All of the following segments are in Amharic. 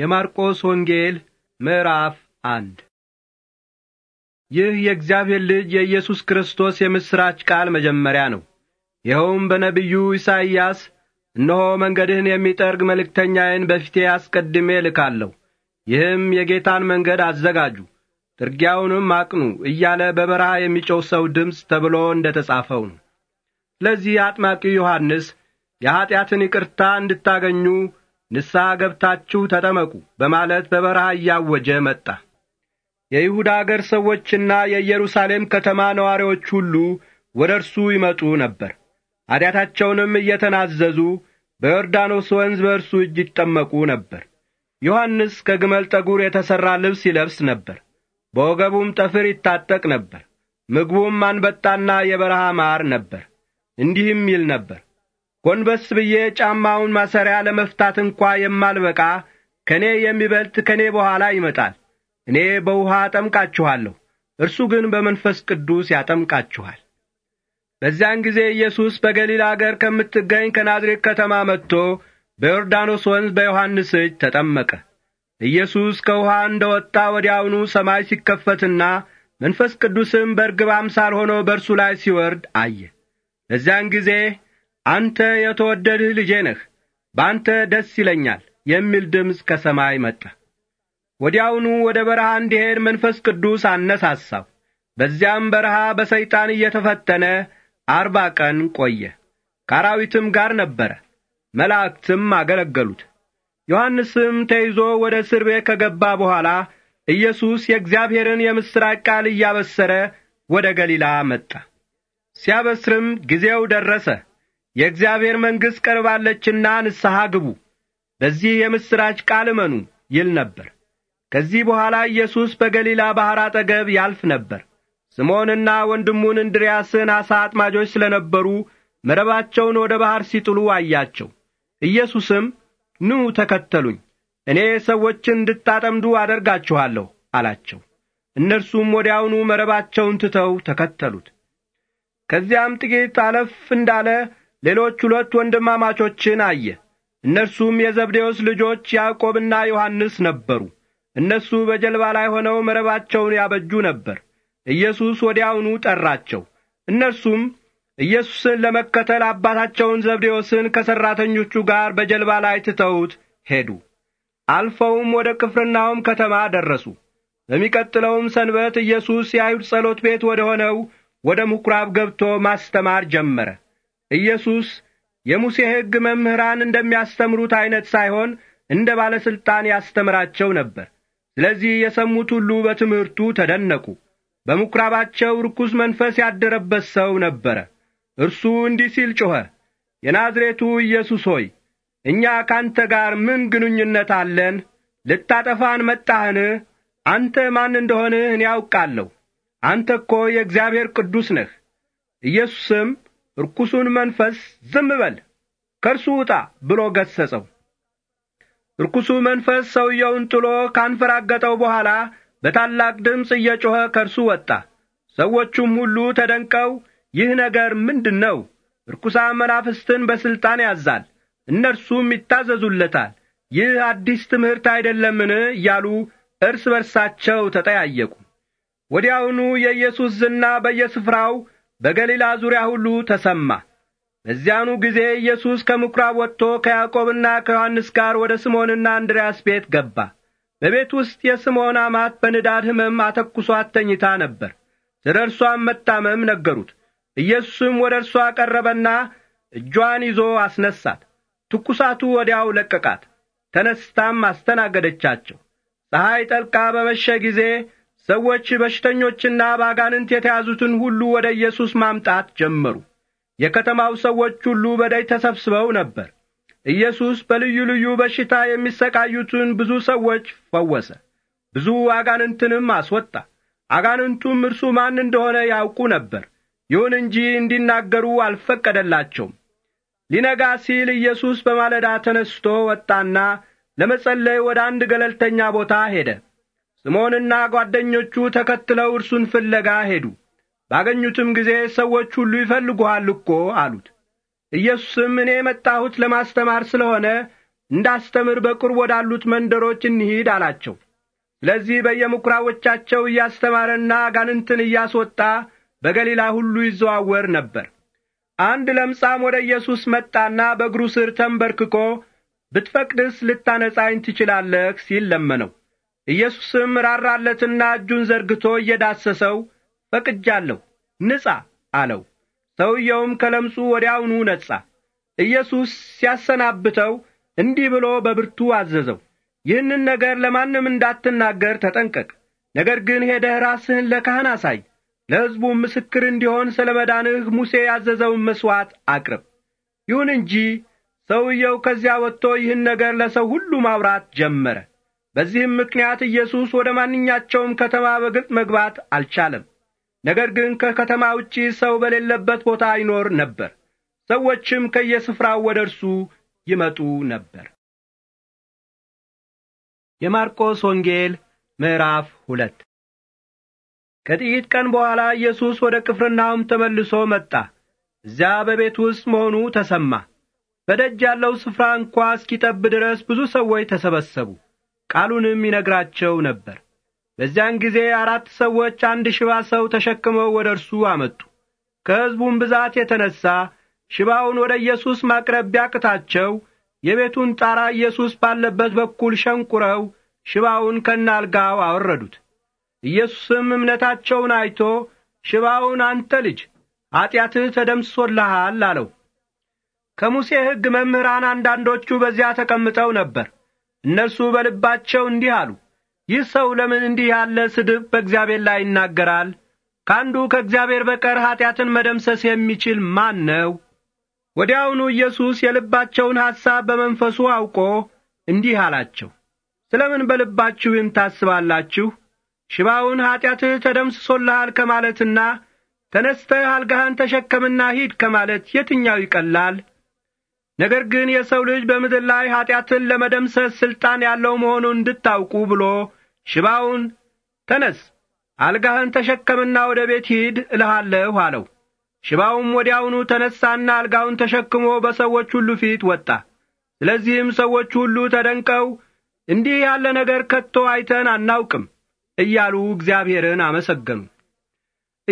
የማርቆስ ወንጌል ምዕራፍ አንድ ይህ የእግዚአብሔር ልጅ የኢየሱስ ክርስቶስ የምሥራች ቃል መጀመሪያ ነው። ይኸውም በነቢዩ ኢሳይያስ እነሆ መንገድህን የሚጠርግ መልእክተኛዬን በፊቴ አስቀድሜ እልካለሁ፣ ይህም የጌታን መንገድ አዘጋጁ፣ ጥርጊያውንም አቅኑ እያለ በበረሃ የሚጮው ሰው ድምፅ ተብሎ እንደ ተጻፈው ነው። ስለዚህ አጥማቂው ዮሐንስ የኀጢአትን ይቅርታ እንድታገኙ ንስሐ ገብታችሁ ተጠመቁ በማለት በበረሃ እያወጀ መጣ። የይሁዳ አገር ሰዎችና የኢየሩሳሌም ከተማ ነዋሪዎች ሁሉ ወደ እርሱ ይመጡ ነበር። ኀጢአታቸውንም እየተናዘዙ በዮርዳኖስ ወንዝ በእርሱ እጅ ይጠመቁ ነበር። ዮሐንስ ከግመል ጠጉር የተሠራ ልብስ ይለብስ ነበር፣ በወገቡም ጠፍር ይታጠቅ ነበር። ምግቡም አንበጣና የበረሃ ማር ነበር። እንዲህም ይል ነበር ጎንበስ ብዬ ጫማውን ማሰሪያ ለመፍታት እንኳ የማልበቃ ከእኔ የሚበልጥ ከእኔ በኋላ ይመጣል። እኔ በውሃ አጠምቃችኋለሁ፣ እርሱ ግን በመንፈስ ቅዱስ ያጠምቃችኋል። በዚያን ጊዜ ኢየሱስ በገሊላ አገር ከምትገኝ ከናዝሬት ከተማ መጥቶ በዮርዳኖስ ወንዝ በዮሐንስ እጅ ተጠመቀ። ኢየሱስ ከውሃ እንደ ወጣ ወዲያውኑ ሰማይ ሲከፈትና መንፈስ ቅዱስም በርግብ አምሳል ሆኖ በእርሱ ላይ ሲወርድ አየ። በዚያን ጊዜ አንተ የተወደድህ ልጄ ነህ፣ በአንተ ደስ ይለኛል የሚል ድምፅ ከሰማይ መጣ። ወዲያውኑ ወደ በረሃ እንዲሄድ መንፈስ ቅዱስ አነሳሳው። በዚያም በረሃ በሰይጣን እየተፈተነ አርባ ቀን ቆየ። ከአራዊትም ጋር ነበረ። መላእክትም አገለገሉት። ዮሐንስም ተይዞ ወደ እስር ቤት ከገባ በኋላ ኢየሱስ የእግዚአብሔርን የምሥራች ቃል እያበሰረ ወደ ገሊላ መጣ። ሲያበስርም ጊዜው ደረሰ የእግዚአብሔር መንግሥት ቀርባለችና ንስሐ ግቡ፣ በዚህ የምሥራች ቃል እመኑ ይል ነበር። ከዚህ በኋላ ኢየሱስ በገሊላ ባሕር አጠገብ ያልፍ ነበር። ስምዖንና ወንድሙን እንድርያስን ዓሣ አጥማጆች ስለ ነበሩ መረባቸውን ወደ ባሕር ሲጥሉ አያቸው። ኢየሱስም ኑ ተከተሉኝ፣ እኔ ሰዎችን እንድታጠምዱ አደርጋችኋለሁ አላቸው። እነርሱም ወዲያውኑ መረባቸውን ትተው ተከተሉት። ከዚያም ጥቂት አለፍ እንዳለ ሌሎች ሁለት ወንድማማቾችን አየ። እነርሱም የዘብዴዎስ ልጆች ያዕቆብና ዮሐንስ ነበሩ። እነሱ በጀልባ ላይ ሆነው መረባቸውን ያበጁ ነበር። ኢየሱስ ወዲያውኑ ጠራቸው። እነርሱም ኢየሱስን ለመከተል አባታቸውን ዘብዴዎስን ከሠራተኞቹ ጋር በጀልባ ላይ ትተውት ሄዱ። አልፈውም ወደ ቅፍርናሆም ከተማ ደረሱ። በሚቀጥለውም ሰንበት ኢየሱስ የአይሁድ ጸሎት ቤት ወደ ሆነው ወደ ምኵራብ ገብቶ ማስተማር ጀመረ። ኢየሱስ የሙሴ ሕግ መምህራን እንደሚያስተምሩት ዐይነት ሳይሆን እንደ ሥልጣን ያስተምራቸው ነበር። ስለዚህ የሰሙት ሁሉ በትምህርቱ ተደነቁ። በምኵራባቸው ርኩስ መንፈስ ያደረበት ሰው ነበረ። እርሱ እንዲህ ሲል ጮኸ፣ የናዝሬቱ ኢየሱስ ሆይ እኛ ካንተ ጋር ምን ግንኙነት አለን? ልታጠፋን መጣህን? አንተ ማን እንደሆንህ እኔ ያውቃለሁ። አንተ እኮ የእግዚአብሔር ቅዱስ ነህ። ኢየሱስም ርኩሱን መንፈስ ዝም በል ከርሱ ውጣ ብሎ ገሰጸው። ርኩሱ መንፈስ ሰውየውን ጥሎ ካንፈራገጠው በኋላ በታላቅ ድምፅ እየጮኸ ከእርሱ ወጣ። ሰዎቹም ሁሉ ተደንቀው ይህ ነገር ምንድን ነው? መናፍስትን በሥልጣን ያዛል፣ እነርሱም ይታዘዙለታል። ይህ አዲስ ትምህርት አይደለምን? እያሉ እርስ በርሳቸው ተጠያየቁ። ወዲያውኑ የኢየሱስ ዝና በየስፍራው በገሊላ ዙሪያ ሁሉ ተሰማ። በዚያኑ ጊዜ ኢየሱስ ከምኵራብ ወጥቶ ከያዕቆብና ከዮሐንስ ጋር ወደ ስምዖንና እንድርያስ ቤት ገባ። በቤት ውስጥ የስምዖን አማት በንዳድ ሕመም አተኩሷት ተኝታ ነበር። ስለ እርሷም መታመም ነገሩት። ኢየሱስም ወደ እርሷ ቀረበና እጇን ይዞ አስነሳት። ትኩሳቱ ወዲያው ለቀቃት። ተነስታም አስተናገደቻቸው። ፀሐይ ጠልቃ በመሸ ጊዜ ሰዎች በሽተኞችና ባጋንንት የተያዙትን ሁሉ ወደ ኢየሱስ ማምጣት ጀመሩ። የከተማው ሰዎች ሁሉ በደይ ተሰብስበው ነበር። ኢየሱስ በልዩ ልዩ በሽታ የሚሰቃዩትን ብዙ ሰዎች ፈወሰ፣ ብዙ አጋንንትንም አስወጣ። አጋንንቱም እርሱ ማን እንደሆነ ያውቁ ነበር፣ ይሁን እንጂ እንዲናገሩ አልፈቀደላቸውም። ሊነጋ ሲል ኢየሱስ በማለዳ ተነስቶ ወጣና ለመጸለይ ወደ አንድ ገለልተኛ ቦታ ሄደ። ስምዖንና ጓደኞቹ ተከትለው እርሱን ፍለጋ ሄዱ። ባገኙትም ጊዜ ሰዎች ሁሉ ይፈልጉሃል እኮ አሉት። ኢየሱስም እኔ የመጣሁት ለማስተማር ስለሆነ እንዳስተምር በቅርብ ወዳሉት መንደሮች እንሂድ አላቸው። ስለዚህ በየምኵራቦቻቸው እያስተማረና አጋንንትን እያስወጣ በገሊላ ሁሉ ይዘዋወር ነበር። አንድ ለምጻም ወደ ኢየሱስ መጣና በእግሩ ስር ተንበርክኮ ብትፈቅድስ ልታነጻኝ ትችላለህ ሲል ለመነው። ኢየሱስም ራራለትና እጁን ዘርግቶ እየዳሰሰው ፈቅጃለሁ፣ ንጻ አለው። ሰውየውም ከለምጹ ወዲያውኑ ነጻ። ኢየሱስ ሲያሰናብተው እንዲህ ብሎ በብርቱ አዘዘው፣ ይህንን ነገር ለማንም እንዳትናገር ተጠንቀቅ። ነገር ግን ሄደህ ራስህን ለካህን አሳይ፣ ለሕዝቡም ምስክር እንዲሆን ስለ መዳንህ ሙሴ ያዘዘውን መሥዋዕት አቅርብ። ይሁን እንጂ ሰውየው ከዚያ ወጥቶ ይህን ነገር ለሰው ሁሉ ማውራት ጀመረ። በዚህም ምክንያት ኢየሱስ ወደ ማንኛቸውም ከተማ በግልጽ መግባት አልቻለም። ነገር ግን ከከተማ ውጪ ሰው በሌለበት ቦታ ይኖር ነበር። ሰዎችም ከየስፍራው ወደ እርሱ ይመጡ ነበር። የማርቆስ ወንጌል ምዕራፍ ሁለት ከጥቂት ቀን በኋላ ኢየሱስ ወደ ቅፍርናሆም ተመልሶ መጣ። እዚያ በቤት ውስጥ መሆኑ ተሰማ። በደጅ ያለው ስፍራ እንኳ እስኪጠብ ድረስ ብዙ ሰዎች ተሰበሰቡ። ቃሉንም ይነግራቸው ነበር በዚያን ጊዜ አራት ሰዎች አንድ ሽባ ሰው ተሸክመው ወደ እርሱ አመጡ ከሕዝቡም ብዛት የተነሣ ሽባውን ወደ ኢየሱስ ማቅረብ ቢያቅታቸው የቤቱን ጣራ ኢየሱስ ባለበት በኩል ሸንቁረው ሽባውን ከናልጋው አወረዱት ኢየሱስም እምነታቸውን አይቶ ሽባውን አንተ ልጅ ኀጢአትህ ተደምሶልሃል አለው ከሙሴ ሕግ መምህራን አንዳንዶቹ በዚያ ተቀምጠው ነበር እነርሱ በልባቸው እንዲህ አሉ፣ ይህ ሰው ለምን እንዲህ ያለ ስድብ በእግዚአብሔር ላይ ይናገራል? ከአንዱ ከእግዚአብሔር በቀር ኀጢአትን መደምሰስ የሚችል ማን ነው? ወዲያውኑ ኢየሱስ የልባቸውን ሐሳብ በመንፈሱ አውቆ እንዲህ አላቸው፣ ስለ ምን በልባችሁ ይህን ታስባላችሁ? ሽባውን ኀጢአትህ ተደምስሶልሃል ከማለትና ተነስተህ አልጋህን ተሸከምና ሂድ ከማለት የትኛው ይቀላል? ነገር ግን የሰው ልጅ በምድር ላይ ኀጢአትን ለመደምሰስ ሥልጣን ያለው መሆኑን እንድታውቁ ብሎ ሽባውን ተነስ፣ አልጋህን ተሸከምና ወደ ቤት ሂድ እልሃለሁ አለው። ሽባውም ወዲያውኑ ተነሣና አልጋውን ተሸክሞ በሰዎች ሁሉ ፊት ወጣ። ስለዚህም ሰዎች ሁሉ ተደንቀው እንዲህ ያለ ነገር ከቶ አይተን አናውቅም እያሉ እግዚአብሔርን አመሰገኑ።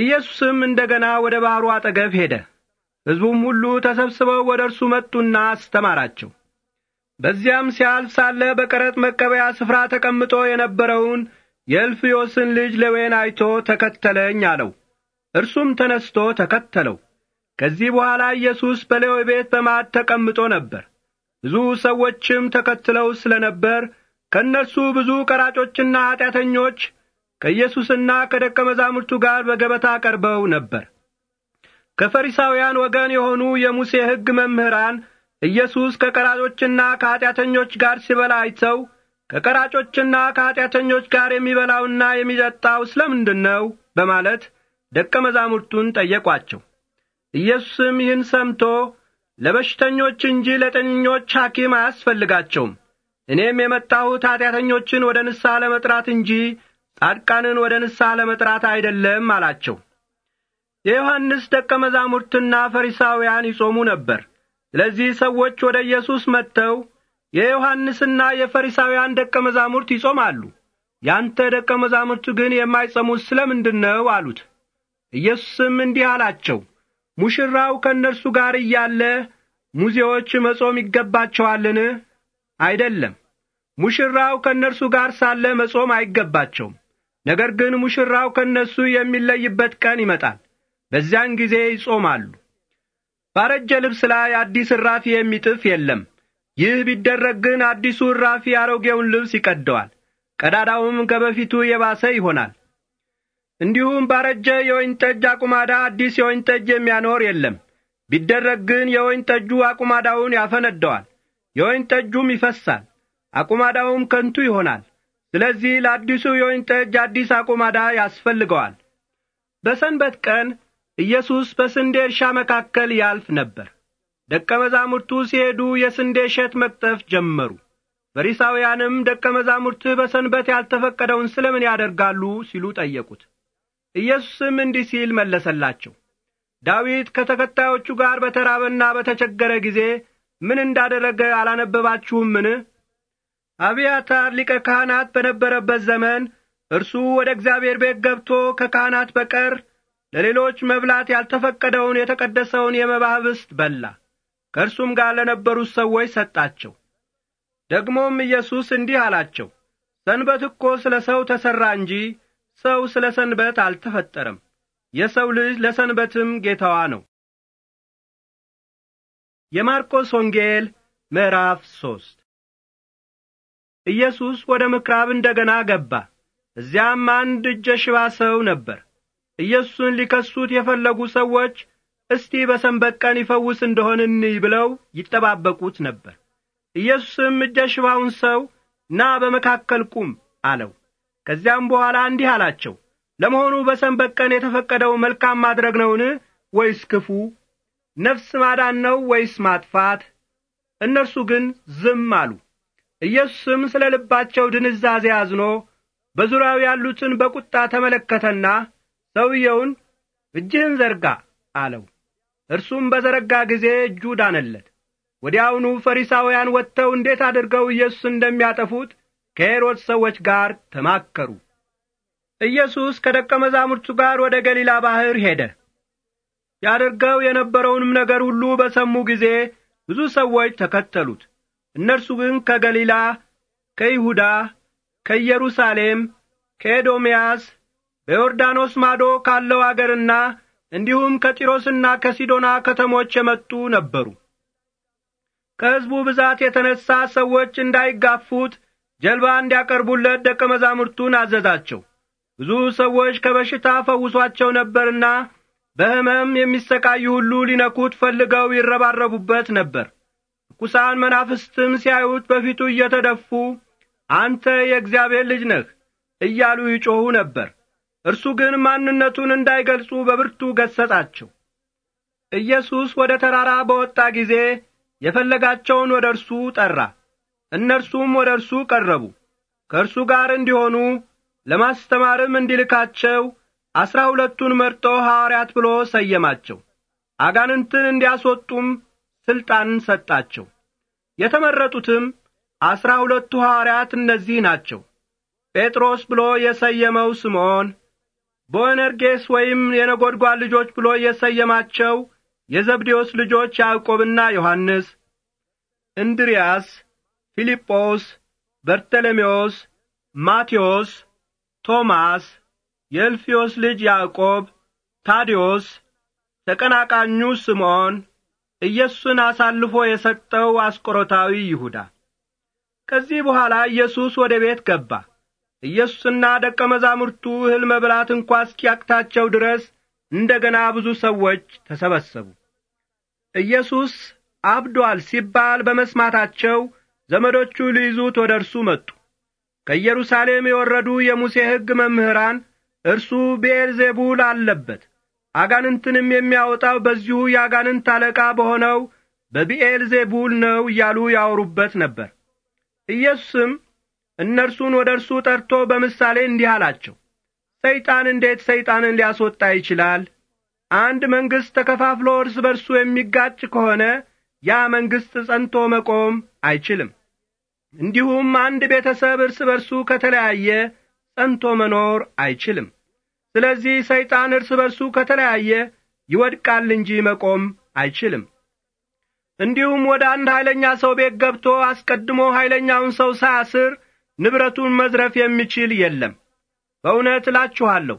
ኢየሱስም እንደ ገና ወደ ባሕሩ አጠገብ ሄደ። ሕዝቡም ሁሉ ተሰብስበው ወደ እርሱ መጡና አስተማራቸው። በዚያም ሲያልፍ ሳለ በቀረጥ መቀበያ ስፍራ ተቀምጦ የነበረውን የእልፍዮስን ልጅ ሌዊን አይቶ ተከተለኝ አለው። እርሱም ተነስቶ ተከተለው። ከዚህ በኋላ ኢየሱስ በሌዊ ቤት በማዕድ ተቀምጦ ነበር። ብዙ ሰዎችም ተከትለው ስለ ነበር ከእነርሱ ብዙ ቀራጮችና ኀጢአተኞች ከኢየሱስና ከደቀ መዛሙርቱ ጋር በገበታ ቀርበው ነበር። ከፈሪሳውያን ወገን የሆኑ የሙሴ ሕግ መምህራን ኢየሱስ ከቀራጮችና ከኀጢአተኞች ጋር ሲበላ አይተው ከቀራጮችና ከኀጢአተኞች ጋር የሚበላውና የሚጠጣው ምንድን ነው በማለት ደቀ መዛሙርቱን ጠየቋቸው። ኢየሱስም ይህን ሰምቶ ለበሽተኞች እንጂ ለጤነኞች ሐኪም አያስፈልጋቸውም፣ እኔም የመጣሁት ኀጢአተኞችን ወደ ንስሐ ለመጥራት እንጂ ጻድቃንን ወደ ንስሐ ለመጥራት አይደለም አላቸው። የዮሐንስ ደቀ መዛሙርትና ፈሪሳውያን ይጾሙ ነበር። ስለዚህ ሰዎች ወደ ኢየሱስ መጥተው የዮሐንስና የፈሪሳውያን ደቀ መዛሙርት ይጾማሉ፣ ያንተ ደቀ መዛሙርት ግን የማይጾሙት ስለ ምንድን ነው አሉት። ኢየሱስም እንዲህ አላቸው፣ ሙሽራው ከእነርሱ ጋር እያለ ሙዚዎች መጾም ይገባቸዋልን? አይደለም። ሙሽራው ከእነርሱ ጋር ሳለ መጾም አይገባቸውም። ነገር ግን ሙሽራው ከእነሱ የሚለይበት ቀን ይመጣል፣ በዚያን ጊዜ ይጾማሉ። ባረጀ ልብስ ላይ አዲስ እራፊ የሚጥፍ የለም። ይህ ቢደረግ ግን አዲሱ እራፊ አሮጌውን ልብስ ይቀደዋል፣ ቀዳዳውም ከበፊቱ የባሰ ይሆናል። እንዲሁም ባረጀ የወይን ጠጅ አቁማዳ አዲስ የወይን ጠጅ የሚያኖር የለም። ቢደረግ ግን የወይን ጠጁ አቁማዳውን ያፈነደዋል፣ የወይን ጠጁም ይፈሳል፣ አቁማዳውም ከንቱ ይሆናል። ስለዚህ ለአዲሱ የወይን ጠጅ አዲስ አቁማዳ ያስፈልገዋል። በሰንበት ቀን ኢየሱስ በስንዴ እርሻ መካከል ያልፍ ነበር። ደቀ መዛሙርቱ ሲሄዱ የስንዴ እሸት መቅጠፍ ጀመሩ። ፈሪሳውያንም ደቀ መዛሙርት በሰንበት ያልተፈቀደውን ስለ ምን ያደርጋሉ ሲሉ ጠየቁት። ኢየሱስም እንዲህ ሲል መለሰላቸው። ዳዊት ከተከታዮቹ ጋር በተራበና በተቸገረ ጊዜ ምን እንዳደረገ አላነበባችሁምን? አብያታር ሊቀ ካህናት በነበረበት ዘመን እርሱ ወደ እግዚአብሔር ቤት ገብቶ ከካህናት በቀር ለሌሎች መብላት ያልተፈቀደውን የተቀደሰውን የመባ ኅብስት በላ ከእርሱም ጋር ለነበሩት ሰዎች ሰጣቸው ደግሞም ኢየሱስ እንዲህ አላቸው ሰንበት እኮ ስለ ሰው ተሠራ እንጂ ሰው ስለ ሰንበት አልተፈጠረም የሰው ልጅ ለሰንበትም ጌታዋ ነው የማርቆስ ወንጌል ምዕራፍ ሦስት ኢየሱስ ወደ ምኵራብ እንደ ገና ገባ እዚያም አንድ እጀ ሽባ ሰው ነበር ኢየሱስን ሊከሱት የፈለጉ ሰዎች እስቲ በሰንበት ቀን ይፈውስ እንደሆን እንይ ብለው ይጠባበቁት ነበር ኢየሱስም እጀ ሽባውን ሰው ና በመካከል ቁም አለው ከዚያም በኋላ እንዲህ አላቸው ለመሆኑ በሰንበት ቀን የተፈቀደው መልካም ማድረግ ነውን ወይስ ክፉ ነፍስ ማዳን ነው ወይስ ማጥፋት እነርሱ ግን ዝም አሉ ኢየሱስም ስለ ልባቸው ድንዛዜ አዝኖ በዙሪያው ያሉትን በቁጣ ተመለከተና ሰውየውን እጅህን ዘርጋ አለው። እርሱም በዘረጋ ጊዜ እጁ ዳነለት። ወዲያውኑ ፈሪሳውያን ወጥተው እንዴት አድርገው ኢየሱስ እንደሚያጠፉት ከሄሮድስ ሰዎች ጋር ተማከሩ። ኢየሱስ ከደቀ መዛሙርቱ ጋር ወደ ገሊላ ባሕር ሄደ። ያደርገው የነበረውንም ነገር ሁሉ በሰሙ ጊዜ ብዙ ሰዎች ተከተሉት። እነርሱ ግን ከገሊላ፣ ከይሁዳ፣ ከኢየሩሳሌም፣ ከኤዶምያስ፣ በዮርዳኖስ ማዶ ካለው አገርና እንዲሁም ከጢሮስና ከሲዶና ከተሞች የመጡ ነበሩ። ከሕዝቡ ብዛት የተነሣ ሰዎች እንዳይጋፉት ጀልባ እንዲያቀርቡለት ደቀ መዛሙርቱን አዘዛቸው። ብዙ ሰዎች ከበሽታ ፈውሷቸው ነበርና በሕመም የሚሰቃዩ ሁሉ ሊነኩት ፈልገው ይረባረቡበት ነበር። ርኩሳን መናፍስትም ሲያዩት በፊቱ እየተደፉ አንተ የእግዚአብሔር ልጅ ነህ እያሉ ይጮኹ ነበር። እርሱ ግን ማንነቱን እንዳይገልጹ በብርቱ ገሰጻቸው። ኢየሱስ ወደ ተራራ በወጣ ጊዜ የፈለጋቸውን ወደ እርሱ ጠራ። እነርሱም ወደ እርሱ ቀረቡ። ከእርሱ ጋር እንዲሆኑ ለማስተማርም እንዲልካቸው አሥራ ሁለቱን መርጦ ሐዋርያት ብሎ ሰየማቸው። አጋንንትን እንዲያስወጡም ሥልጣን ሰጣቸው። የተመረጡትም አሥራ ሁለቱ ሐዋርያት እነዚህ ናቸው። ጴጥሮስ ብሎ የሰየመው ስምዖን፣ ቦአነርጌስ ወይም የነጎድጓድ ልጆች ብሎ የሰየማቸው የዘብዴዎስ ልጆች ያዕቆብና ዮሐንስ፣ እንድርያስ፣ ፊልጶስ፣ በርተሎሜዎስ፣ ማቴዎስ፣ ቶማስ፣ የእልፍዮስ ልጅ ያዕቆብ፣ ታዲዮስ፣ ተቀናቃኙ ስምዖን፣ ኢየሱስን አሳልፎ የሰጠው አስቆሮታዊ ይሁዳ። ከዚህ በኋላ ኢየሱስ ወደ ቤት ገባ። ኢየሱስና ደቀ መዛሙርቱ እህል መብላት እንኳ እስኪያቅታቸው ድረስ እንደ ገና ብዙ ሰዎች ተሰበሰቡ ኢየሱስ አብዷል ሲባል በመስማታቸው ዘመዶቹ ሊይዙት ወደ እርሱ መጡ ከኢየሩሳሌም የወረዱ የሙሴ ሕግ መምህራን እርሱ ቤልዜቡል አለበት አጋንንትንም የሚያወጣው በዚሁ የአጋንንት አለቃ በሆነው በብኤልዜቡል ነው እያሉ ያወሩበት ነበር ኢየሱስም እነርሱን ወደ እርሱ ጠርቶ በምሳሌ እንዲህ አላቸው። ሰይጣን እንዴት ሰይጣንን ሊያስወጣ ይችላል? አንድ መንግሥት ተከፋፍሎ እርስ በርሱ የሚጋጭ ከሆነ ያ መንግሥት ጸንቶ መቆም አይችልም። እንዲሁም አንድ ቤተሰብ እርስ በርሱ ከተለያየ ጸንቶ መኖር አይችልም። ስለዚህ ሰይጣን እርስ በርሱ ከተለያየ ይወድቃል እንጂ መቆም አይችልም። እንዲሁም ወደ አንድ ኃይለኛ ሰው ቤት ገብቶ አስቀድሞ ኃይለኛውን ሰው ሳያስር ንብረቱን መዝረፍ የሚችል የለም። በእውነት እላችኋለሁ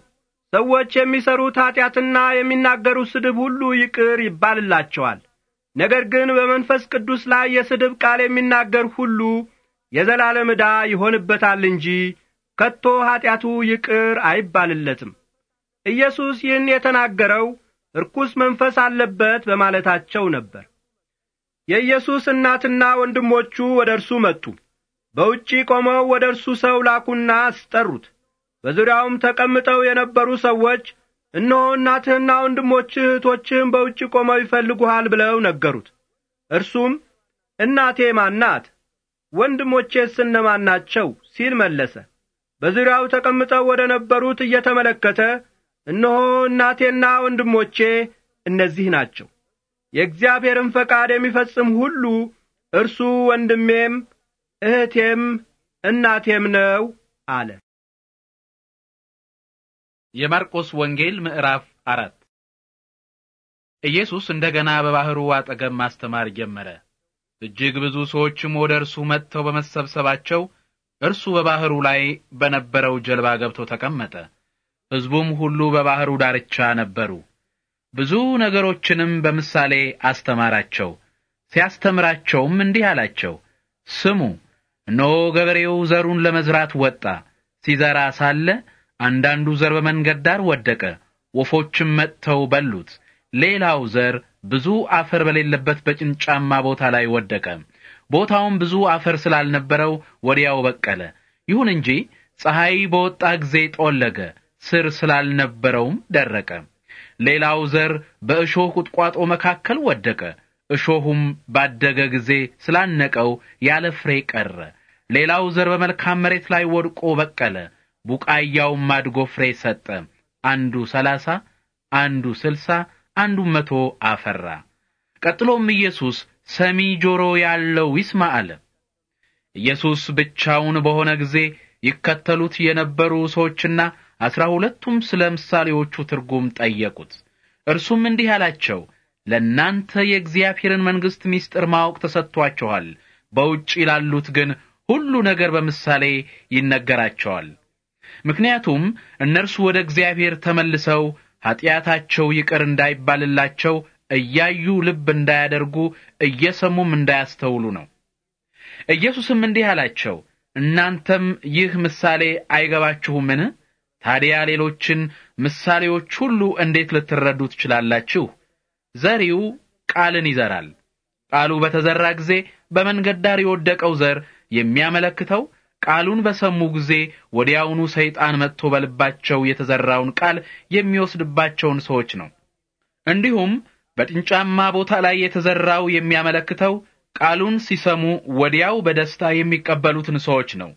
ሰዎች የሚሠሩት ኀጢአትና የሚናገሩት ስድብ ሁሉ ይቅር ይባልላቸዋል። ነገር ግን በመንፈስ ቅዱስ ላይ የስድብ ቃል የሚናገር ሁሉ የዘላለም ዕዳ ይሆንበታል እንጂ ከቶ ኀጢአቱ ይቅር አይባልለትም። ኢየሱስ ይህን የተናገረው ርኩስ መንፈስ አለበት በማለታቸው ነበር። የኢየሱስ እናትና ወንድሞቹ ወደ እርሱ መጡ። በውጪ ቆመው ወደ እርሱ ሰው ላኩና አስጠሩት። በዙሪያውም ተቀምጠው የነበሩ ሰዎች እነሆ እናትህና ወንድሞችህ እህቶችህም በውጪ ቆመው ይፈልጉሃል ብለው ነገሩት። እርሱም እናቴ ማን ናት? ወንድሞቼስ እነማን ናቸው? ሲል መለሰ። በዙሪያው ተቀምጠው ወደ ነበሩት እየተመለከተ እነሆ እናቴና ወንድሞቼ እነዚህ ናቸው፣ የእግዚአብሔርን ፈቃድ የሚፈጽም ሁሉ እርሱ ወንድሜም እህቴም እናቴም ነው አለ። የማርቆስ ወንጌል ምዕራፍ አራት ኢየሱስ እንደገና በባህሩ አጠገብ ማስተማር ጀመረ። እጅግ ብዙ ሰዎችም ወደ እርሱ መጥተው በመሰብሰባቸው እርሱ በባህሩ ላይ በነበረው ጀልባ ገብቶ ተቀመጠ። ሕዝቡም ሁሉ በባህሩ ዳርቻ ነበሩ። ብዙ ነገሮችንም በምሳሌ አስተማራቸው። ሲያስተምራቸውም እንዲህ አላቸው፣ ስሙ እነሆ ገበሬው ዘሩን ለመዝራት ወጣ። ሲዘራ ሳለ አንዳንዱ ዘር በመንገድ ዳር ወደቀ፣ ወፎችም መጥተው በሉት። ሌላው ዘር ብዙ አፈር በሌለበት በጭንጫማ ቦታ ላይ ወደቀ። ቦታውም ብዙ አፈር ስላልነበረው ወዲያው በቀለ። ይሁን እንጂ ፀሐይ በወጣ ጊዜ ጠወለገ፣ ስር ስላልነበረውም ደረቀ። ሌላው ዘር በእሾህ ቁጥቋጦ መካከል ወደቀ። እሾሁም ባደገ ጊዜ ስላነቀው ያለ ፍሬ ቀረ። ሌላው ዘር በመልካም መሬት ላይ ወድቆ በቀለ፣ ቡቃያውም አድጎ ፍሬ ሰጠ። አንዱ ሰላሳ አንዱ ስልሳ አንዱ መቶ አፈራ። ቀጥሎም ኢየሱስ ሰሚ ጆሮ ያለው ይስማ አለ። ኢየሱስ ብቻውን በሆነ ጊዜ ይከተሉት የነበሩ ሰዎችና አስራ ሁለቱም ስለ ምሳሌዎቹ ትርጉም ጠየቁት። እርሱም እንዲህ አላቸው ለእናንተ የእግዚአብሔርን መንግሥት ምስጢር ማወቅ ተሰጥቶአችኋል፣ በውጭ ላሉት ግን ሁሉ ነገር በምሳሌ ይነገራቸዋል። ምክንያቱም እነርሱ ወደ እግዚአብሔር ተመልሰው ኀጢአታቸው ይቅር እንዳይባልላቸው እያዩ ልብ እንዳያደርጉ እየሰሙም እንዳያስተውሉ ነው። ኢየሱስም እንዲህ አላቸው፣ እናንተም ይህ ምሳሌ አይገባችሁምን? ታዲያ ሌሎችን ምሳሌዎች ሁሉ እንዴት ልትረዱ ትችላላችሁ? ዘሪው ቃልን ይዘራል። ቃሉ በተዘራ ጊዜ በመንገድ ዳር የወደቀው ዘር የሚያመለክተው ቃሉን በሰሙ ጊዜ ወዲያውኑ ሰይጣን መጥቶ በልባቸው የተዘራውን ቃል የሚወስድባቸውን ሰዎች ነው። እንዲሁም በጭንጫማ ቦታ ላይ የተዘራው የሚያመለክተው ቃሉን ሲሰሙ ወዲያው በደስታ የሚቀበሉትን ሰዎች ነው።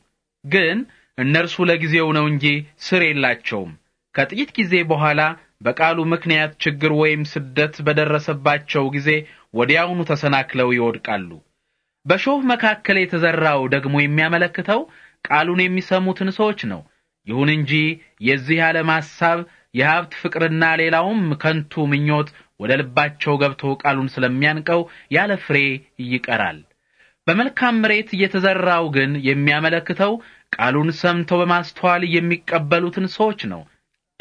ግን እነርሱ ለጊዜው ነው እንጂ ስር የላቸውም። ከጥቂት ጊዜ በኋላ በቃሉ ምክንያት ችግር ወይም ስደት በደረሰባቸው ጊዜ ወዲያውኑ ተሰናክለው ይወድቃሉ። በሾህ መካከል የተዘራው ደግሞ የሚያመለክተው ቃሉን የሚሰሙትን ሰዎች ነው። ይሁን እንጂ የዚህ ዓለም ሐሳብ፣ የሀብት ፍቅርና ሌላውም ከንቱ ምኞት ወደ ልባቸው ገብቶ ቃሉን ስለሚያንቀው ያለ ፍሬ ይቀራል። በመልካም መሬት የተዘራው ግን የሚያመለክተው ቃሉን ሰምተው በማስተዋል የሚቀበሉትን ሰዎች ነው።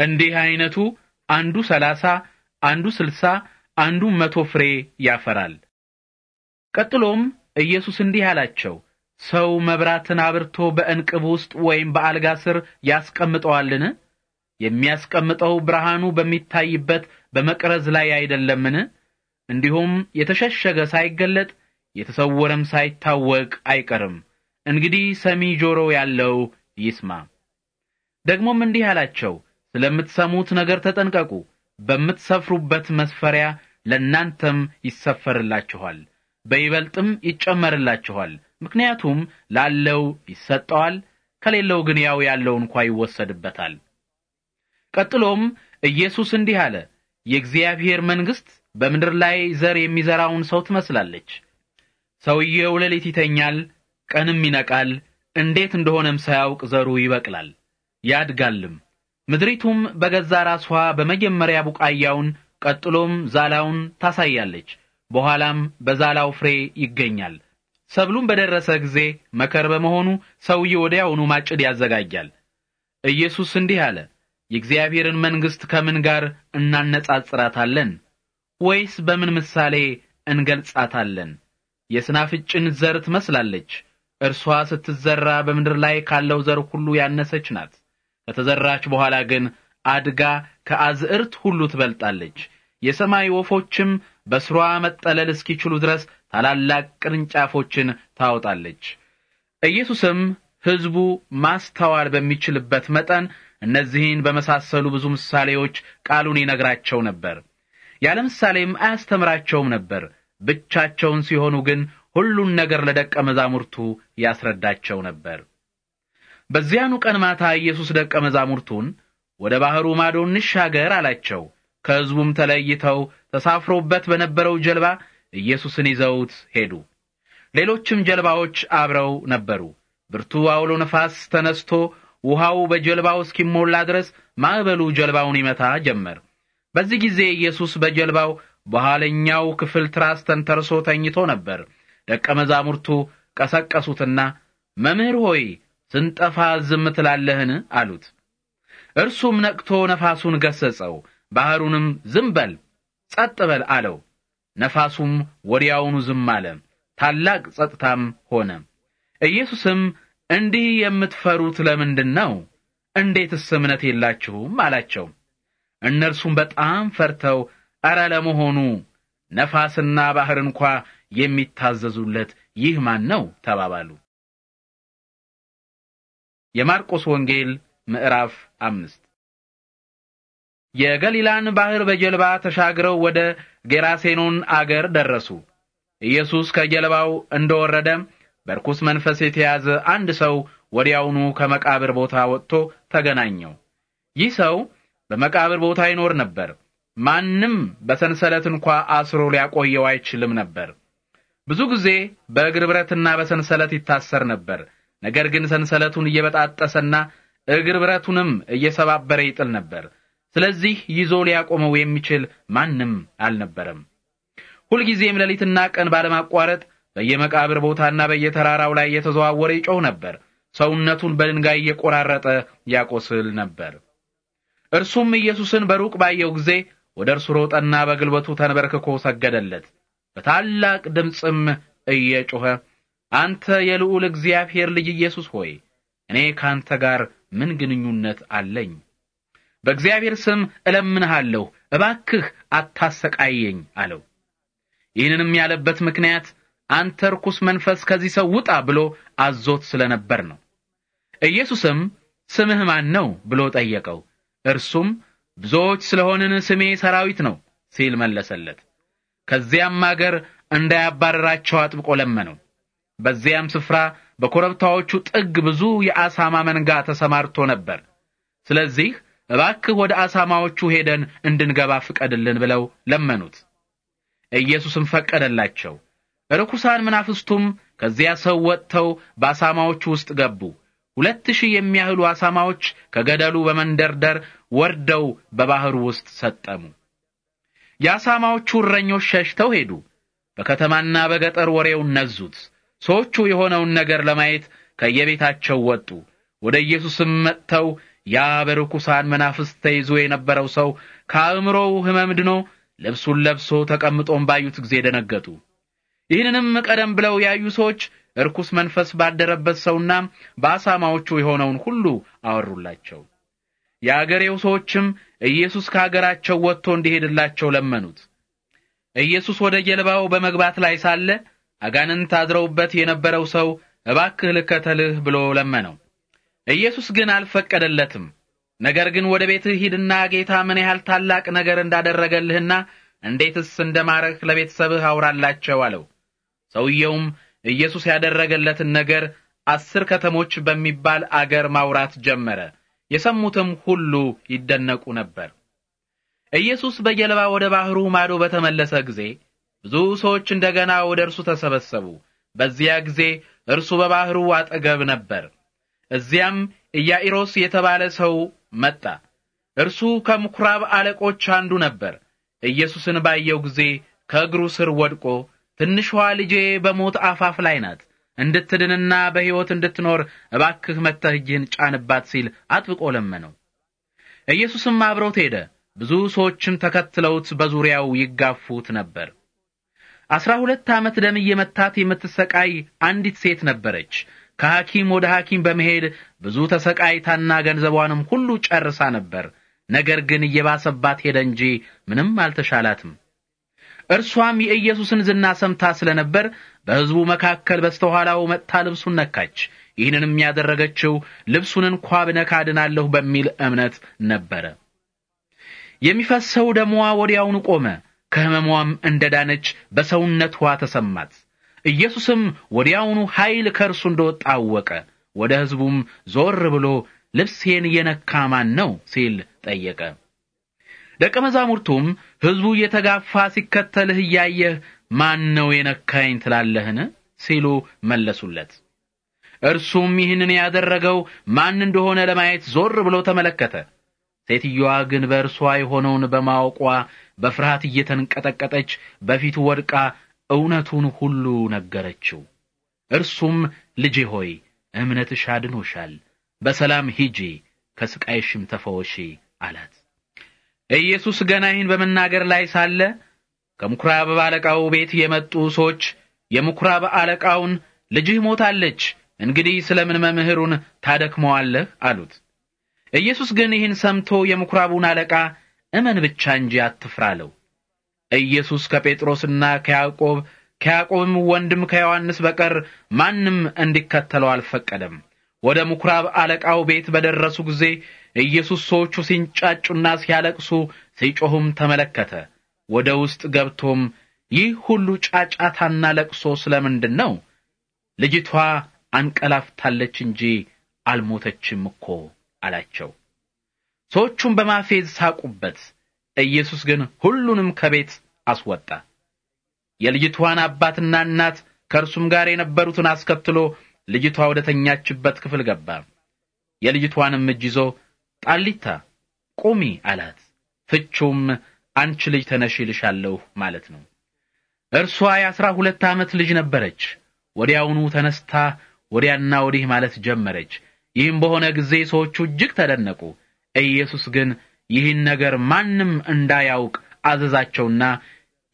እንዲህ አይነቱ አንዱ ሰላሳ አንዱ ስልሳ አንዱ መቶ ፍሬ ያፈራል። ቀጥሎም ኢየሱስ እንዲህ አላቸው፣ ሰው መብራትን አብርቶ በእንቅብ ውስጥ ወይም በአልጋ ስር ያስቀምጠዋልን? የሚያስቀምጠው ብርሃኑ በሚታይበት በመቅረዝ ላይ አይደለምን? እንዲሁም የተሸሸገ ሳይገለጥ የተሰወረም ሳይታወቅ አይቀርም። እንግዲህ ሰሚ ጆሮ ያለው ይስማ። ደግሞም እንዲህ አላቸው ስለምትሰሙት ነገር ተጠንቀቁ። በምትሰፍሩበት መስፈሪያ ለእናንተም ይሰፈርላችኋል፣ በይበልጥም ይጨመርላችኋል። ምክንያቱም ላለው ይሰጠዋል፣ ከሌለው ግን ያው ያለው እንኳ ይወሰድበታል። ቀጥሎም ኢየሱስ እንዲህ አለ፣ የእግዚአብሔር መንግሥት በምድር ላይ ዘር የሚዘራውን ሰው ትመስላለች። ሰውየው ሌሊት ይተኛል፣ ቀንም ይነቃል፣ እንዴት እንደሆነም ሳያውቅ ዘሩ ይበቅላል ያድጋልም ምድሪቱም በገዛ ራሷ በመጀመሪያ ቡቃያውን ቀጥሎም ዛላውን ታሳያለች። በኋላም በዛላው ፍሬ ይገኛል። ሰብሉም በደረሰ ጊዜ መከር በመሆኑ ሰውዬ ወዲያውኑ ማጭድ ያዘጋጃል። ኢየሱስ እንዲህ አለ፣ የእግዚአብሔርን መንግሥት ከምን ጋር እናነጻጽራታለን? ወይስ በምን ምሳሌ እንገልጻታለን? የስናፍጭን ዘር ትመስላለች። እርሷ ስትዘራ በምድር ላይ ካለው ዘር ሁሉ ያነሰች ናት። ከተዘራች በኋላ ግን አድጋ ከአዝዕርት ሁሉ ትበልጣለች። የሰማይ ወፎችም በስሯ መጠለል እስኪችሉ ድረስ ታላላቅ ቅርንጫፎችን ታወጣለች። ኢየሱስም ሕዝቡ ማስተዋል በሚችልበት መጠን እነዚህን በመሳሰሉ ብዙ ምሳሌዎች ቃሉን ይነግራቸው ነበር። ያለ ምሳሌም አያስተምራቸውም ነበር። ብቻቸውን ሲሆኑ ግን ሁሉን ነገር ለደቀ መዛሙርቱ ያስረዳቸው ነበር። በዚያኑ ቀን ማታ ኢየሱስ ደቀ መዛሙርቱን ወደ ባህሩ ማዶ እንሻገር አላቸው። ከሕዝቡም ተለይተው ተሳፍሮበት በነበረው ጀልባ ኢየሱስን ይዘውት ሄዱ። ሌሎችም ጀልባዎች አብረው ነበሩ። ብርቱ አውሎ ነፋስ ተነስቶ ውሃው በጀልባው እስኪሞላ ድረስ ማዕበሉ ጀልባውን ይመታ ጀመር። በዚህ ጊዜ ኢየሱስ በጀልባው በኋለኛው ክፍል ትራስ ተንተርሶ ተኝቶ ነበር። ደቀ መዛሙርቱ ቀሰቀሱትና መምህር ሆይ ስንጠፋ ዝም ትላለህን? አሉት። እርሱም ነቅቶ ነፋሱን ገሰጸው፣ ባህሩንም ዝም በል ጸጥ በል አለው። ነፋሱም ወዲያውኑ ዝም አለ፣ ታላቅ ጸጥታም ሆነ። ኢየሱስም እንዲህ የምትፈሩት ለምንድን ነው? እንዴትስ እምነት የላችሁም? አላቸው። እነርሱም በጣም ፈርተው ኧረ ለመሆኑ ነፋስና ባህር እንኳ የሚታዘዙለት ይህ ማን ነው? ተባባሉ። የማርቆስ ወንጌል ምዕራፍ አምስት የገሊላን ባህር በጀልባ ተሻግረው ወደ ጌራሴኖን አገር ደረሱ። ኢየሱስ ከጀልባው እንደወረደ በርኩስ መንፈስ የተያዘ አንድ ሰው ወዲያውኑ ከመቃብር ቦታ ወጥቶ ተገናኘው። ይህ ሰው በመቃብር ቦታ ይኖር ነበር። ማንም በሰንሰለት እንኳ አስሮ ሊያቆየው አይችልም ነበር። ብዙ ጊዜ በእግር ብረትና በሰንሰለት ይታሰር ነበር። ነገር ግን ሰንሰለቱን እየበጣጠሰና እግር ብረቱንም እየሰባበረ ይጥል ነበር። ስለዚህ ይዞ ሊያቆመው የሚችል ማንም አልነበረም። ሁልጊዜም ሌሊትና ቀን ባለማቋረጥ በየመቃብር ቦታና በየተራራው ላይ እየተዘዋወረ ይጮህ ነበር። ሰውነቱን በድንጋይ እየቆራረጠ ያቆስል ነበር። እርሱም ኢየሱስን በሩቅ ባየው ጊዜ ወደ እርሱ ሮጠና በግልበቱ ተንበርክኮ ሰገደለት። በታላቅ ድምፅም እየጮኸ አንተ የልዑል እግዚአብሔር ልጅ ኢየሱስ ሆይ እኔ ካንተ ጋር ምን ግንኙነት አለኝ? በእግዚአብሔር ስም እለምንሃለሁ፣ እባክህ አታሰቃየኝ አለው። ይህንንም ያለበት ምክንያት አንተ ርኩስ መንፈስ ከዚህ ሰው ውጣ ብሎ አዞት ስለነበር ነው። ኢየሱስም ስምህ ማን ነው ብሎ ጠየቀው። እርሱም ብዙዎች ስለሆንን ስሜ ሰራዊት ነው ሲል መለሰለት። ከዚያም አገር እንዳያባረራቸው አጥብቆ ለመነው። በዚያም ስፍራ በኮረብታዎቹ ጥግ ብዙ የአሳማ መንጋ ተሰማርቶ ነበር። ስለዚህ እባክህ ወደ አሳማዎቹ ሄደን እንድንገባ ፍቀድልን ብለው ለመኑት። ኢየሱስም ፈቀደላቸው። ርኩሳን መናፍስቱም ከዚያ ሰው ወጥተው በአሳማዎቹ ውስጥ ገቡ። ሁለት ሺህ የሚያህሉ አሳማዎች ከገደሉ በመንደርደር ወርደው በባህሩ ውስጥ ሰጠሙ። የአሳማዎቹ እረኞች ሸሽተው ሄዱ። በከተማና በገጠር ወሬውን ነዙት። ሰዎቹ የሆነውን ነገር ለማየት ከየቤታቸው ወጡ። ወደ ኢየሱስም መጥተው ያ በርኩሳን መናፍስት ተይዞ የነበረው ሰው ከአእምሮው ሕመም ድኖ ልብሱን ለብሶ ተቀምጦም ባዩት ጊዜ ደነገጡ። ይህንንም ቀደም ብለው ያዩ ሰዎች እርኩስ መንፈስ ባደረበት ሰውና በአሳማዎቹ የሆነውን ሁሉ አወሩላቸው። የአገሬው ሰዎችም ኢየሱስ ከአገራቸው ወጥቶ እንዲሄድላቸው ለመኑት። ኢየሱስ ወደ ጀልባው በመግባት ላይ ሳለ አጋንንት አድረውበት የነበረው ሰው እባክህ ልከተልህ ብሎ ለመነው። ኢየሱስ ግን አልፈቀደለትም። ነገር ግን ወደ ቤትህ ሂድና ጌታ ምን ያህል ታላቅ ነገር እንዳደረገልህና እንዴትስ እንደማረህ ለቤተሰብህ አውራላቸው አለው። ሰውየውም ኢየሱስ ያደረገለትን ነገር አስር ከተሞች በሚባል አገር ማውራት ጀመረ። የሰሙትም ሁሉ ይደነቁ ነበር። ኢየሱስ በጀልባ ወደ ባህሩ ማዶ በተመለሰ ጊዜ ብዙ ሰዎች እንደገና ወደ እርሱ ተሰበሰቡ። በዚያ ጊዜ እርሱ በባህሩ አጠገብ ነበር። እዚያም ኢያኢሮስ የተባለ ሰው መጣ። እርሱ ከምኵራብ አለቆች አንዱ ነበር። ኢየሱስን ባየው ጊዜ ከእግሩ ስር ወድቆ ትንሽዋ ልጄ በሞት አፋፍ ላይ ናት፣ እንድትድንና በሕይወት እንድትኖር እባክህ መጥተህ እጅህን ጫንባት ሲል አጥብቆ ለመነው። ኢየሱስም አብሮት ሄደ። ብዙ ሰዎችም ተከትለውት በዙሪያው ይጋፉት ነበር። አስራ ሁለት ዓመት ደም እየመታት የምትሰቃይ አንዲት ሴት ነበረች። ከሐኪም ወደ ሐኪም በመሄድ ብዙ ተሰቃይታና ገንዘቧንም ሁሉ ጨርሳ ነበር። ነገር ግን እየባሰባት ሄደ እንጂ ምንም አልተሻላትም። እርሷም የኢየሱስን ዝና ሰምታ ስለነበር በሕዝቡ መካከል በስተኋላው መጥታ ልብሱን ነካች። ይህንንም ያደረገችው ልብሱን እንኳ ብነካ አድናለሁ በሚል እምነት ነበረ። የሚፈሰው ደሟ ወዲያውን ቆመ። ከሕመሟም እንደ ዳነች ዋ ተሰማት። ኢየሱስም ወዲያውኑ ኃይል ከእርሱ ወጣ አወቀ። ወደ ሕዝቡም ዞር ብሎ ልብሴን የነካ ማን ነው ሲል ጠየቀ። ደቀ መዛሙርቱም ሕዝቡ እየተጋፋ ሲከተልህ እያየህ ማን ነው የነካኝ ትላለህን? ሲሉ መለሱለት። እርሱም ይህንን ያደረገው ማን እንደሆነ ለማየት ዞር ብሎ ተመለከተ። ሴትዮዋ ግን በእርሷ የሆነውን በማወቋ በፍርሃት እየተንቀጠቀጠች በፊቱ ወድቃ እውነቱን ሁሉ ነገረችው። እርሱም ልጄ ሆይ እምነትሽ አድኖሻል፣ በሰላም ሂጂ፣ ከስቃይሽም ተፈወሺ አላት። ኢየሱስ ገና ይህን በመናገር ላይ ሳለ ከምኵራብ አለቃው ቤት የመጡ ሰዎች የምኵራብ አለቃውን ልጅህ ሞታለች፣ እንግዲህ ስለምን መምህሩን ታደክመዋለህ? አሉት። ኢየሱስ ግን ይህን ሰምቶ የምኵራቡን አለቃ እመን ብቻ እንጂ አትፍራ አለው። ኢየሱስ ከጴጥሮስና ከያዕቆብ ከያዕቆብም ወንድም ከዮሐንስ በቀር ማንም እንዲከተለው አልፈቀደም። ወደ ምኵራብ አለቃው ቤት በደረሱ ጊዜ ኢየሱስ ሰዎቹ ሲንጫጩና ሲያለቅሱ ሲጮኹም ተመለከተ። ወደ ውስጥ ገብቶም ይህ ሁሉ ጫጫታና ለቅሶ ስለምንድን ነው? ልጅቷ አንቀላፍታለች እንጂ አልሞተችም እኮ አላቸው። ሰዎቹም በማፌዝ ሳቁበት። ኢየሱስ ግን ሁሉንም ከቤት አስወጣ። የልጅቷን አባትና እናት ከእርሱም ጋር የነበሩትን አስከትሎ ልጅቷ ወደ ተኛችበት ክፍል ገባ። የልጅቷንም እጅ ይዞ ጣሊታ ቁሚ አላት። ፍቹም አንቺ ልጅ ተነሽ ይልሻለሁ ማለት ነው። እርሷ የአስራ ሁለት ዓመት ልጅ ነበረች። ወዲያውኑ ተነስታ ወዲያና ወዲህ ማለት ጀመረች። ይህም በሆነ ጊዜ ሰዎቹ እጅግ ተደነቁ። ኢየሱስ ግን ይህን ነገር ማንም እንዳያውቅ አዘዛቸውና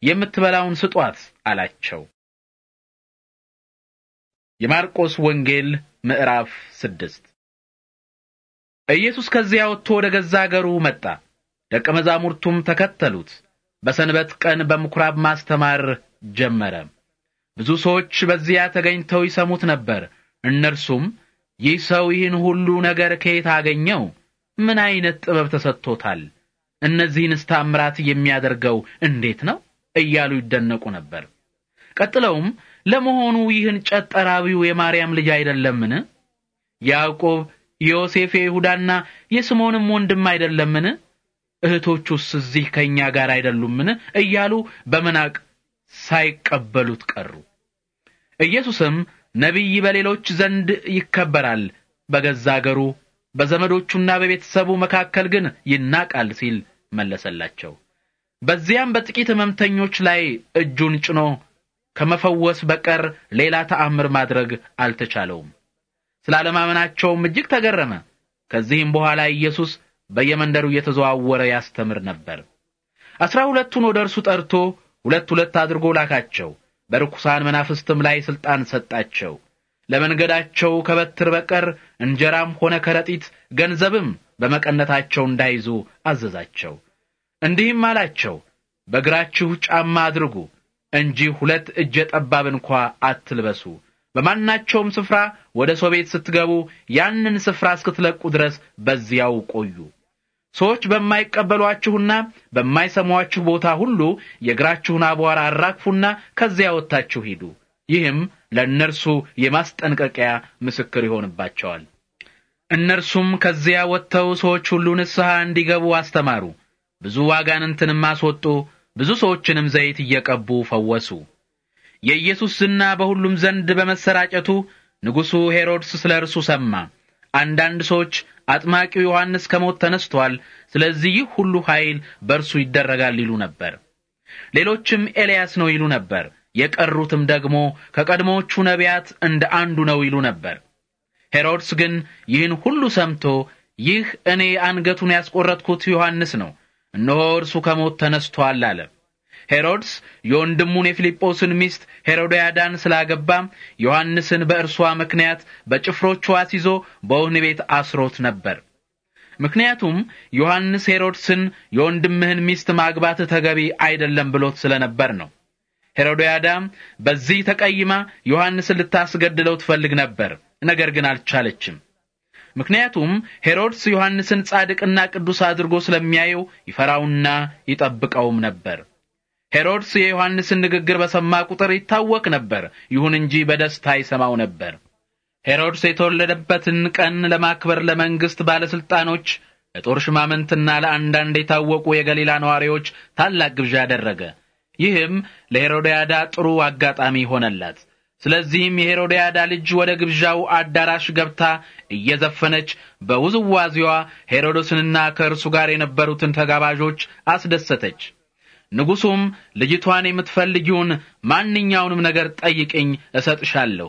የምትበላውን ስጧት አላቸው። የማርቆስ ወንጌል ምዕራፍ ስድስት ኢየሱስ ከዚያ ወጥቶ ወደ ገዛ አገሩ መጣ። ደቀ መዛሙርቱም ተከተሉት። በሰንበት ቀን በምኩራብ ማስተማር ጀመረ። ብዙ ሰዎች በዚያ ተገኝተው ይሰሙት ነበር። እነርሱም ይህ ሰው ይህን ሁሉ ነገር ከየት አገኘው? ምን አይነት ጥበብ ተሰጥቶታል? እነዚህንስ ተአምራት የሚያደርገው እንዴት ነው? እያሉ ይደነቁ ነበር። ቀጥለውም ለመሆኑ ይህን ጨጠራቢው የማርያም ልጅ አይደለምን? ያዕቆብ፣ ዮሴፍ፣ የይሁዳና የስምዖንም ወንድም አይደለምን? እህቶቹስ እዚህ ከእኛ ጋር አይደሉምን? እያሉ በመናቅ ሳይቀበሉት ቀሩ። ኢየሱስም ነቢይ በሌሎች ዘንድ ይከበራል፣ በገዛ አገሩ በዘመዶቹና በቤተሰቡ መካከል ግን ይናቃል ሲል መለሰላቸው። በዚያም በጥቂት ሕመምተኞች ላይ እጁን ጭኖ ከመፈወስ በቀር ሌላ ተአምር ማድረግ አልተቻለውም። ስላለማመናቸውም እጅግ ተገረመ። ከዚህም በኋላ ኢየሱስ በየመንደሩ እየተዘዋወረ ያስተምር ነበር። አስራ ሁለቱን ወደ እርሱ ጠርቶ ሁለት ሁለት አድርጎ ላካቸው። በርኩሳን መናፍስትም ላይ ሥልጣን ሰጣቸው። ለመንገዳቸው ከበትር በቀር እንጀራም ሆነ ከረጢት ገንዘብም በመቀነታቸው እንዳይዙ አዘዛቸው። እንዲህም አላቸው፣ በእግራችሁ ጫማ አድርጉ እንጂ ሁለት እጀ ጠባብ እንኳ አትልበሱ። በማናቸውም ስፍራ ወደ ሰው ቤት ስትገቡ ያንን ስፍራ እስክትለቁ ድረስ በዚያው ቆዩ። ሰዎች በማይቀበሏችሁና በማይሰሟችሁ ቦታ ሁሉ የእግራችሁን አቧራ አራግፉና ከዚያ ወጥታችሁ ሂዱ። ይህም ለእነርሱ የማስጠንቀቂያ ምስክር ይሆንባቸዋል። እነርሱም ከዚያ ወጥተው ሰዎች ሁሉ ንስሐ እንዲገቡ አስተማሩ። ብዙ አጋንንትንም አስወጡ። ብዙ ሰዎችንም ዘይት እየቀቡ ፈወሱ። የኢየሱስ ዝና በሁሉም ዘንድ በመሰራጨቱ ንጉሡ ሄሮድስ ስለ እርሱ ሰማ። አንዳንድ ሰዎች አጥማቂው ዮሐንስ ከሞት ተነስቷል፣ ስለዚህ ይህ ሁሉ ኃይል በእርሱ ይደረጋል ይሉ ነበር። ሌሎችም ኤልያስ ነው ይሉ ነበር። የቀሩትም ደግሞ ከቀድሞዎቹ ነቢያት እንደ አንዱ ነው ይሉ ነበር። ሄሮድስ ግን ይህን ሁሉ ሰምቶ ይህ እኔ አንገቱን ያስቆረጥኩት ዮሐንስ ነው፣ እነሆ እርሱ ከሞት ተነስቷል አለም። ሄሮድስ የወንድሙን የፊልጶስን ሚስት ሄሮድያዳን ስላገባ ዮሐንስን በእርሷ ምክንያት በጭፍሮቹ አስይዞ በወህኒ ቤት አስሮት ነበር። ምክንያቱም ዮሐንስ ሄሮድስን የወንድምህን ሚስት ማግባት ተገቢ አይደለም ብሎት ስለነበር ነው። ሄሮድያዳም በዚህ ተቀይማ ዮሐንስን ልታስገድለው ትፈልግ ነበር፣ ነገር ግን አልቻለችም። ምክንያቱም ሄሮድስ ዮሐንስን ጻድቅና ቅዱስ አድርጎ ስለሚያየው ይፈራውና ይጠብቀውም ነበር። ሄሮድስ የዮሐንስን ንግግር በሰማ ቁጥር ይታወቅ ነበር። ይሁን እንጂ በደስታ ይሰማው ነበር። ሄሮድስ የተወለደበትን ቀን ለማክበር ለመንግሥት ባለሥልጣኖች፣ ለጦር ሽማምንትና ለአንዳንድ የታወቁ የገሊላ ነዋሪዎች ታላቅ ግብዣ አደረገ። ይህም ለሄሮድያዳ ጥሩ አጋጣሚ ሆነላት። ስለዚህም የሄሮድያዳ ልጅ ወደ ግብዣው አዳራሽ ገብታ እየዘፈነች በውዝዋዜዋ ሄሮድስንና ከእርሱ ጋር የነበሩትን ተጋባዦች አስደሰተች። ንጉሡም ልጅቷን የምትፈልጊውን ማንኛውንም ነገር ጠይቅኝ እሰጥሻለሁ፣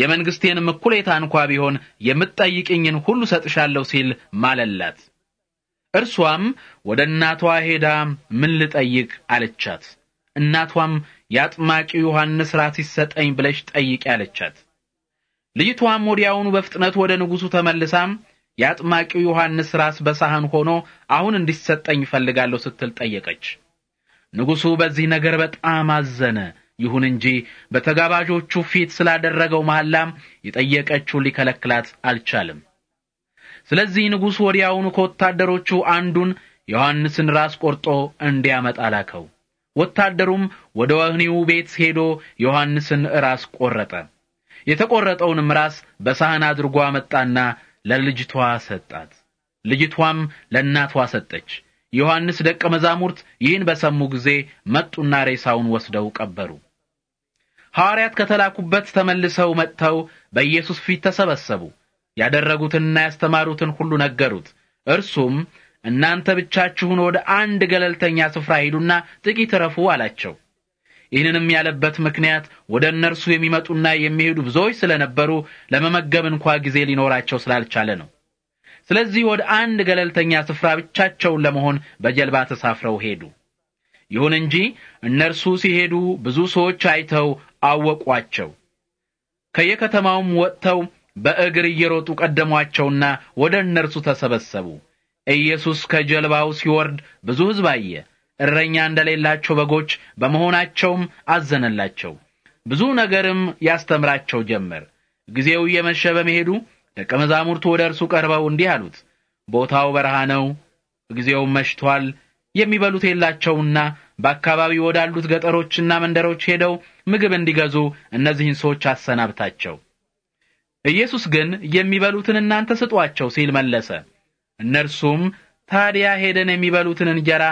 የመንግሥቴንም እኩሌታ እንኳ ቢሆን የምትጠይቅኝን ሁሉ እሰጥሻለሁ ሲል ማለላት። እርሷም ወደ እናቷ ሄዳ ምን ልጠይቅ አለቻት። እናቷም የአጥማቂ ዮሐንስ ራስ ይሰጠኝ ብለሽ ጠይቂ አለቻት። ልጅቷም ወዲያውኑ በፍጥነት ወደ ንጉሡ ተመልሳም የአጥማቂው ዮሐንስ ራስ በሳህን ሆኖ አሁን እንዲሰጠኝ እፈልጋለሁ ስትል ጠየቀች። ንጉሡ በዚህ ነገር በጣም አዘነ። ይሁን እንጂ በተጋባዦቹ ፊት ስላደረገው መሐላም የጠየቀችው ሊከለክላት አልቻለም። ስለዚህ ንጉሡ ወዲያውኑ ከወታደሮቹ አንዱን ዮሐንስን ራስ ቆርጦ እንዲያመጣ ላከው። ወታደሩም ወደ ወህኒው ቤት ሄዶ ዮሐንስን ራስ ቆረጠ። የተቈረጠውንም ራስ በሳህን አድርጎ አመጣና ለልጅቷ ሰጣት። ልጅቷም ለእናቷ ሰጠች። የዮሐንስ ደቀ መዛሙርት ይህን በሰሙ ጊዜ መጡና ሬሳውን ወስደው ቀበሩ። ሐዋርያት ከተላኩበት ተመልሰው መጥተው በኢየሱስ ፊት ተሰበሰቡ። ያደረጉትንና ያስተማሩትን ሁሉ ነገሩት። እርሱም እናንተ ብቻችሁን ወደ አንድ ገለልተኛ ስፍራ ሂዱና ጥቂት እረፉ አላቸው። ይህንንም ያለበት ምክንያት ወደ እነርሱ የሚመጡና የሚሄዱ ብዙዎች ስለነበሩ ለመመገብ እንኳ ጊዜ ሊኖራቸው ስላልቻለ ነው። ስለዚህ ወደ አንድ ገለልተኛ ስፍራ ብቻቸውን ለመሆን በጀልባ ተሳፍረው ሄዱ። ይሁን እንጂ እነርሱ ሲሄዱ ብዙ ሰዎች አይተው አወቋቸው። ከየከተማውም ወጥተው በእግር እየሮጡ ቀደሟቸውና ወደ እነርሱ ተሰበሰቡ። ኢየሱስ ከጀልባው ሲወርድ ብዙ ሕዝብ አየ። እረኛ እንደሌላቸው በጎች በመሆናቸውም አዘነላቸው። ብዙ ነገርም ያስተምራቸው ጀመር። ጊዜው እየመሸ በመሄዱ ደቀ መዛሙርቱ ወደ እርሱ ቀርበው እንዲህ አሉት፣ ቦታው በረሃ ነው፣ ጊዜውም መሽቷል። የሚበሉት የላቸውና በአካባቢው ወዳሉት ገጠሮችና መንደሮች ሄደው ምግብ እንዲገዙ እነዚህን ሰዎች አሰናብታቸው። ኢየሱስ ግን የሚበሉትን እናንተ ስጧቸው ሲል መለሰ። እነርሱም ታዲያ ሄደን የሚበሉትን እንጀራ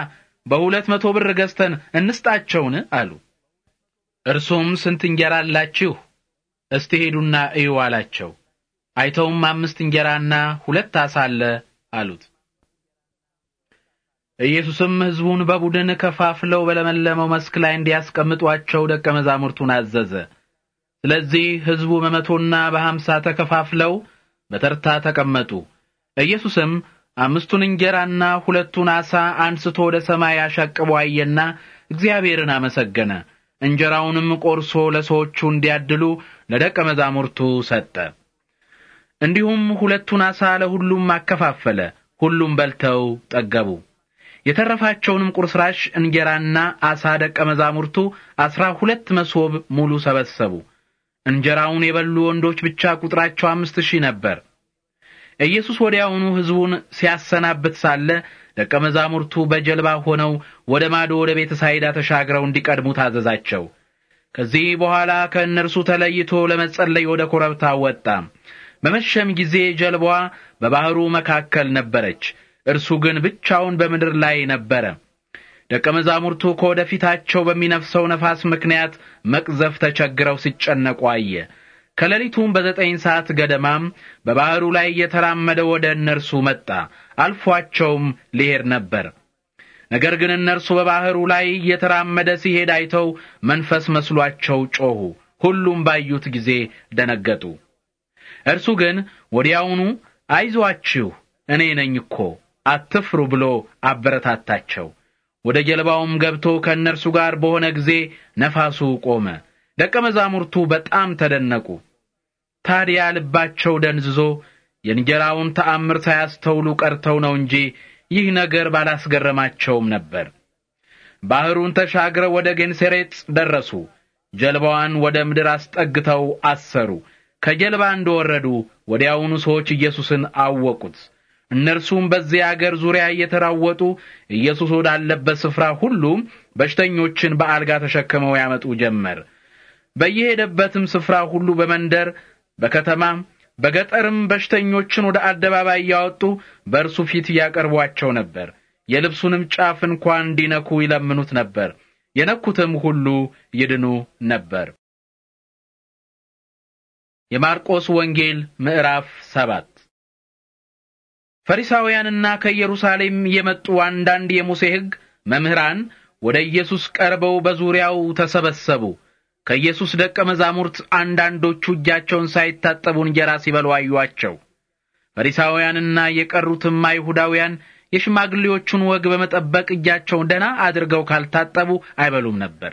በሁለት መቶ ብር ገዝተን እንስጣቸውን አሉ። እርሱም ስንት እንጀራ አላችሁ? እስቲ ሄዱና እዩ አላቸው። አይተውም አምስት እንጀራና ሁለት ዓሣ አለ አሉት። ኢየሱስም ሕዝቡን በቡድን ከፋፍለው በለመለመው መስክ ላይ እንዲያስቀምጧቸው ደቀ መዛሙርቱን አዘዘ። ስለዚህ ሕዝቡ በመቶና በሃምሳ ተከፋፍለው በተርታ ተቀመጡ። ኢየሱስም አምስቱን እንጀራና ሁለቱን ዓሣ አንስቶ ወደ ሰማይ አሻቅቦ አየና እግዚአብሔርን አመሰገነ። እንጀራውንም ቆርሶ ለሰዎቹ እንዲያድሉ ለደቀ መዛሙርቱ ሰጠ። እንዲሁም ሁለቱን ዓሣ ለሁሉም አከፋፈለ። ሁሉም በልተው ጠገቡ። የተረፋቸውንም ቁርስራሽ እንጀራና ዓሣ ደቀ መዛሙርቱ አስራ ሁለት መሶብ ሙሉ ሰበሰቡ። እንጀራውን የበሉ ወንዶች ብቻ ቁጥራቸው አምስት ሺህ ነበር። ኢየሱስ ወዲያውኑ ሕዝቡን ሲያሰናብት ሳለ ደቀ መዛሙርቱ በጀልባ ሆነው ወደ ማዶ ወደ ቤተ ሳይዳ ተሻግረው እንዲቀድሙ ታዘዛቸው። ከዚህ በኋላ ከእነርሱ ተለይቶ ለመጸለይ ወደ ኮረብታ ወጣ። በመሸም ጊዜ ጀልባዋ በባህሩ መካከል ነበረች። እርሱ ግን ብቻውን በምድር ላይ ነበረ። ደቀ መዛሙርቱ ከወደፊታቸው በሚነፍሰው ነፋስ ምክንያት መቅዘፍ ተቸግረው ሲጨነቁ አየ። ከሌሊቱም በዘጠኝ ሰዓት ገደማም በባህሩ ላይ እየተራመደ ወደ እነርሱ መጣ። አልፏቸውም ሊሄድ ነበር። ነገር ግን እነርሱ በባህሩ ላይ እየተራመደ ሲሄድ አይተው መንፈስ መስሏቸው ጮኹ። ሁሉም ባዩት ጊዜ ደነገጡ። እርሱ ግን ወዲያውኑ አይዟችሁ እኔ ነኝ እኮ አትፍሩ ብሎ አበረታታቸው። ወደ ጀልባውም ገብቶ ከእነርሱ ጋር በሆነ ጊዜ ነፋሱ ቆመ። ደቀ መዛሙርቱ በጣም ተደነቁ። ታዲያ ልባቸው ደንዝዞ የእንጀራውን ተአምር ሳያስተውሉ ቀርተው ነው እንጂ ይህ ነገር ባላስገረማቸውም ነበር። ባህሩን ተሻግረው ወደ ጌንሴሬጥ ደረሱ። ጀልባዋን ወደ ምድር አስጠግተው አሰሩ። ከጀልባ እንደወረዱ ወዲያውኑ ሰዎች ኢየሱስን አወቁት። እነርሱም በዚያ አገር ዙሪያ እየተራወጡ ኢየሱስ ወዳለበት ስፍራ ሁሉ በሽተኞችን በአልጋ ተሸክመው ያመጡ ጀመር። በየሄደበትም ስፍራ ሁሉ በመንደር በከተማ በገጠርም በሽተኞችን ወደ አደባባይ እያወጡ በእርሱ ፊት እያቀርቧቸው ነበር። የልብሱንም ጫፍ እንኳን እንዲነኩ ይለምኑት ነበር። የነኩትም ሁሉ ይድኑ ነበር። የማርቆስ ወንጌል ምዕራፍ ሰባት ፈሪሳውያንና ከኢየሩሳሌም የመጡ አንዳንድ የሙሴ ሕግ መምህራን ወደ ኢየሱስ ቀርበው በዙሪያው ተሰበሰቡ። ከኢየሱስ ደቀ መዛሙርት አንዳንዶቹ እጃቸውን ሳይታጠቡ እንጀራ ሲበሉ አዩአቸው። ፈሪሳውያንና የቀሩትም አይሁዳውያን የሽማግሌዎቹን ወግ በመጠበቅ እጃቸውን ደና አድርገው ካልታጠቡ አይበሉም ነበር።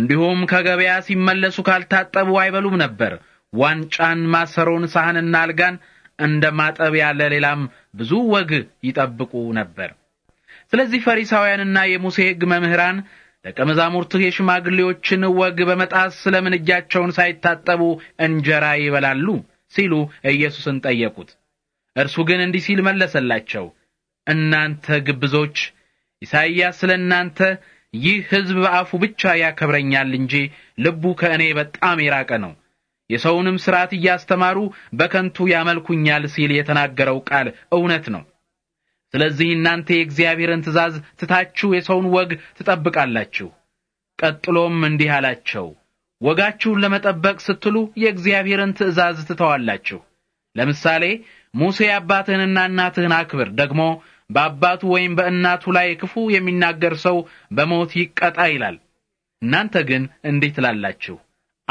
እንዲሁም ከገበያ ሲመለሱ ካልታጠቡ አይበሉም ነበር። ዋንጫን፣ ማሰሮን፣ ሳህንና አልጋን እንደ ማጠብ ያለ ሌላም ብዙ ወግ ይጠብቁ ነበር። ስለዚህ ፈሪሳውያንና የሙሴ ሕግ መምህራን ደቀ መዛሙርትህ የሽማግሌዎችን ወግ በመጣስ ስለምን እጃቸውን ሳይታጠቡ እንጀራ ይበላሉ ሲሉ ኢየሱስን ጠየቁት። እርሱ ግን እንዲህ ሲል መለሰላቸው፣ እናንተ ግብዞች፣ ኢሳይያስ ስለ እናንተ ይህ ሕዝብ በአፉ ብቻ ያከብረኛል እንጂ ልቡ ከእኔ በጣም የራቀ ነው የሰውንም ሥርዓት እያስተማሩ በከንቱ ያመልኩኛል ሲል የተናገረው ቃል እውነት ነው። ስለዚህ እናንተ የእግዚአብሔርን ትእዛዝ ትታችሁ የሰውን ወግ ትጠብቃላችሁ። ቀጥሎም እንዲህ አላቸው፣ ወጋችሁን ለመጠበቅ ስትሉ የእግዚአብሔርን ትእዛዝ ትተዋላችሁ። ለምሳሌ ሙሴ አባትህንና እናትህን አክብር፣ ደግሞ በአባቱ ወይም በእናቱ ላይ ክፉ የሚናገር ሰው በሞት ይቀጣ ይላል። እናንተ ግን እንዲህ ትላላችሁ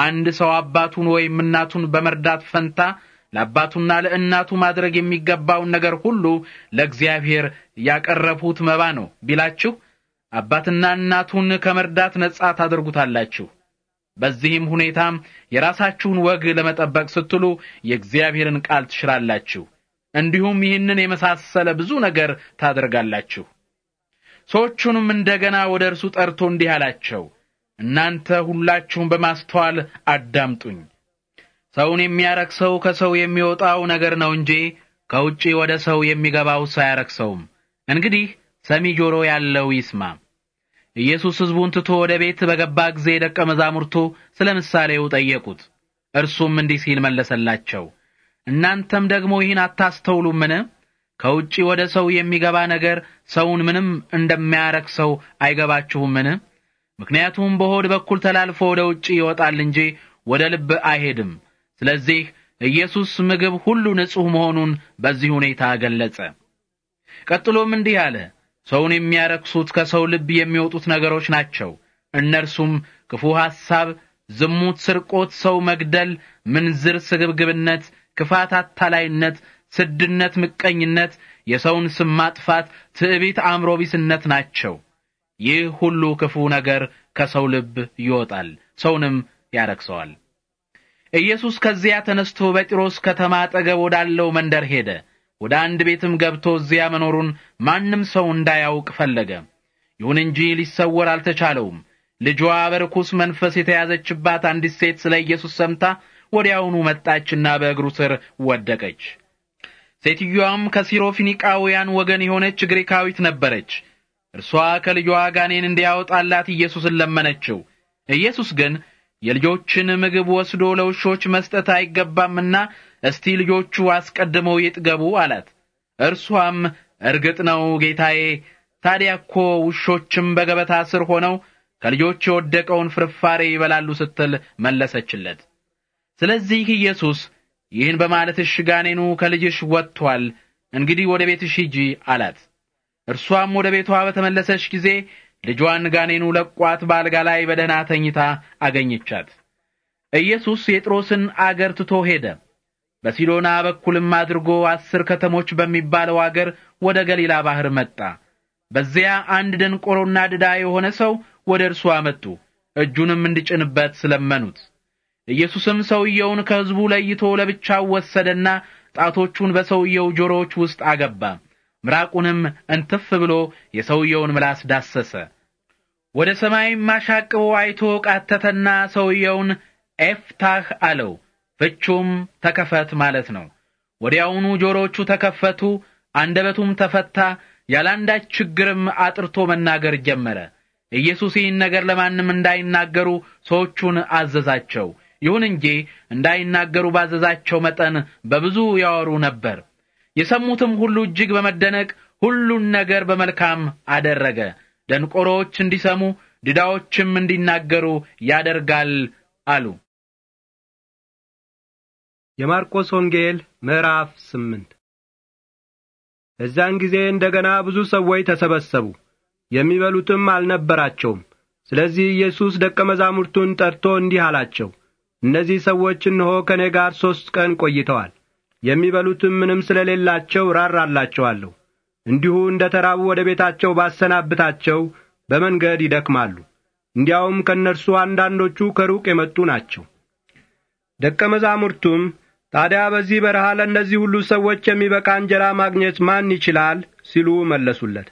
አንድ ሰው አባቱን ወይም እናቱን በመርዳት ፈንታ ለአባቱና ለእናቱ ማድረግ የሚገባውን ነገር ሁሉ ለእግዚአብሔር ያቀረብሁት መባ ነው ቢላችሁ አባትና እናቱን ከመርዳት ነጻ ታደርጉታላችሁ። በዚህም ሁኔታም የራሳችሁን ወግ ለመጠበቅ ስትሉ የእግዚአብሔርን ቃል ትሽራላችሁ። እንዲሁም ይህንን የመሳሰለ ብዙ ነገር ታደርጋላችሁ። ሰዎቹንም እንደገና ወደ እርሱ ጠርቶ እንዲህ አላቸው፣ እናንተ ሁላችሁም በማስተዋል አዳምጡኝ። ሰውን የሚያረክሰው ከሰው የሚወጣው ነገር ነው እንጂ ከውጪ ወደ ሰው የሚገባው አያረክሰውም። እንግዲህ ሰሚ ጆሮ ያለው ይስማ። ኢየሱስ ሕዝቡን ትቶ ወደ ቤት በገባ ጊዜ ደቀ መዛሙርቱ ስለ ምሳሌው ጠየቁት። እርሱም እንዲህ ሲል መለሰላቸው፣ እናንተም ደግሞ ይህን አታስተውሉምን? ከውጪ ወደ ሰው የሚገባ ነገር ሰውን ምንም እንደማያረክሰው አይገባችሁምን? ምክንያቱም በሆድ በኩል ተላልፎ ወደ ውጪ ይወጣል እንጂ ወደ ልብ አይሄድም። ስለዚህ ኢየሱስ ምግብ ሁሉ ንጹሕ መሆኑን በዚህ ሁኔታ ገለጸ። ቀጥሎም እንዲህ አለ፣ ሰውን የሚያረክሱት ከሰው ልብ የሚወጡት ነገሮች ናቸው። እነርሱም ክፉ ሐሳብ፣ ዝሙት፣ ስርቆት፣ ሰው መግደል፣ ምንዝር፣ ስግብግብነት፣ ክፋት፣ አታላይነት፣ ስድነት፣ ምቀኝነት፣ የሰውን ስም ማጥፋት፣ ትዕቢት፣ አእምሮ ቢስነት ናቸው። ይህ ሁሉ ክፉ ነገር ከሰው ልብ ይወጣል፣ ሰውንም ያረክሰዋል። ኢየሱስ ከዚያ ተነስቶ በጢሮስ ከተማ አጠገብ ወዳለው መንደር ሄደ። ወደ አንድ ቤትም ገብቶ እዚያ መኖሩን ማንም ሰው እንዳያውቅ ፈለገ። ይሁን እንጂ ሊሰወር አልተቻለውም። ልጇ በርኩስ መንፈስ የተያዘችባት አንዲት ሴት ስለ ኢየሱስ ሰምታ ወዲያውኑ መጣችና በእግሩ ስር ወደቀች። ሴትዮዋም ከሲሮፊኒቃውያን ወገን የሆነች ግሪካዊት ነበረች። እርሷ ከልጇ ጋኔን እንዲያወጣላት ኢየሱስን ለመነችው። ኢየሱስ ግን የልጆችን ምግብ ወስዶ ለውሾች መስጠት አይገባምና እስቲ ልጆቹ አስቀድመው ይጥገቡ አላት። እርሷም እርግጥ ነው ጌታዬ፣ ታዲያ እኮ ውሾችም በገበታ ስር ሆነው ከልጆች የወደቀውን ፍርፋሬ ይበላሉ ስትል መለሰችለት። ስለዚህ ኢየሱስ ይህን በማለትሽ ጋኔኑ ከልጅሽ ወጥቷል፣ እንግዲህ ወደ ቤትሽ ሂጂ አላት። እርሷም ወደ ቤቷ በተመለሰች ጊዜ ልጇን ጋኔኑ ለቋት በአልጋ ላይ በደህና ተኝታ አገኘቻት። ኢየሱስ የጥሮስን አገር ትቶ ሄደ። በሲዶና በኩልም አድርጎ አስር ከተሞች በሚባለው አገር ወደ ገሊላ ባህር መጣ። በዚያ አንድ ደንቆሮና ድዳ የሆነ ሰው ወደ እርሱ አመጡ። እጁንም እንዲጭንበት ስለመኑት። ኢየሱስም ሰውየውን ከሕዝቡ ለይቶ ለብቻው ወሰደና ጣቶቹን በሰውየው ጆሮዎች ውስጥ አገባ። ምራቁንም እንትፍ ብሎ የሰውየውን ምላስ ዳሰሰ። ወደ ሰማይም አሻቅቦ አይቶ ቃተተና ሰውየውን ኤፍታህ አለው። ፍቹም ተከፈት ማለት ነው። ወዲያውኑ ጆሮቹ ተከፈቱ፣ አንደበቱም ተፈታ፣ ያላንዳች ችግርም አጥርቶ መናገር ጀመረ። ኢየሱስ ይህን ነገር ለማንም እንዳይናገሩ ሰዎቹን አዘዛቸው። ይሁን እንጂ እንዳይናገሩ ባዘዛቸው መጠን በብዙ ያወሩ ነበር። የሰሙትም ሁሉ እጅግ በመደነቅ ሁሉን ነገር በመልካም አደረገ። ደንቆሮዎች እንዲሰሙ ድዳዎችም እንዲናገሩ ያደርጋል አሉ። የማርቆስ ወንጌል ምዕራፍ ስምንት እዚያን ጊዜ እንደገና ብዙ ሰዎች ተሰበሰቡ፣ የሚበሉትም አልነበራቸውም። ስለዚህ ኢየሱስ ደቀ መዛሙርቱን ጠርቶ እንዲህ አላቸው፣ እነዚህ ሰዎች እነሆ ከእኔ ጋር ሦስት ቀን ቆይተዋል የሚበሉትም ምንም ስለሌላቸው ራራላቸዋለሁ። እንዲሁ እንደ ተራቡ ወደ ቤታቸው ባሰናብታቸው በመንገድ ይደክማሉ። እንዲያውም ከእነርሱ አንዳንዶቹ ከሩቅ የመጡ ናቸው። ደቀ መዛሙርቱም ታዲያ በዚህ በረሃ ለእነዚህ ሁሉ ሰዎች የሚበቃ እንጀራ ማግኘት ማን ይችላል? ሲሉ መለሱለት።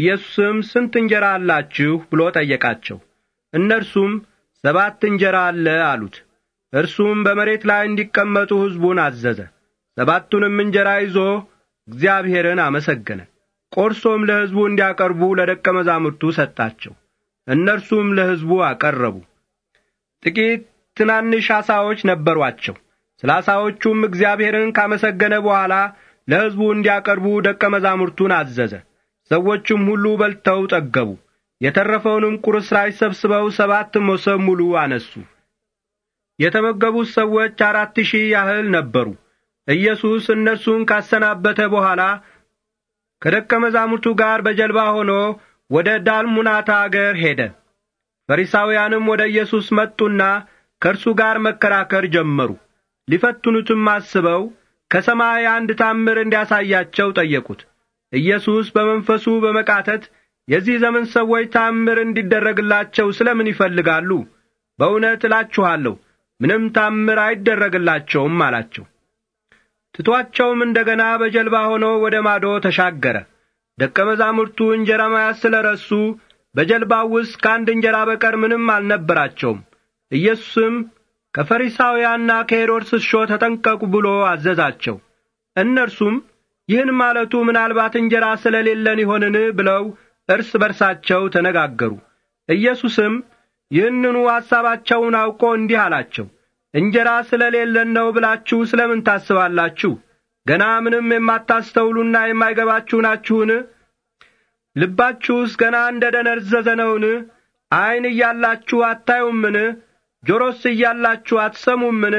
ኢየሱስም ስንት እንጀራ አላችሁ? ብሎ ጠየቃቸው። እነርሱም ሰባት እንጀራ አለ አሉት። እርሱም በመሬት ላይ እንዲቀመጡ ሕዝቡን አዘዘ። ሰባቱንም እንጀራ ይዞ እግዚአብሔርን አመሰገነ። ቆርሶም ለሕዝቡ እንዲያቀርቡ ለደቀ መዛሙርቱ ሰጣቸው። እነርሱም ለሕዝቡ አቀረቡ። ጥቂት ትናንሽ ዓሣዎች ነበሯቸው። ስለ ዓሣዎቹም እግዚአብሔርን ካመሰገነ በኋላ ለሕዝቡ እንዲያቀርቡ ደቀ መዛሙርቱን አዘዘ። ሰዎቹም ሁሉ በልተው ጠገቡ። የተረፈውንም ቁርስራሽ ሰብስበው ሰባት መሶብ ሙሉ አነሱ። የተመገቡት ሰዎች አራት ሺህ ያህል ነበሩ። ኢየሱስ እነርሱን ካሰናበተ በኋላ ከደቀ መዛሙርቱ ጋር በጀልባ ሆኖ ወደ ዳልሙናታ አገር ሄደ። ፈሪሳውያንም ወደ ኢየሱስ መጡና ከእርሱ ጋር መከራከር ጀመሩ። ሊፈትኑትም አስበው ከሰማይ አንድ ታምር እንዲያሳያቸው ጠየቁት። ኢየሱስ በመንፈሱ በመቃተት የዚህ ዘመን ሰዎች ታምር እንዲደረግላቸው ስለምን ይፈልጋሉ? በእውነት እላችኋለሁ ምንም ታምር አይደረግላቸውም አላቸው። ትቷቸውም እንደገና በጀልባ ሆኖ ወደ ማዶ ተሻገረ። ደቀ መዛሙርቱ እንጀራ መያዝ ስለ ረሱ በጀልባው ውስጥ ከአንድ እንጀራ በቀር ምንም አልነበራቸውም። ኢየሱስም ከፈሪሳውያንና ከሄሮድስ እርሾ ተጠንቀቁ ብሎ አዘዛቸው። እነርሱም ይህን ማለቱ ምናልባት እንጀራ ስለሌለን ይሆንን ብለው እርስ በርሳቸው ተነጋገሩ። ኢየሱስም ይህንኑ ሐሳባቸውን አውቆ እንዲህ አላቸው፣ እንጀራ ስለሌለን ነው ብላችሁ ስለምን ታስባላችሁ? ገና ምንም የማታስተውሉና የማይገባችሁ ናችሁን? ልባችሁስ ገና እንደ ደነዘዘ ነውን? ዐይን እያላችሁ አታዩምን? ጆሮስ እያላችሁ አትሰሙምን?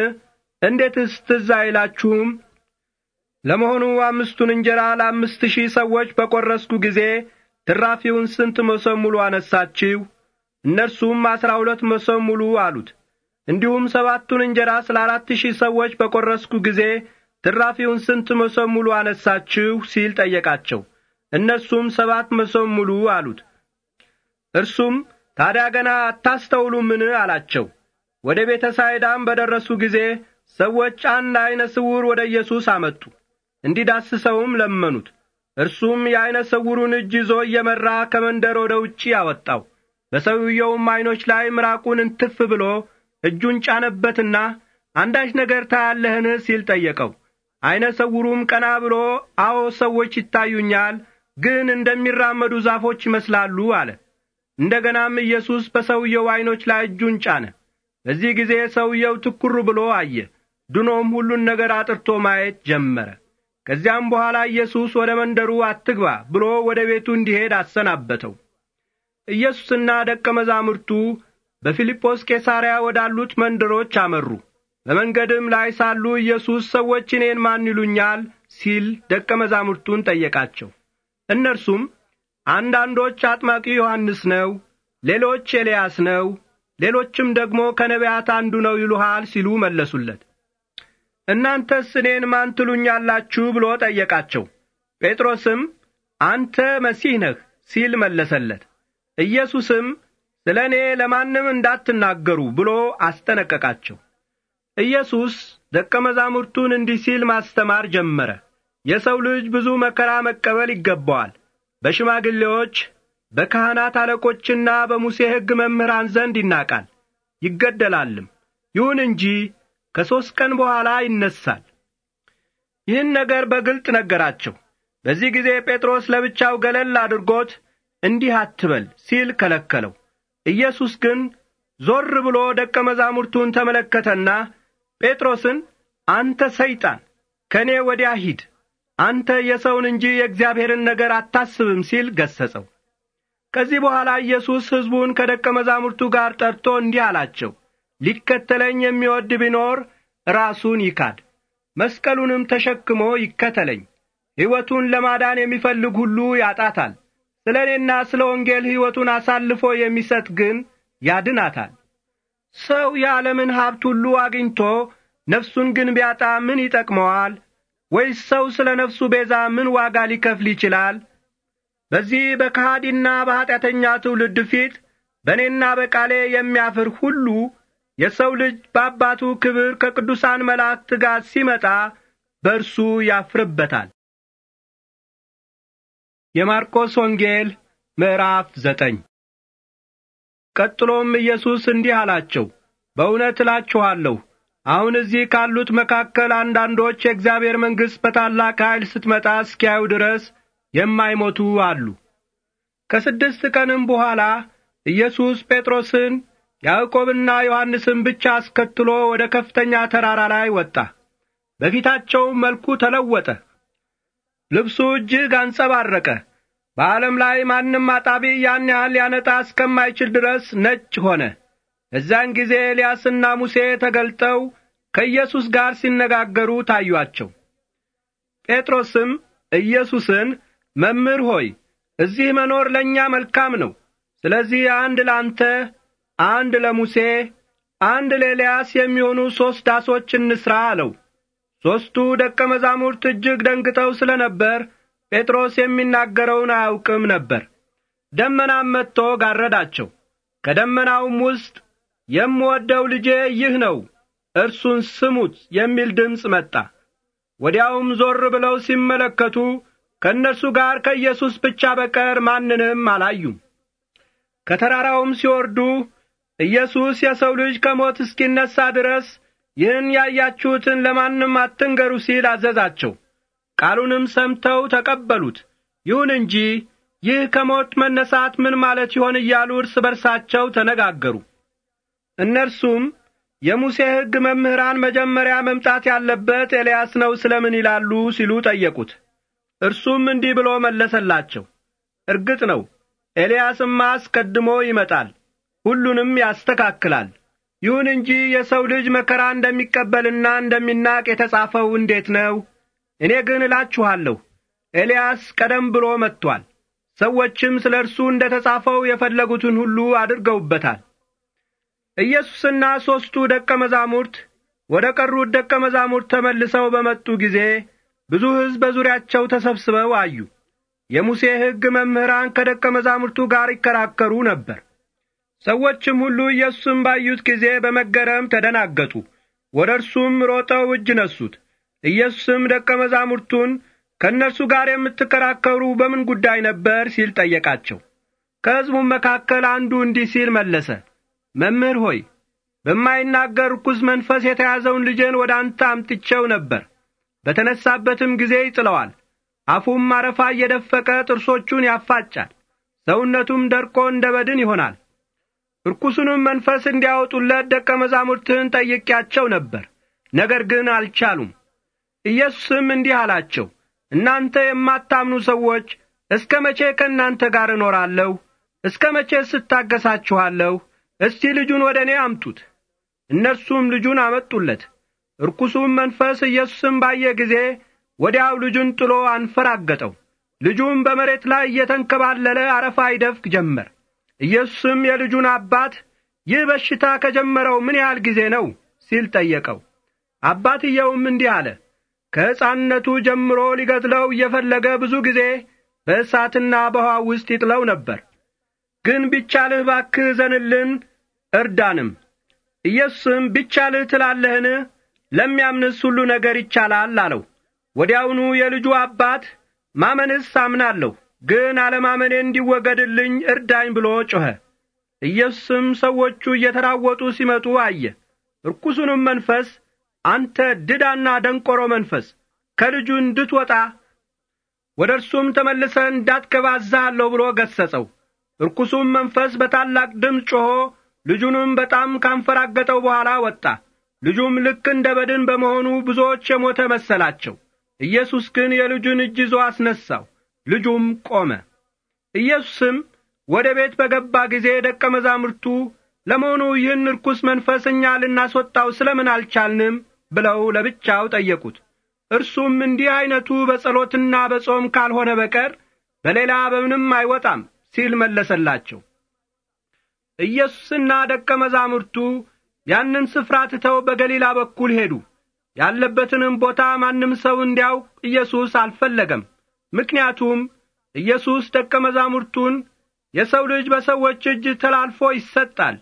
እንዴትስ ትዝ አይላችሁም? ለመሆኑ አምስቱን እንጀራ ለአምስት ሺህ ሰዎች በቈረስኩ ጊዜ ትራፊውን ስንት መሶብ ሙሉ አነሳችሁ? እነርሱም አሥራ ሁለት መሶብ ሙሉ አሉት። እንዲሁም ሰባቱን እንጀራ ስለ አራት ሺህ ሰዎች በቈረስኩ ጊዜ ትራፊውን ስንት መሶብ ሙሉ አነሳችሁ ሲል ጠየቃቸው። እነሱም ሰባት መሶብ ሙሉ አሉት። እርሱም ታዲያ ገና አታስተውሉምን አላቸው። ወደ ቤተ ሳይዳም በደረሱ ጊዜ ሰዎች አንድ ዐይነ ስውር ወደ ኢየሱስ አመጡ። እንዲዳስሰውም ለመኑት። እርሱም የዐይነ ስውሩን እጅ ይዞ እየመራ ከመንደር ወደ ውጪ አወጣው። በሰውየውም ዐይኖች ላይ ምራቁን እንትፍ ብሎ እጁን ጫነበትና አንዳች ነገር ታያለህን ሲል ጠየቀው። ዐይነ ሰውሩም ቀና ብሎ አዎ ሰዎች ይታዩኛል፣ ግን እንደሚራመዱ ዛፎች ይመስላሉ አለ። እንደ ገናም ኢየሱስ በሰውየው ዐይኖች ላይ እጁን ጫነ። በዚህ ጊዜ ሰውየው ትኩር ብሎ አየ፣ ድኖም ሁሉን ነገር አጥርቶ ማየት ጀመረ። ከዚያም በኋላ ኢየሱስ ወደ መንደሩ አትግባ ብሎ ወደ ቤቱ እንዲሄድ አሰናበተው። ኢየሱስና ደቀ መዛሙርቱ በፊልጶስ ቄሳርያ ወዳሉት መንደሮች አመሩ። በመንገድም ላይ ሳሉ ኢየሱስ ሰዎች እኔን ማን ይሉኛል ሲል ደቀ መዛሙርቱን ጠየቃቸው። እነርሱም አንዳንዶች አጥማቂ ዮሐንስ ነው፣ ሌሎች ኤልያስ ነው፣ ሌሎችም ደግሞ ከነቢያት አንዱ ነው ይሉሃል ሲሉ መለሱለት። እናንተስ እኔን ማን ትሉኛላችሁ ብሎ ጠየቃቸው። ጴጥሮስም አንተ መሲህ ነህ ሲል መለሰለት። ኢየሱስም ስለ እኔ ለማንም እንዳትናገሩ ብሎ አስጠነቀቃቸው። ኢየሱስ ደቀ መዛሙርቱን እንዲህ ሲል ማስተማር ጀመረ። የሰው ልጅ ብዙ መከራ መቀበል ይገባዋል። በሽማግሌዎች በካህናት አለቆችና በሙሴ ሕግ መምህራን ዘንድ ይናቃል፣ ይገደላልም። ይሁን እንጂ ከሦስት ቀን በኋላ ይነሣል። ይህን ነገር በግልጥ ነገራቸው። በዚህ ጊዜ ጴጥሮስ ለብቻው ገለል አድርጎት እንዲህ አትበል ሲል ከለከለው። ኢየሱስ ግን ዞር ብሎ ደቀ መዛሙርቱን ተመለከተና ጴጥሮስን አንተ ሰይጣን ከእኔ ወዲያ ሂድ፣ አንተ የሰውን እንጂ የእግዚአብሔርን ነገር አታስብም ሲል ገሰጸው። ከዚህ በኋላ ኢየሱስ ሕዝቡን ከደቀ መዛሙርቱ ጋር ጠርቶ እንዲህ አላቸው፣ ሊከተለኝ የሚወድ ቢኖር ራሱን ይካድ፣ መስቀሉንም ተሸክሞ ይከተለኝ። ሕይወቱን ለማዳን የሚፈልግ ሁሉ ያጣታል ስለ እኔና ስለ ወንጌል ሕይወቱን አሳልፎ የሚሰጥ ግን ያድናታል። ሰው የዓለምን ሀብት ሁሉ አግኝቶ ነፍሱን ግን ቢያጣ ምን ይጠቅመዋል? ወይስ ሰው ስለ ነፍሱ ቤዛ ምን ዋጋ ሊከፍል ይችላል? በዚህ በከሃዲና በኀጢአተኛ ትውልድ ፊት በእኔና በቃሌ የሚያፍር ሁሉ የሰው ልጅ በአባቱ ክብር ከቅዱሳን መላእክት ጋር ሲመጣ በእርሱ ያፍርበታል። የማርቆስ ወንጌል ምዕራፍ ዘጠኝ ቀጥሎም ኢየሱስ እንዲህ አላቸው፣ በእውነት እላችኋለሁ አሁን እዚህ ካሉት መካከል አንዳንዶች የእግዚአብሔር መንግሥት በታላቅ ኃይል ስትመጣ እስኪያዩ ድረስ የማይሞቱ አሉ። ከስድስት ቀንም በኋላ ኢየሱስ ጴጥሮስን፣ ያዕቆብና ዮሐንስን ብቻ አስከትሎ ወደ ከፍተኛ ተራራ ላይ ወጣ። በፊታቸውም መልኩ ተለወጠ። ልብሱ እጅግ አንጸባረቀ። በዓለም ላይ ማንም አጣቢ ያን ያህል ሊያነጣ እስከማይችል ድረስ ነጭ ሆነ። እዚያን ጊዜ ኤልያስና ሙሴ ተገልጠው ከኢየሱስ ጋር ሲነጋገሩ ታዩአቸው። ጴጥሮስም ኢየሱስን መምህር ሆይ እዚህ መኖር ለእኛ መልካም ነው። ስለዚህ አንድ ለአንተ፣ አንድ ለሙሴ፣ አንድ ለኤልያስ የሚሆኑ ሦስት ዳሶች እንሥራ አለው። ሦስቱ ደቀ መዛሙርት እጅግ ደንግጠው ስለ ነበር ጴጥሮስ የሚናገረውን አያውቅም ነበር። ደመናም መጥቶ ጋረዳቸው። ከደመናውም ውስጥ የምወደው ልጄ ይህ ነው፣ እርሱን ስሙት የሚል ድምፅ መጣ። ወዲያውም ዞር ብለው ሲመለከቱ ከእነርሱ ጋር ከኢየሱስ ብቻ በቀር ማንንም አላዩም። ከተራራውም ሲወርዱ ኢየሱስ የሰው ልጅ ከሞት እስኪነሣ ድረስ ይህን ያያችሁትን ለማንም አትንገሩ ሲል አዘዛቸው። ቃሉንም ሰምተው ተቀበሉት። ይሁን እንጂ ይህ ከሞት መነሳት ምን ማለት ይሆን እያሉ እርስ በርሳቸው ተነጋገሩ። እነርሱም የሙሴ ሕግ መምህራን መጀመሪያ መምጣት ያለበት ኤልያስ ነው ስለምን ይላሉ ሲሉ ጠየቁት። እርሱም እንዲህ ብሎ መለሰላቸው። እርግጥ ነው ኤልያስማ አስቀድሞ ይመጣል፣ ሁሉንም ያስተካክላል ይሁን እንጂ የሰው ልጅ መከራ እንደሚቀበልና እንደሚናቅ የተጻፈው እንዴት ነው? እኔ ግን እላችኋለሁ ኤልያስ ቀደም ብሎ መጥቷል። ሰዎችም ስለ እርሱ እንደ ተጻፈው የፈለጉትን ሁሉ አድርገውበታል። ኢየሱስና ሦስቱ ደቀ መዛሙርት ወደ ቀሩት ደቀ መዛሙርት ተመልሰው በመጡ ጊዜ ብዙ ሕዝብ በዙሪያቸው ተሰብስበው አዩ። የሙሴ ሕግ መምህራን ከደቀ መዛሙርቱ ጋር ይከራከሩ ነበር። ሰዎችም ሁሉ ኢየሱስን ባዩት ጊዜ በመገረም ተደናገጡ። ወደ እርሱም ሮጠው እጅ ነሱት። ኢየሱስም ደቀ መዛሙርቱን ከእነርሱ ጋር የምትከራከሩ በምን ጉዳይ ነበር ሲል ጠየቃቸው። ከሕዝቡም መካከል አንዱ እንዲህ ሲል መለሰ፣ መምህር ሆይ በማይናገር ርኩስ መንፈስ የተያዘውን ልጄን ወደ አንተ አምጥቼው ነበር። በተነሳበትም ጊዜ ይጥለዋል። አፉም አረፋ እየደፈቀ ጥርሶቹን ያፋጫል፣ ሰውነቱም ደርቆ እንደ በድን ይሆናል። ርኩሱንም መንፈስ እንዲያወጡለት ደቀ መዛሙርትህን ጠይቄያቸው ነበር፣ ነገር ግን አልቻሉም። ኢየሱስም እንዲህ አላቸው፣ እናንተ የማታምኑ ሰዎች እስከ መቼ ከእናንተ ጋር እኖራለሁ? እስከ መቼ ስታገሳችኋለሁ? እስቲ ልጁን ወደ እኔ አምጡት። እነርሱም ልጁን አመጡለት። ርኩሱም መንፈስ ኢየሱስም ባየ ጊዜ ወዲያው ልጁን ጥሎ አንፈራገጠው። ልጁም በመሬት ላይ እየተንከባለለ አረፋ ይደፍቅ ጀመር። ኢየሱስም የልጁን አባት ይህ በሽታ ከጀመረው ምን ያህል ጊዜ ነው ሲል ጠየቀው። አባትየውም እንዲህ አለ፣ ከሕፃንነቱ ጀምሮ ሊገድለው እየፈለገ ብዙ ጊዜ በእሳትና በውኃ ውስጥ ይጥለው ነበር። ግን ቢቻልህ ባክ ዘንልን፣ እርዳንም። ኢየሱስም ቢቻልህ ትላለህን? ለሚያምንስ ሁሉ ነገር ይቻላል አለው። ወዲያውኑ የልጁ አባት ማመንስ አምናለሁ ግን አለማመኔ እንዲወገድልኝ እርዳኝ ብሎ ጮኸ። ኢየሱስም ሰዎቹ እየተራወጡ ሲመጡ አየ። ርኩሱንም መንፈስ አንተ ድዳና ደንቆሮ መንፈስ ከልጁ እንድትወጣ ወደ እርሱም ተመልሰ እንዳትገባ አዝሃለሁ ብሎ ገሠጸው። ርኩሱም መንፈስ በታላቅ ድምፅ ጮኾ ልጁንም በጣም ካንፈራገጠው በኋላ ወጣ። ልጁም ልክ እንደ በድን በመሆኑ ብዙዎች የሞተ መሰላቸው። ኢየሱስ ግን የልጁን እጅ ይዞ አስነሣው። ልጁም ቆመ። ኢየሱስም ወደ ቤት በገባ ጊዜ ደቀ መዛሙርቱ ለመሆኑ ይህን ርኩስ መንፈስ እኛ ልናስወጣው ስለምን አልቻልንም? ብለው ለብቻው ጠየቁት። እርሱም እንዲህ ዐይነቱ በጸሎትና በጾም ካልሆነ በቀር በሌላ በምንም አይወጣም ሲል መለሰላቸው። ኢየሱስና ደቀ መዛሙርቱ ያንን ስፍራ ትተው በገሊላ በኩል ሄዱ። ያለበትንም ቦታ ማንም ሰው እንዲያውቅ ኢየሱስ አልፈለገም። ምክንያቱም ኢየሱስ ደቀ መዛሙርቱን የሰው ልጅ በሰዎች እጅ ተላልፎ ይሰጣል፣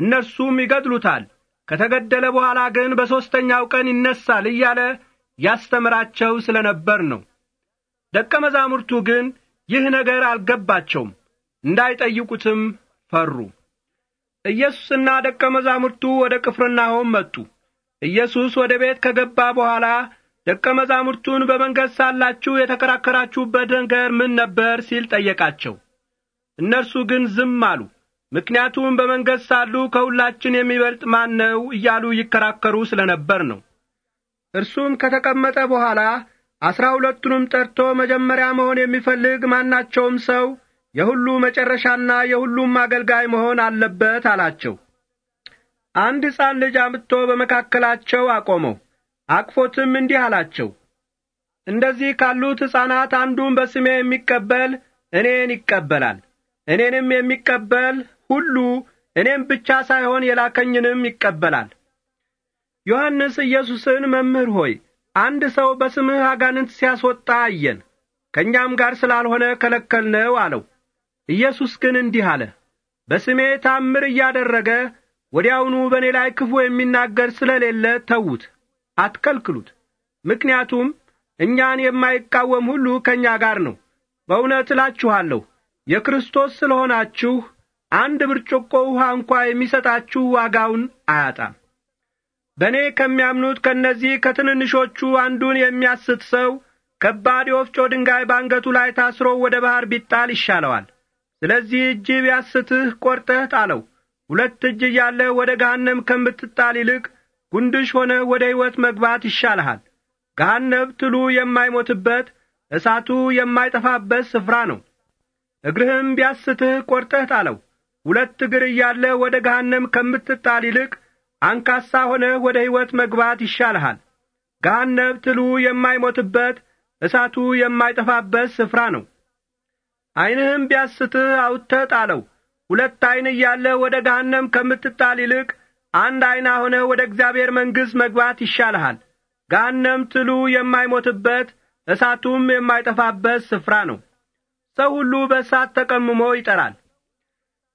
እነርሱም ይገድሉታል፣ ከተገደለ በኋላ ግን በሦስተኛው ቀን ይነሣል እያለ ያስተምራቸው ስለ ነበር ነው። ደቀ መዛሙርቱ ግን ይህ ነገር አልገባቸውም፣ እንዳይጠይቁትም ፈሩ። ኢየሱስና ደቀ መዛሙርቱ ወደ ቅፍርናሆም መጡ። ኢየሱስ ወደ ቤት ከገባ በኋላ ደቀ መዛሙርቱን በመንገድ ሳላችሁ የተከራከራችሁበት ነገር ምን ነበር ሲል ጠየቃቸው። እነርሱ ግን ዝም አሉ። ምክንያቱም በመንገድ ሳሉ ከሁላችን የሚበልጥ ማን ነው እያሉ ይከራከሩ ስለ ነበር ነው። እርሱም ከተቀመጠ በኋላ አስራ ሁለቱንም ጠርቶ መጀመሪያ መሆን የሚፈልግ ማናቸውም ሰው የሁሉ መጨረሻና የሁሉም አገልጋይ መሆን አለበት አላቸው። አንድ ሕፃን ልጅ አምጥቶ በመካከላቸው አቆመው። አቅፎትም እንዲህ አላቸው፣ እንደዚህ ካሉት ሕፃናት አንዱን በስሜ የሚቀበል እኔን ይቀበላል። እኔንም የሚቀበል ሁሉ እኔም ብቻ ሳይሆን የላከኝንም ይቀበላል። ዮሐንስ ኢየሱስን መምህር ሆይ አንድ ሰው በስምህ አጋንንት ሲያስወጣ አየን፣ ከእኛም ጋር ስላልሆነ ከለከልነው አለው። ኢየሱስ ግን እንዲህ አለ፣ በስሜ ታምር እያደረገ ወዲያውኑ በእኔ ላይ ክፉ የሚናገር ስለሌለ ተዉት። አትከልክሉት። ምክንያቱም እኛን የማይቃወም ሁሉ ከእኛ ጋር ነው። በእውነት እላችኋለሁ የክርስቶስ ሆናችሁ አንድ ብርጭቆ ውሃ እንኳ የሚሰጣችሁ ዋጋውን አያጣም። በእኔ ከሚያምኑት ከእነዚህ ከትንንሾቹ አንዱን የሚያስት ሰው ከባድ የወፍጮ ድንጋይ በአንገቱ ላይ ታስሮ ወደ ባሕር ቢጣል ይሻለዋል። ስለዚህ እጅ ቢያስትህ ቈርጠህ ጣለው። ሁለት እጅ እያለህ ወደ ገሃነም ከምትጣል ይልቅ ጉንድሽ ሆነ ወደ ሕይወት መግባት ይሻልሃል። ጋነብ ትሉ የማይሞትበት እሳቱ የማይጠፋበት ስፍራ ነው። እግርህም ቢያስትህ ቈርጠህ ጣለው። ሁለት እግር እያለ ወደ ገሃነም ከምትጣል ይልቅ አንካሳ ሆነህ ወደ ሕይወት መግባት ይሻልሃል። ገሃነብ ትሉ የማይሞትበት እሳቱ የማይጠፋበት ስፍራ ነው። ዐይንህም ቢያስትህ አውጥተህ ጣለው። ሁለት ዐይን እያለ ወደ ገሃነም ከምትጣል ይልቅ አንድ ዐይና ሆነ ወደ እግዚአብሔር መንግሥት መግባት ይሻልሃል። ጋነም ትሉ የማይሞትበት እሳቱም የማይጠፋበት ስፍራ ነው። ሰው ሁሉ በእሳት ተቀምሞ ይጠራል።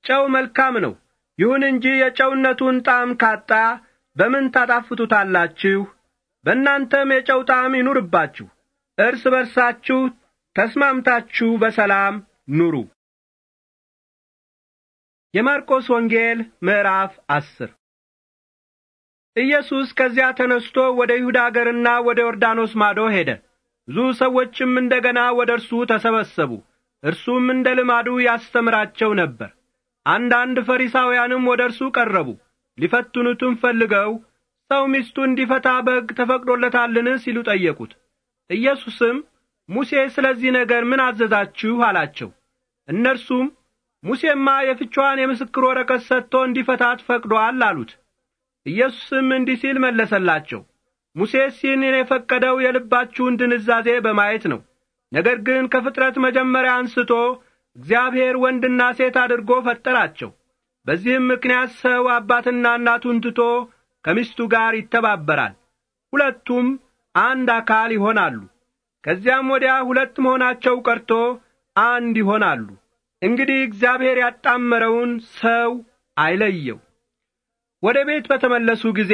ጨው መልካም ነው። ይሁን እንጂ የጨውነቱን ጣዕም ካጣ በምን ታጣፍቱታላችሁ? በእናንተም የጨው ጣዕም ይኑርባችሁ። እርስ በርሳችሁ ተስማምታችሁ በሰላም ኑሩ። የማርቆስ ወንጌል ምዕራፍ አስር ኢየሱስ ከዚያ ተነስቶ ወደ ይሁዳ አገርና ወደ ዮርዳኖስ ማዶ ሄደ። ብዙ ሰዎችም እንደገና ወደ እርሱ ተሰበሰቡ። እርሱም እንደ ልማዱ ያስተምራቸው ነበር። አንዳንድ ፈሪሳውያንም ወደ እርሱ ቀረቡ። ሊፈትኑትም ፈልገው ሰው ሚስቱ እንዲፈታ በሕግ ተፈቅዶለታልን ሲሉ ጠየቁት። ኢየሱስም ሙሴ ስለዚህ ነገር ምን አዘዛችሁ አላቸው። እነርሱም ሙሴማ የፍቿን የምስክር ወረቀት ሰጥቶ እንዲፈታት ፈቅዶአል አሉት። ኢየሱስም እንዲህ ሲል መለሰላቸው፣ ሙሴ ይህንን የፈቀደው የልባችሁን ድንዛዜ በማየት ነው። ነገር ግን ከፍጥረት መጀመሪያ አንስቶ እግዚአብሔር ወንድና ሴት አድርጎ ፈጠራቸው። በዚህም ምክንያት ሰው አባትና እናቱን ትቶ ከሚስቱ ጋር ይተባበራል፣ ሁለቱም አንድ አካል ይሆናሉ። ከዚያም ወዲያ ሁለት መሆናቸው ቀርቶ አንድ ይሆናሉ። እንግዲህ እግዚአብሔር ያጣመረውን ሰው አይለየው። ወደ ቤት በተመለሱ ጊዜ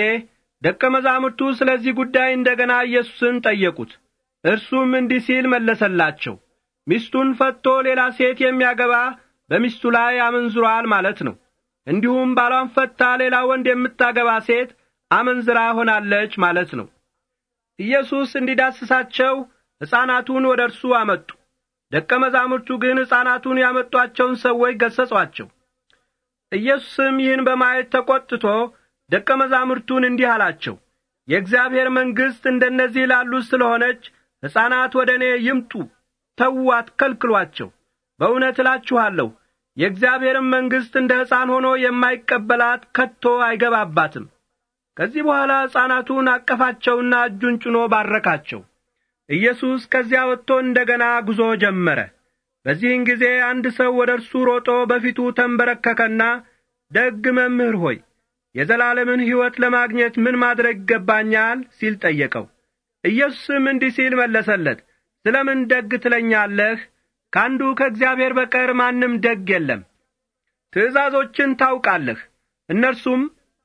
ደቀ መዛሙርቱ ስለዚህ ጉዳይ እንደገና ኢየሱስን ጠየቁት። እርሱም እንዲህ ሲል መለሰላቸው፣ ሚስቱን ፈቶ ሌላ ሴት የሚያገባ በሚስቱ ላይ አመንዝሯል ማለት ነው። እንዲሁም ባሏን ፈታ ሌላ ወንድ የምታገባ ሴት አመንዝራ ሆናለች ማለት ነው። ኢየሱስ እንዲዳስሳቸው ሕፃናቱን ወደ እርሱ አመጡ። ደቀ መዛሙርቱ ግን ሕፃናቱን ያመጧቸውን ሰዎች ገሠጿቸው። ኢየሱስም ይህን በማየት ተቈጥቶ ደቀ መዛሙርቱን እንዲህ አላቸው፣ የእግዚአብሔር መንግሥት እንደነዚህ ላሉ ስለ ሆነች ሕፃናት ወደ እኔ ይምጡ፣ ተዉ፣ አትከልክሏቸው። በእውነት እላችኋለሁ የእግዚአብሔርን መንግሥት እንደ ሕፃን ሆኖ የማይቀበላት ከቶ አይገባባትም። ከዚህ በኋላ ሕፃናቱን አቀፋቸውና እጁን ጭኖ ባረካቸው። ኢየሱስ ከዚያ ወጥቶ እንደ ገና ጉዞ ጀመረ። በዚህን ጊዜ አንድ ሰው ወደ እርሱ ሮጦ በፊቱ ተንበረከከና ደግ መምህር ሆይ የዘላለምን ሕይወት ለማግኘት ምን ማድረግ ይገባኛል ሲል ጠየቀው። ኢየሱስም እንዲህ ሲል መለሰለት፣ ስለ ምን ደግ ትለኛለህ? ከአንዱ ከእግዚአብሔር በቀር ማንም ደግ የለም። ትእዛዞችን ታውቃለህ። እነርሱም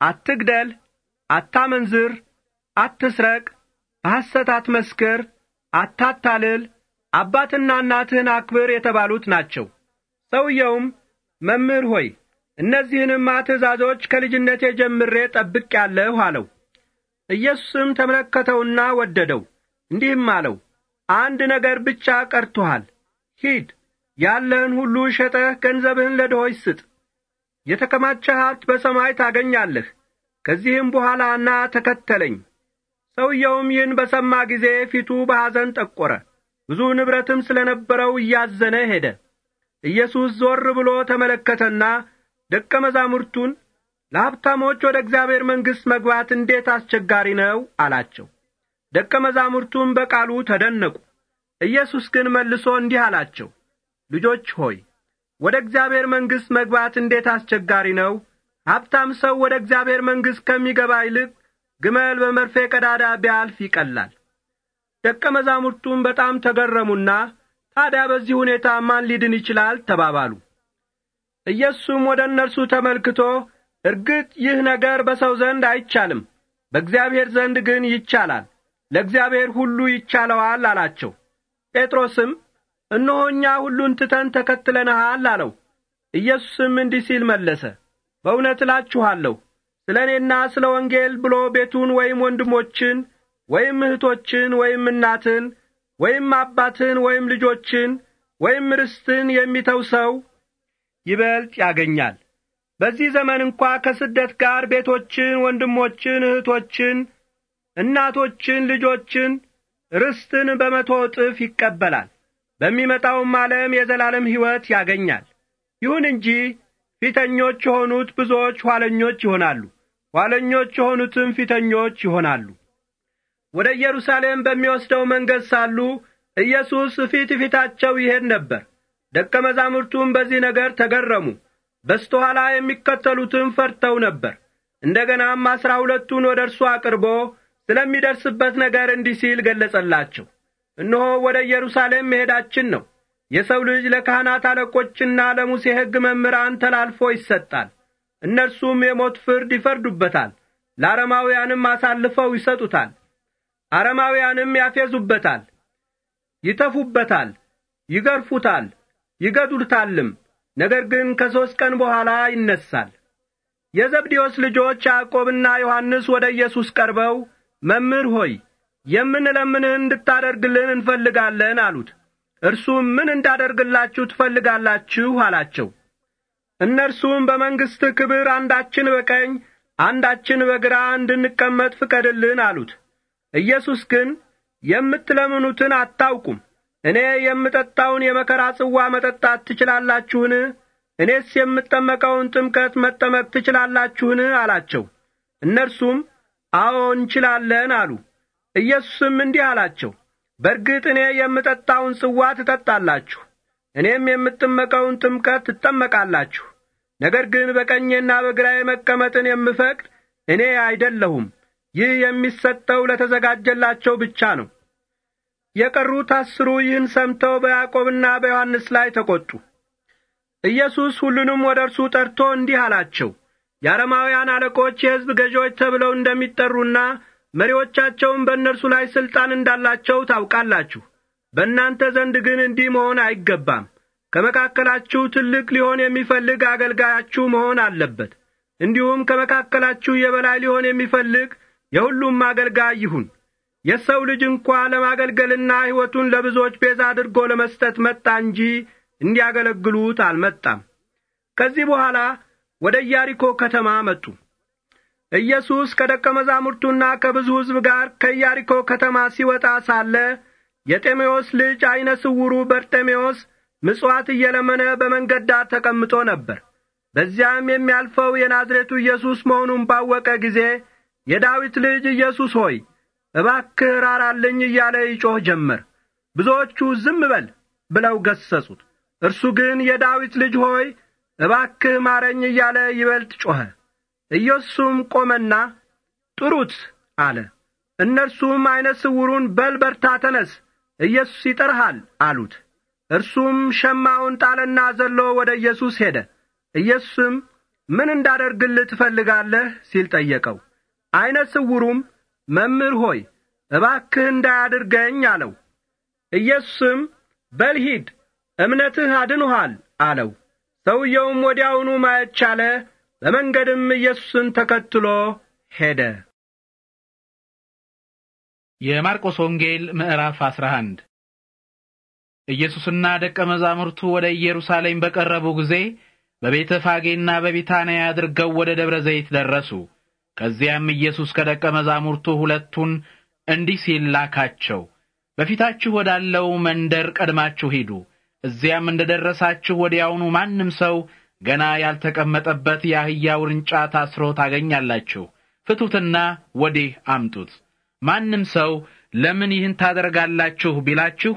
አትግደል፣ አታመንዝር፣ አትስረቅ፣ በሐሰት አትመስክር፣ አታታልል፣ አባትና እናትህን አክብር የተባሉት ናቸው። ሰውየውም መምህር ሆይ እነዚህንማ ትእዛዞች ከልጅነቴ ጀምሬ ጠብቄአለሁ አለው። ኢየሱስም ተመለከተውና ወደደው፣ እንዲህም አለው አንድ ነገር ብቻ ቀርቶሃል። ሂድ ያለህን ሁሉ ሸጠህ ገንዘብህን ለድሆች ስጥ፣ የተከማቸ ሀብት በሰማይ ታገኛለህ። ከዚህም በኋላ ና ተከተለኝ። ሰውየውም ይህን በሰማ ጊዜ ፊቱ በሐዘን ጠቆረ። ብዙ ንብረትም ስለ ነበረው እያዘነ ሄደ። ኢየሱስ ዞር ብሎ ተመለከተና ደቀ መዛሙርቱን ለሀብታሞች ወደ እግዚአብሔር መንግሥት መግባት እንዴት አስቸጋሪ ነው አላቸው። ደቀ መዛሙርቱም በቃሉ ተደነቁ። ኢየሱስ ግን መልሶ እንዲህ አላቸው፣ ልጆች ሆይ ወደ እግዚአብሔር መንግሥት መግባት እንዴት አስቸጋሪ ነው። ሀብታም ሰው ወደ እግዚአብሔር መንግሥት ከሚገባ ይልቅ ግመል በመርፌ ቀዳዳ ቢያልፍ ይቀላል። ደቀ መዛሙርቱም በጣም ተገረሙና ታዲያ በዚህ ሁኔታ ማን ሊድን ይችላል ተባባሉ። ኢየሱስም ወደ እነርሱ ተመልክቶ እርግጥ ይህ ነገር በሰው ዘንድ አይቻልም፣ በእግዚአብሔር ዘንድ ግን ይቻላል፣ ለእግዚአብሔር ሁሉ ይቻለዋል አላቸው። ጴጥሮስም እነሆ እኛ ሁሉን ትተን ተከትለንሃል አለው። ኢየሱስም እንዲህ ሲል መለሰ፣ በእውነት እላችኋለሁ ስለ እኔና ስለ ወንጌል ብሎ ቤቱን ወይም ወንድሞችን ወይም እህቶችን ወይም እናትን ወይም አባትን ወይም ልጆችን ወይም ርስትን የሚተው ሰው ይበልጥ ያገኛል። በዚህ ዘመን እንኳ ከስደት ጋር ቤቶችን፣ ወንድሞችን፣ እህቶችን፣ እናቶችን፣ ልጆችን፣ ርስትን በመቶ እጥፍ ይቀበላል። በሚመጣውም ዓለም የዘላለም ሕይወት ያገኛል። ይሁን እንጂ ፊተኞች የሆኑት ብዙዎች ኋለኞች ይሆናሉ፣ ኋለኞች የሆኑትም ፊተኞች ይሆናሉ። ወደ ኢየሩሳሌም በሚወስደው መንገድ ሳሉ ኢየሱስ ፊት ፊታቸው ይሄድ ነበር። ደቀ መዛሙርቱም በዚህ ነገር ተገረሙ። በስተኋላ የሚከተሉትም ፈርተው ነበር። እንደገናም አስራ ሁለቱን ወደ እርሱ አቅርቦ ስለሚደርስበት ነገር እንዲህ ሲል ገለጸላቸው። እነሆ ወደ ኢየሩሳሌም መሄዳችን ነው። የሰው ልጅ ለካህናት አለቆችና ለሙሴ ሕግ መምህራን ተላልፎ ይሰጣል። እነርሱም የሞት ፍርድ ይፈርዱበታል፣ ለአረማውያንም አሳልፈው ይሰጡታል አረማውያንም ያፌዙበታል፣ ይተፉበታል፣ ይገርፉታል፣ ይገዱልታልም። ነገር ግን ከሦስት ቀን በኋላ ይነሣል። የዘብዴዎስ ልጆች ያዕቆብና ዮሐንስ ወደ ኢየሱስ ቀርበው መምህር ሆይ ለምን እንድታደርግልን እንፈልጋለን አሉት። እርሱም ምን እንዳደርግላችሁ ትፈልጋላችሁ አላቸው። እነርሱም በመንግሥትህ ክብር አንዳችን በቀኝ አንዳችን በግራ እንድንቀመጥ ፍቀድልን አሉት። ኢየሱስ ግን የምትለምኑትን አታውቁም፣ እኔ የምጠጣውን የመከራ ጽዋ መጠጣት ትችላላችሁን? እኔስ የምጠመቀውን ጥምቀት መጠመቅ ትችላላችሁን? አላቸው። እነርሱም አዎ እንችላለን አሉ። ኢየሱስም እንዲህ አላቸው፣ በርግጥ እኔ የምጠጣውን ጽዋ ትጠጣላችሁ፣ እኔም የምጠመቀውን ጥምቀት ትጠመቃላችሁ። ነገር ግን በቀኜና በግራዬ መቀመጥን የምፈቅድ እኔ አይደለሁም ይህ የሚሰጠው ለተዘጋጀላቸው ብቻ ነው። የቀሩት አስሩ ይህን ሰምተው በያዕቆብና በዮሐንስ ላይ ተቈጡ። ኢየሱስ ሁሉንም ወደ እርሱ ጠርቶ እንዲህ አላቸው። የአረማውያን አለቆች የሕዝብ ገዢዎች ተብለው እንደሚጠሩና መሪዎቻቸውም በእነርሱ ላይ ሥልጣን እንዳላቸው ታውቃላችሁ። በእናንተ ዘንድ ግን እንዲህ መሆን አይገባም። ከመካከላችሁ ትልቅ ሊሆን የሚፈልግ አገልጋያችሁ መሆን አለበት። እንዲሁም ከመካከላችሁ የበላይ ሊሆን የሚፈልግ የሁሉም አገልጋይ ይሁን። የሰው ልጅ እንኳ ለማገልገልና ሕይወቱን ለብዙዎች ቤዛ አድርጎ ለመስጠት መጣ እንጂ እንዲያገለግሉት አልመጣም። ከዚህ በኋላ ወደ ኢያሪኮ ከተማ መጡ። ኢየሱስ ከደቀ መዛሙርቱና ከብዙ ሕዝብ ጋር ከኢያሪኮ ከተማ ሲወጣ ሳለ የጤሜዎስ ልጅ ዐይነ ስውሩ በርጤሜዎስ ምጽዋት እየለመነ በመንገድ ዳር ተቀምጦ ነበር። በዚያም የሚያልፈው የናዝሬቱ ኢየሱስ መሆኑን ባወቀ ጊዜ የዳዊት ልጅ ኢየሱስ ሆይ እባክህ ራራልኝ እያለ ይጮህ ጀመር። ብዙዎቹ ዝም በል ብለው ገሰጹት። እርሱ ግን የዳዊት ልጅ ሆይ እባክህ ማረኝ እያለ ይበልጥ ጮኸ። ኢየሱስም ቆመና ጥሩት አለ። እነርሱም ዐይነ ስውሩን በል በርታ፣ ተነስ፣ ኢየሱስ ይጠርሃል አሉት። እርሱም ሸማውን ጣለና ዘሎ ወደ ኢየሱስ ሄደ። ኢየሱስም ምን እንዳደርግልህ ትፈልጋለህ ሲል ጠየቀው። አይነ ስውሩም መምህር ሆይ እባክህ እንዳያድርገኝ አለው። ኢየሱስም በልሂድ እምነትህ አድኖሃል አለው። ሰውየውም ወዲያውኑ ማየት ቻለ። በመንገድም ኢየሱስን ተከትሎ ሄደ። የማርቆስ ወንጌል ምዕራፍ 11 ኢየሱስና ደቀ መዛሙርቱ ወደ ኢየሩሳሌም በቀረቡ ጊዜ በቤተ ፋጌና በቢታንያ አድርገው ወደ ደብረ ዘይት ደረሱ። ከዚያም ኢየሱስ ከደቀ መዛሙርቱ ሁለቱን እንዲህ ሲል ላካቸው። በፊታችሁ ወዳለው መንደር ቀድማችሁ ሂዱ። እዚያም እንደ ደረሳችሁ ወዲያውኑ ማንም ሰው ገና ያልተቀመጠበት የአህያ ውርንጫ ታስሮ ታገኛላችሁ። ፍቱትና ወዲህ አምጡት። ማንም ሰው ለምን ይህን ታደርጋላችሁ ቢላችሁ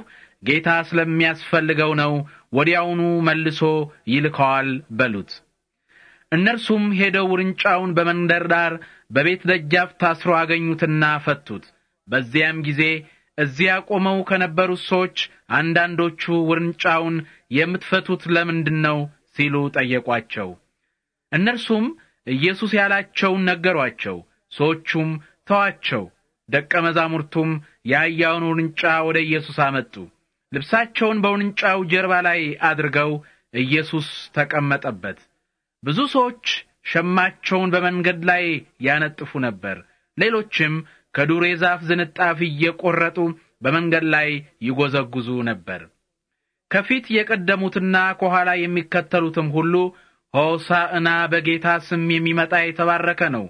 ጌታ ስለሚያስፈልገው ነው፣ ወዲያውኑ መልሶ ይልከዋል በሉት። እነርሱም ሄደው ውርንጫውን በመንደር ዳር በቤት ደጃፍ ታስሮ አገኙትና ፈቱት። በዚያም ጊዜ እዚያ ቆመው ከነበሩት ሰዎች አንዳንዶቹ ውርንጫውን የምትፈቱት ለምንድን ነው ሲሉ ጠየቋቸው። እነርሱም ኢየሱስ ያላቸውን ነገሯቸው። ሰዎቹም ተዋቸው። ደቀ መዛሙርቱም ያያውን ውርንጫ ወደ ኢየሱስ አመጡ። ልብሳቸውን በውርንጫው ጀርባ ላይ አድርገው ኢየሱስ ተቀመጠበት። ብዙ ሰዎች ሸማቸውን በመንገድ ላይ ያነጥፉ ነበር። ሌሎችም ከዱር የዛፍ ዝንጣፍ እየቆረጡ በመንገድ ላይ ይጎዘጉዙ ነበር። ከፊት የቀደሙትና ከኋላ የሚከተሉትም ሁሉ ሆሳዕና በጌታ ስም የሚመጣ የተባረከ ነው፣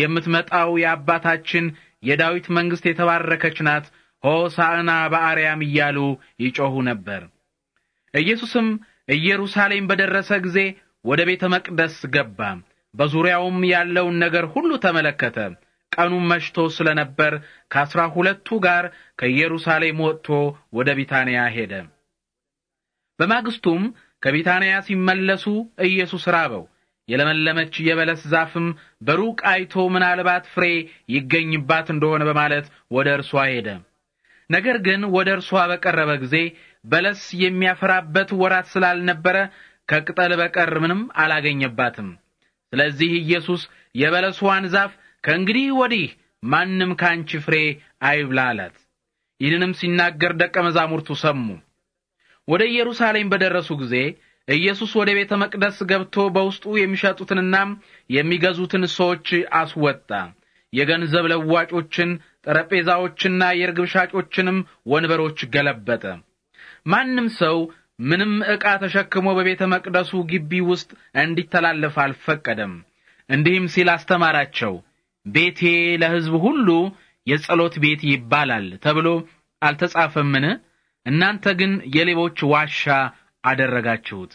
የምትመጣው የአባታችን የዳዊት መንግሥት የተባረከች ናት፣ ሆሳዕና በአርያም እያሉ ይጮኹ ነበር። ኢየሱስም ኢየሩሳሌም በደረሰ ጊዜ ወደ ቤተ መቅደስ ገባ። በዙሪያውም ያለውን ነገር ሁሉ ተመለከተ። ቀኑም መሽቶ ስለ ነበር ከአስራ ሁለቱ ጋር ከኢየሩሳሌም ወጥቶ ወደ ቢታንያ ሄደ። በማግስቱም ከቢታንያ ሲመለሱ ኢየሱስ ራበው። የለመለመች የበለስ ዛፍም በሩቅ አይቶ ምናልባት ፍሬ ይገኝባት እንደሆነ በማለት ወደ እርሷ ሄደ። ነገር ግን ወደ እርሷ በቀረበ ጊዜ በለስ የሚያፈራበት ወራት ስላልነበረ ከቅጠል በቀር ምንም አላገኘባትም። ስለዚህ ኢየሱስ የበለስዋን ዛፍ ከእንግዲህ ወዲህ ማንም ካንቺ ፍሬ አይብላ አላት። ይህንንም ሲናገር ደቀ መዛሙርቱ ሰሙ። ወደ ኢየሩሳሌም በደረሱ ጊዜ ኢየሱስ ወደ ቤተ መቅደስ ገብቶ በውስጡ የሚሸጡትንና የሚገዙትን ሰዎች አስወጣ። የገንዘብ ለዋጮችን ጠረጴዛዎችና የርግብ ሻጮችንም ወንበሮች ገለበጠ። ማንም ሰው ምንም ዕቃ ተሸክሞ በቤተ መቅደሱ ግቢ ውስጥ እንዲተላለፍ አልፈቀደም። እንዲህም ሲል አስተማራቸው፣ ቤቴ ለሕዝብ ሁሉ የጸሎት ቤት ይባላል ተብሎ አልተጻፈምን? እናንተ ግን የሌቦች ዋሻ አደረጋችሁት።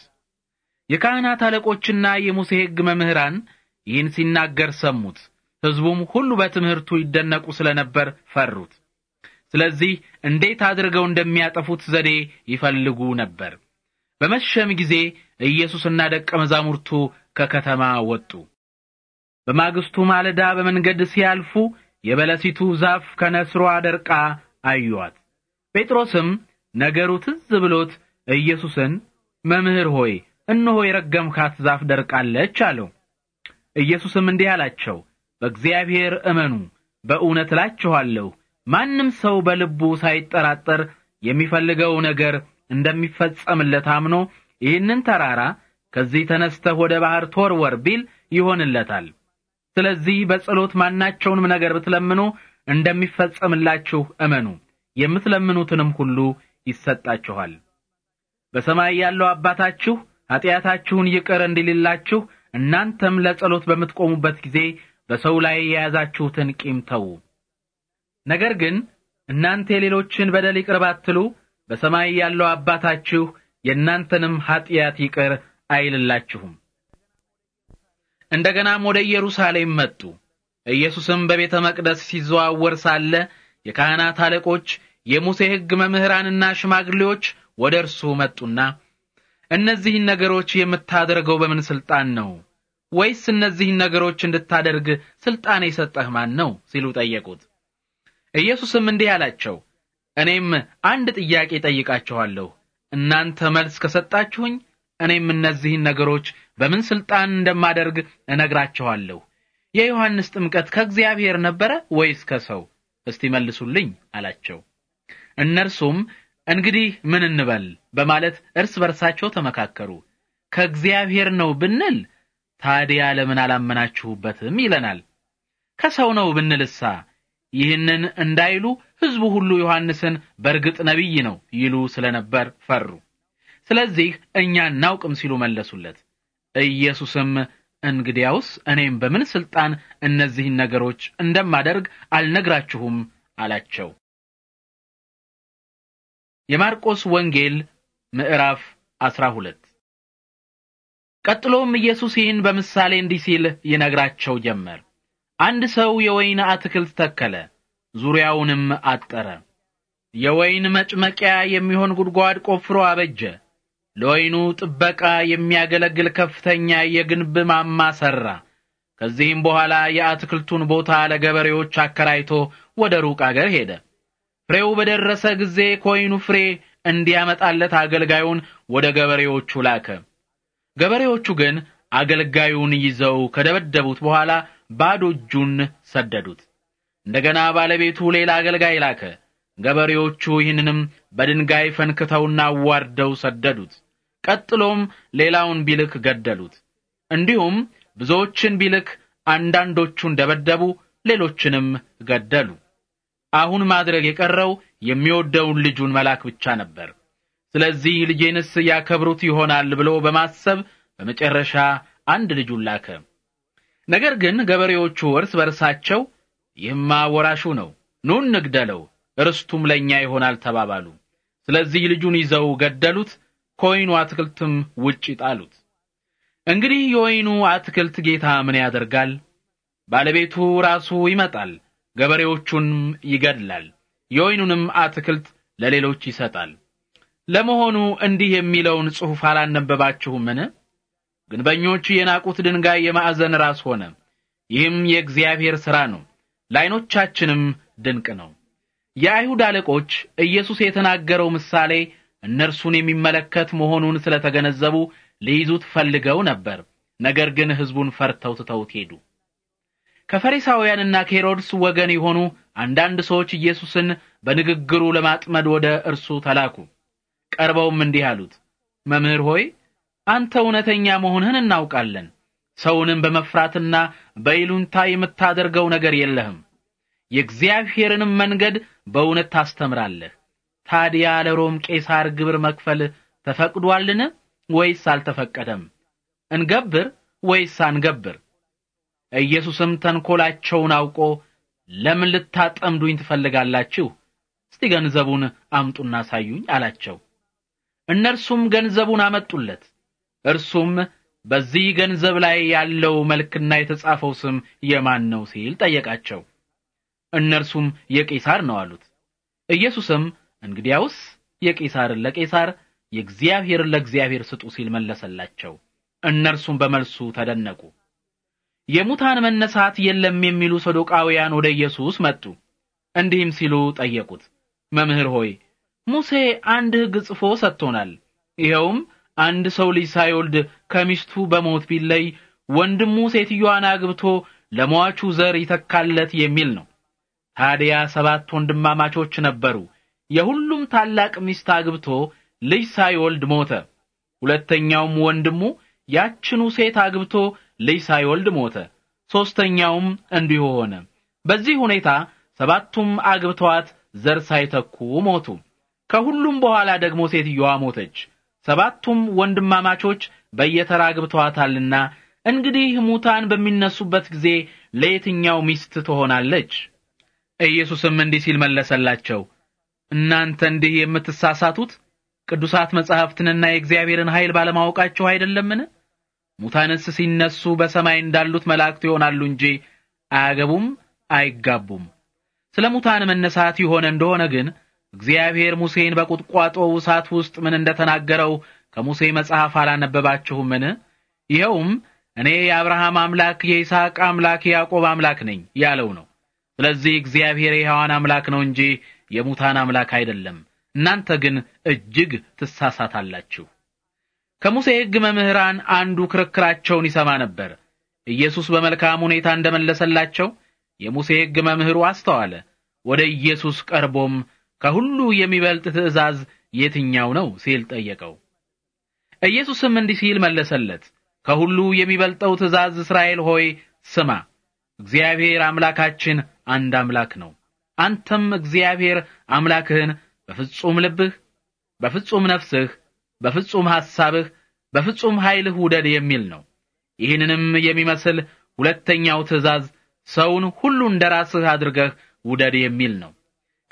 የካህናት አለቆችና የሙሴ ሕግ መምህራን ይህን ሲናገር ሰሙት። ሕዝቡም ሁሉ በትምህርቱ ይደነቁ ስለነበር ፈሩት። ስለዚህ እንዴት አድርገው እንደሚያጠፉት ዘዴ ይፈልጉ ነበር። በመሸም ጊዜ ኢየሱስና ደቀ መዛሙርቱ ከከተማ ወጡ። በማግስቱ ማለዳ በመንገድ ሲያልፉ የበለሲቱ ዛፍ ከነስሯ ደርቃ አዩአት። ጴጥሮስም ነገሩ ትዝ ብሎት ኢየሱስን መምህር ሆይ እነሆ የረገምካት ዛፍ ደርቃለች አለው። ኢየሱስም እንዲህ አላቸው፣ በእግዚአብሔር እመኑ። በእውነት እላችኋለሁ ማንም ሰው በልቡ ሳይጠራጠር የሚፈልገው ነገር እንደሚፈጸምለት አምኖ ይህንን ተራራ ከዚህ ተነስተህ ወደ ባህር ተወርወር ቢል ይሆንለታል። ስለዚህ በጸሎት ማናቸውንም ነገር ብትለምኑ እንደሚፈጸምላችሁ እመኑ፣ የምትለምኑትንም ሁሉ ይሰጣችኋል። በሰማይ ያለው አባታችሁ ኀጢአታችሁን ይቅር እንዲልላችሁ እናንተም ለጸሎት በምትቆሙበት ጊዜ በሰው ላይ የያዛችሁትን ቂም ተዉ። ነገር ግን እናንተ የሌሎችን በደል ይቅር ባትሉ በሰማይ ያለው አባታችሁ የእናንተንም ኀጢአት ይቅር አይልላችሁም። እንደገናም ወደ ኢየሩሳሌም መጡ። ኢየሱስም በቤተ መቅደስ ሲዘዋወር ሳለ የካህናት አለቆች፣ የሙሴ ሕግ መምህራንና ሽማግሌዎች ወደ እርሱ መጡና እነዚህን ነገሮች የምታደርገው በምን ሥልጣን ነው? ወይስ እነዚህን ነገሮች እንድታደርግ ሥልጣን የሰጠህ ማን ነው? ሲሉ ጠየቁት። ኢየሱስም እንዲህ አላቸው፣ እኔም አንድ ጥያቄ ጠይቃችኋለሁ። እናንተ መልስ ከሰጣችሁኝ እኔም እነዚህን ነገሮች በምን ሥልጣን እንደማደርግ እነግራችኋለሁ። የዮሐንስ ጥምቀት ከእግዚአብሔር ነበረ ወይስ ከሰው? እስቲ መልሱልኝ አላቸው። እነርሱም እንግዲህ ምን እንበል በማለት እርስ በርሳቸው ተመካከሩ። ከእግዚአብሔር ነው ብንል ታዲያ ለምን አላመናችሁበትም ይለናል። ከሰው ነው ብንልሳ ይህንን እንዳይሉ ሕዝቡ ሁሉ ዮሐንስን በእርግጥ ነቢይ ነው ይሉ ስለነበር ፈሩ። ስለዚህ እኛ እናውቅም ሲሉ መለሱለት። ኢየሱስም እንግዲያውስ እኔም በምን ሥልጣን እነዚህን ነገሮች እንደማደርግ አልነግራችሁም አላቸው። የማርቆስ ወንጌል ምዕራፍ አስራ ሁለት ቀጥሎም ኢየሱስ ይህን በምሳሌ እንዲህ ሲል ይነግራቸው ጀመር። አንድ ሰው የወይን አትክልት ተከለ፣ ዙሪያውንም አጠረ። የወይን መጭመቂያ የሚሆን ጉድጓድ ቆፍሮ አበጀ። ለወይኑ ጥበቃ የሚያገለግል ከፍተኛ የግንብ ማማ ሠራ። ከዚህም በኋላ የአትክልቱን ቦታ ለገበሬዎች አከራይቶ ወደ ሩቅ አገር ሄደ። ፍሬው በደረሰ ጊዜ ከወይኑ ፍሬ እንዲያመጣለት አገልጋዩን ወደ ገበሬዎቹ ላከ። ገበሬዎቹ ግን አገልጋዩን ይዘው ከደበደቡት በኋላ ባዶጁን ሰደዱት። እንደገና ባለቤቱ ሌላ አገልጋይ ላከ። ገበሬዎቹ ይህንንም በድንጋይ ፈንክተውና አዋርደው ሰደዱት። ቀጥሎም ሌላውን ቢልክ ገደሉት። እንዲሁም ብዙዎችን ቢልክ አንዳንዶቹን ደበደቡ፣ ሌሎችንም ገደሉ። አሁን ማድረግ የቀረው የሚወደውን ልጁን መላክ ብቻ ነበር። ስለዚህ ልጄንስ ያከብሩት ይሆናል ብሎ በማሰብ በመጨረሻ አንድ ልጁን ላከ። ነገር ግን ገበሬዎቹ እርስ በርሳቸው ይህማ ወራሹ ነው፣ ኑ እንግደለው፣ ርስቱም ለእኛ ይሆናል ተባባሉ። ስለዚህ ልጁን ይዘው ገደሉት፣ ከወይኑ አትክልትም ውጭ ጣሉት። እንግዲህ የወይኑ አትክልት ጌታ ምን ያደርጋል? ባለቤቱ ራሱ ይመጣል፣ ገበሬዎቹንም ይገድላል፣ የወይኑንም አትክልት ለሌሎች ይሰጣል። ለመሆኑ እንዲህ የሚለውን ጽሑፍ አላነበባችሁምን? ግንበኞቹ የናቁት ድንጋይ የማዕዘን ራስ ሆነ። ይህም የእግዚአብሔር ሥራ ነው፣ ለዓይኖቻችንም ድንቅ ነው። የአይሁድ አለቆች ኢየሱስ የተናገረው ምሳሌ እነርሱን የሚመለከት መሆኑን ስለተገነዘቡ ሊይዙት ፈልገው ነበር። ነገር ግን ሕዝቡን ፈርተው ትተውት ሄዱ። ከፈሪሳውያንና ከሄሮድስ ወገን የሆኑ አንዳንድ ሰዎች ኢየሱስን በንግግሩ ለማጥመድ ወደ እርሱ ተላኩ። ቀርበውም እንዲህ አሉት፣ መምህር ሆይ አንተ እውነተኛ መሆንህን እናውቃለን። ሰውንም በመፍራትና በይሉንታ የምታደርገው ነገር የለህም። የእግዚአብሔርንም መንገድ በእውነት ታስተምራለህ። ታዲያ ለሮም ቄሳር ግብር መክፈል ተፈቅዷልን ወይስ አልተፈቀደም? እንገብር ወይስ አንገብር? ኢየሱስም ተንኮላቸውን አውቆ ለምን ልታጠምዱኝ ትፈልጋላችሁ? እስቲ ገንዘቡን አምጡና ሳዩኝ አላቸው። እነርሱም ገንዘቡን አመጡለት። እርሱም በዚህ ገንዘብ ላይ ያለው መልክና የተጻፈው ስም የማን ነው ሲል ጠየቃቸው። እነርሱም የቄሳር ነው አሉት። ኢየሱስም እንግዲያውስ የቄሳርን ለቄሳር የእግዚአብሔርን ለእግዚአብሔር ስጡ ሲል መለሰላቸው። እነርሱም በመልሱ ተደነቁ። የሙታን መነሳት የለም የሚሉ ሰዶቃውያን ወደ ኢየሱስ መጡ። እንዲህም ሲሉ ጠየቁት፣ መምህር ሆይ ሙሴ አንድ ሕግ ጽፎ ሰጥቶናል። ይኸውም አንድ ሰው ልጅ ሳይወልድ ከሚስቱ በሞት ቢለይ ወንድሙ ሴትዮዋን አግብቶ ለሟቹ ዘር ይተካለት የሚል ነው። ታዲያ ሰባት ወንድማማቾች ነበሩ። የሁሉም ታላቅ ሚስት አግብቶ ልጅ ሳይወልድ ሞተ። ሁለተኛውም ወንድሙ ያችኑ ሴት አግብቶ ልጅ ሳይወልድ ሞተ። ሶስተኛውም እንዲሁ ሆነ። በዚህ ሁኔታ ሰባቱም አግብተዋት ዘር ሳይተኩ ሞቱ። ከሁሉም በኋላ ደግሞ ሴትዮዋ ሞተች። ሰባቱም ወንድማማቾች በየተራ አግብተዋታልና እንግዲህ ሙታን በሚነሱበት ጊዜ ለየትኛው ሚስት ትሆናለች? ኢየሱስም እንዲህ ሲል መለሰላቸው፣ እናንተ እንዲህ የምትሳሳቱት ቅዱሳት መጻሕፍትንና የእግዚአብሔርን ኃይል ባለማወቃችሁ አይደለምን? ሙታንስ ሲነሱ በሰማይ እንዳሉት መላእክት ይሆናሉ እንጂ አያገቡም፣ አይጋቡም። ስለ ሙታን መነሳት የሆነ እንደሆነ ግን እግዚአብሔር ሙሴን በቁጥቋጦ እሳት ውስጥ ምን እንደተናገረው ከሙሴ መጽሐፍ አላነበባችሁምን? ይኸውም እኔ የአብርሃም አምላክ የይስሐቅ አምላክ የያዕቆብ አምላክ ነኝ ያለው ነው። ስለዚህ እግዚአብሔር የሕያዋን አምላክ ነው እንጂ የሙታን አምላክ አይደለም። እናንተ ግን እጅግ ትሳሳታላችሁ። ከሙሴ ሕግ መምህራን አንዱ ክርክራቸውን ይሰማ ነበር። ኢየሱስ በመልካም ሁኔታ እንደመለሰላቸው የሙሴ ሕግ መምህሩ አስተዋለ። ወደ ኢየሱስ ቀርቦም ከሁሉ የሚበልጥ ትእዛዝ የትኛው ነው ሲል ጠየቀው። ኢየሱስም እንዲህ ሲል መለሰለት፣ ከሁሉ የሚበልጠው ትእዛዝ እስራኤል ሆይ ስማ፣ እግዚአብሔር አምላካችን አንድ አምላክ ነው። አንተም እግዚአብሔር አምላክህን በፍጹም ልብህ፣ በፍጹም ነፍስህ፣ በፍጹም ሐሳብህ፣ በፍጹም ኃይልህ ውደድ የሚል ነው። ይህንንም የሚመስል ሁለተኛው ትእዛዝ ሰውን ሁሉ እንደራስህ አድርገህ ውደድ የሚል ነው።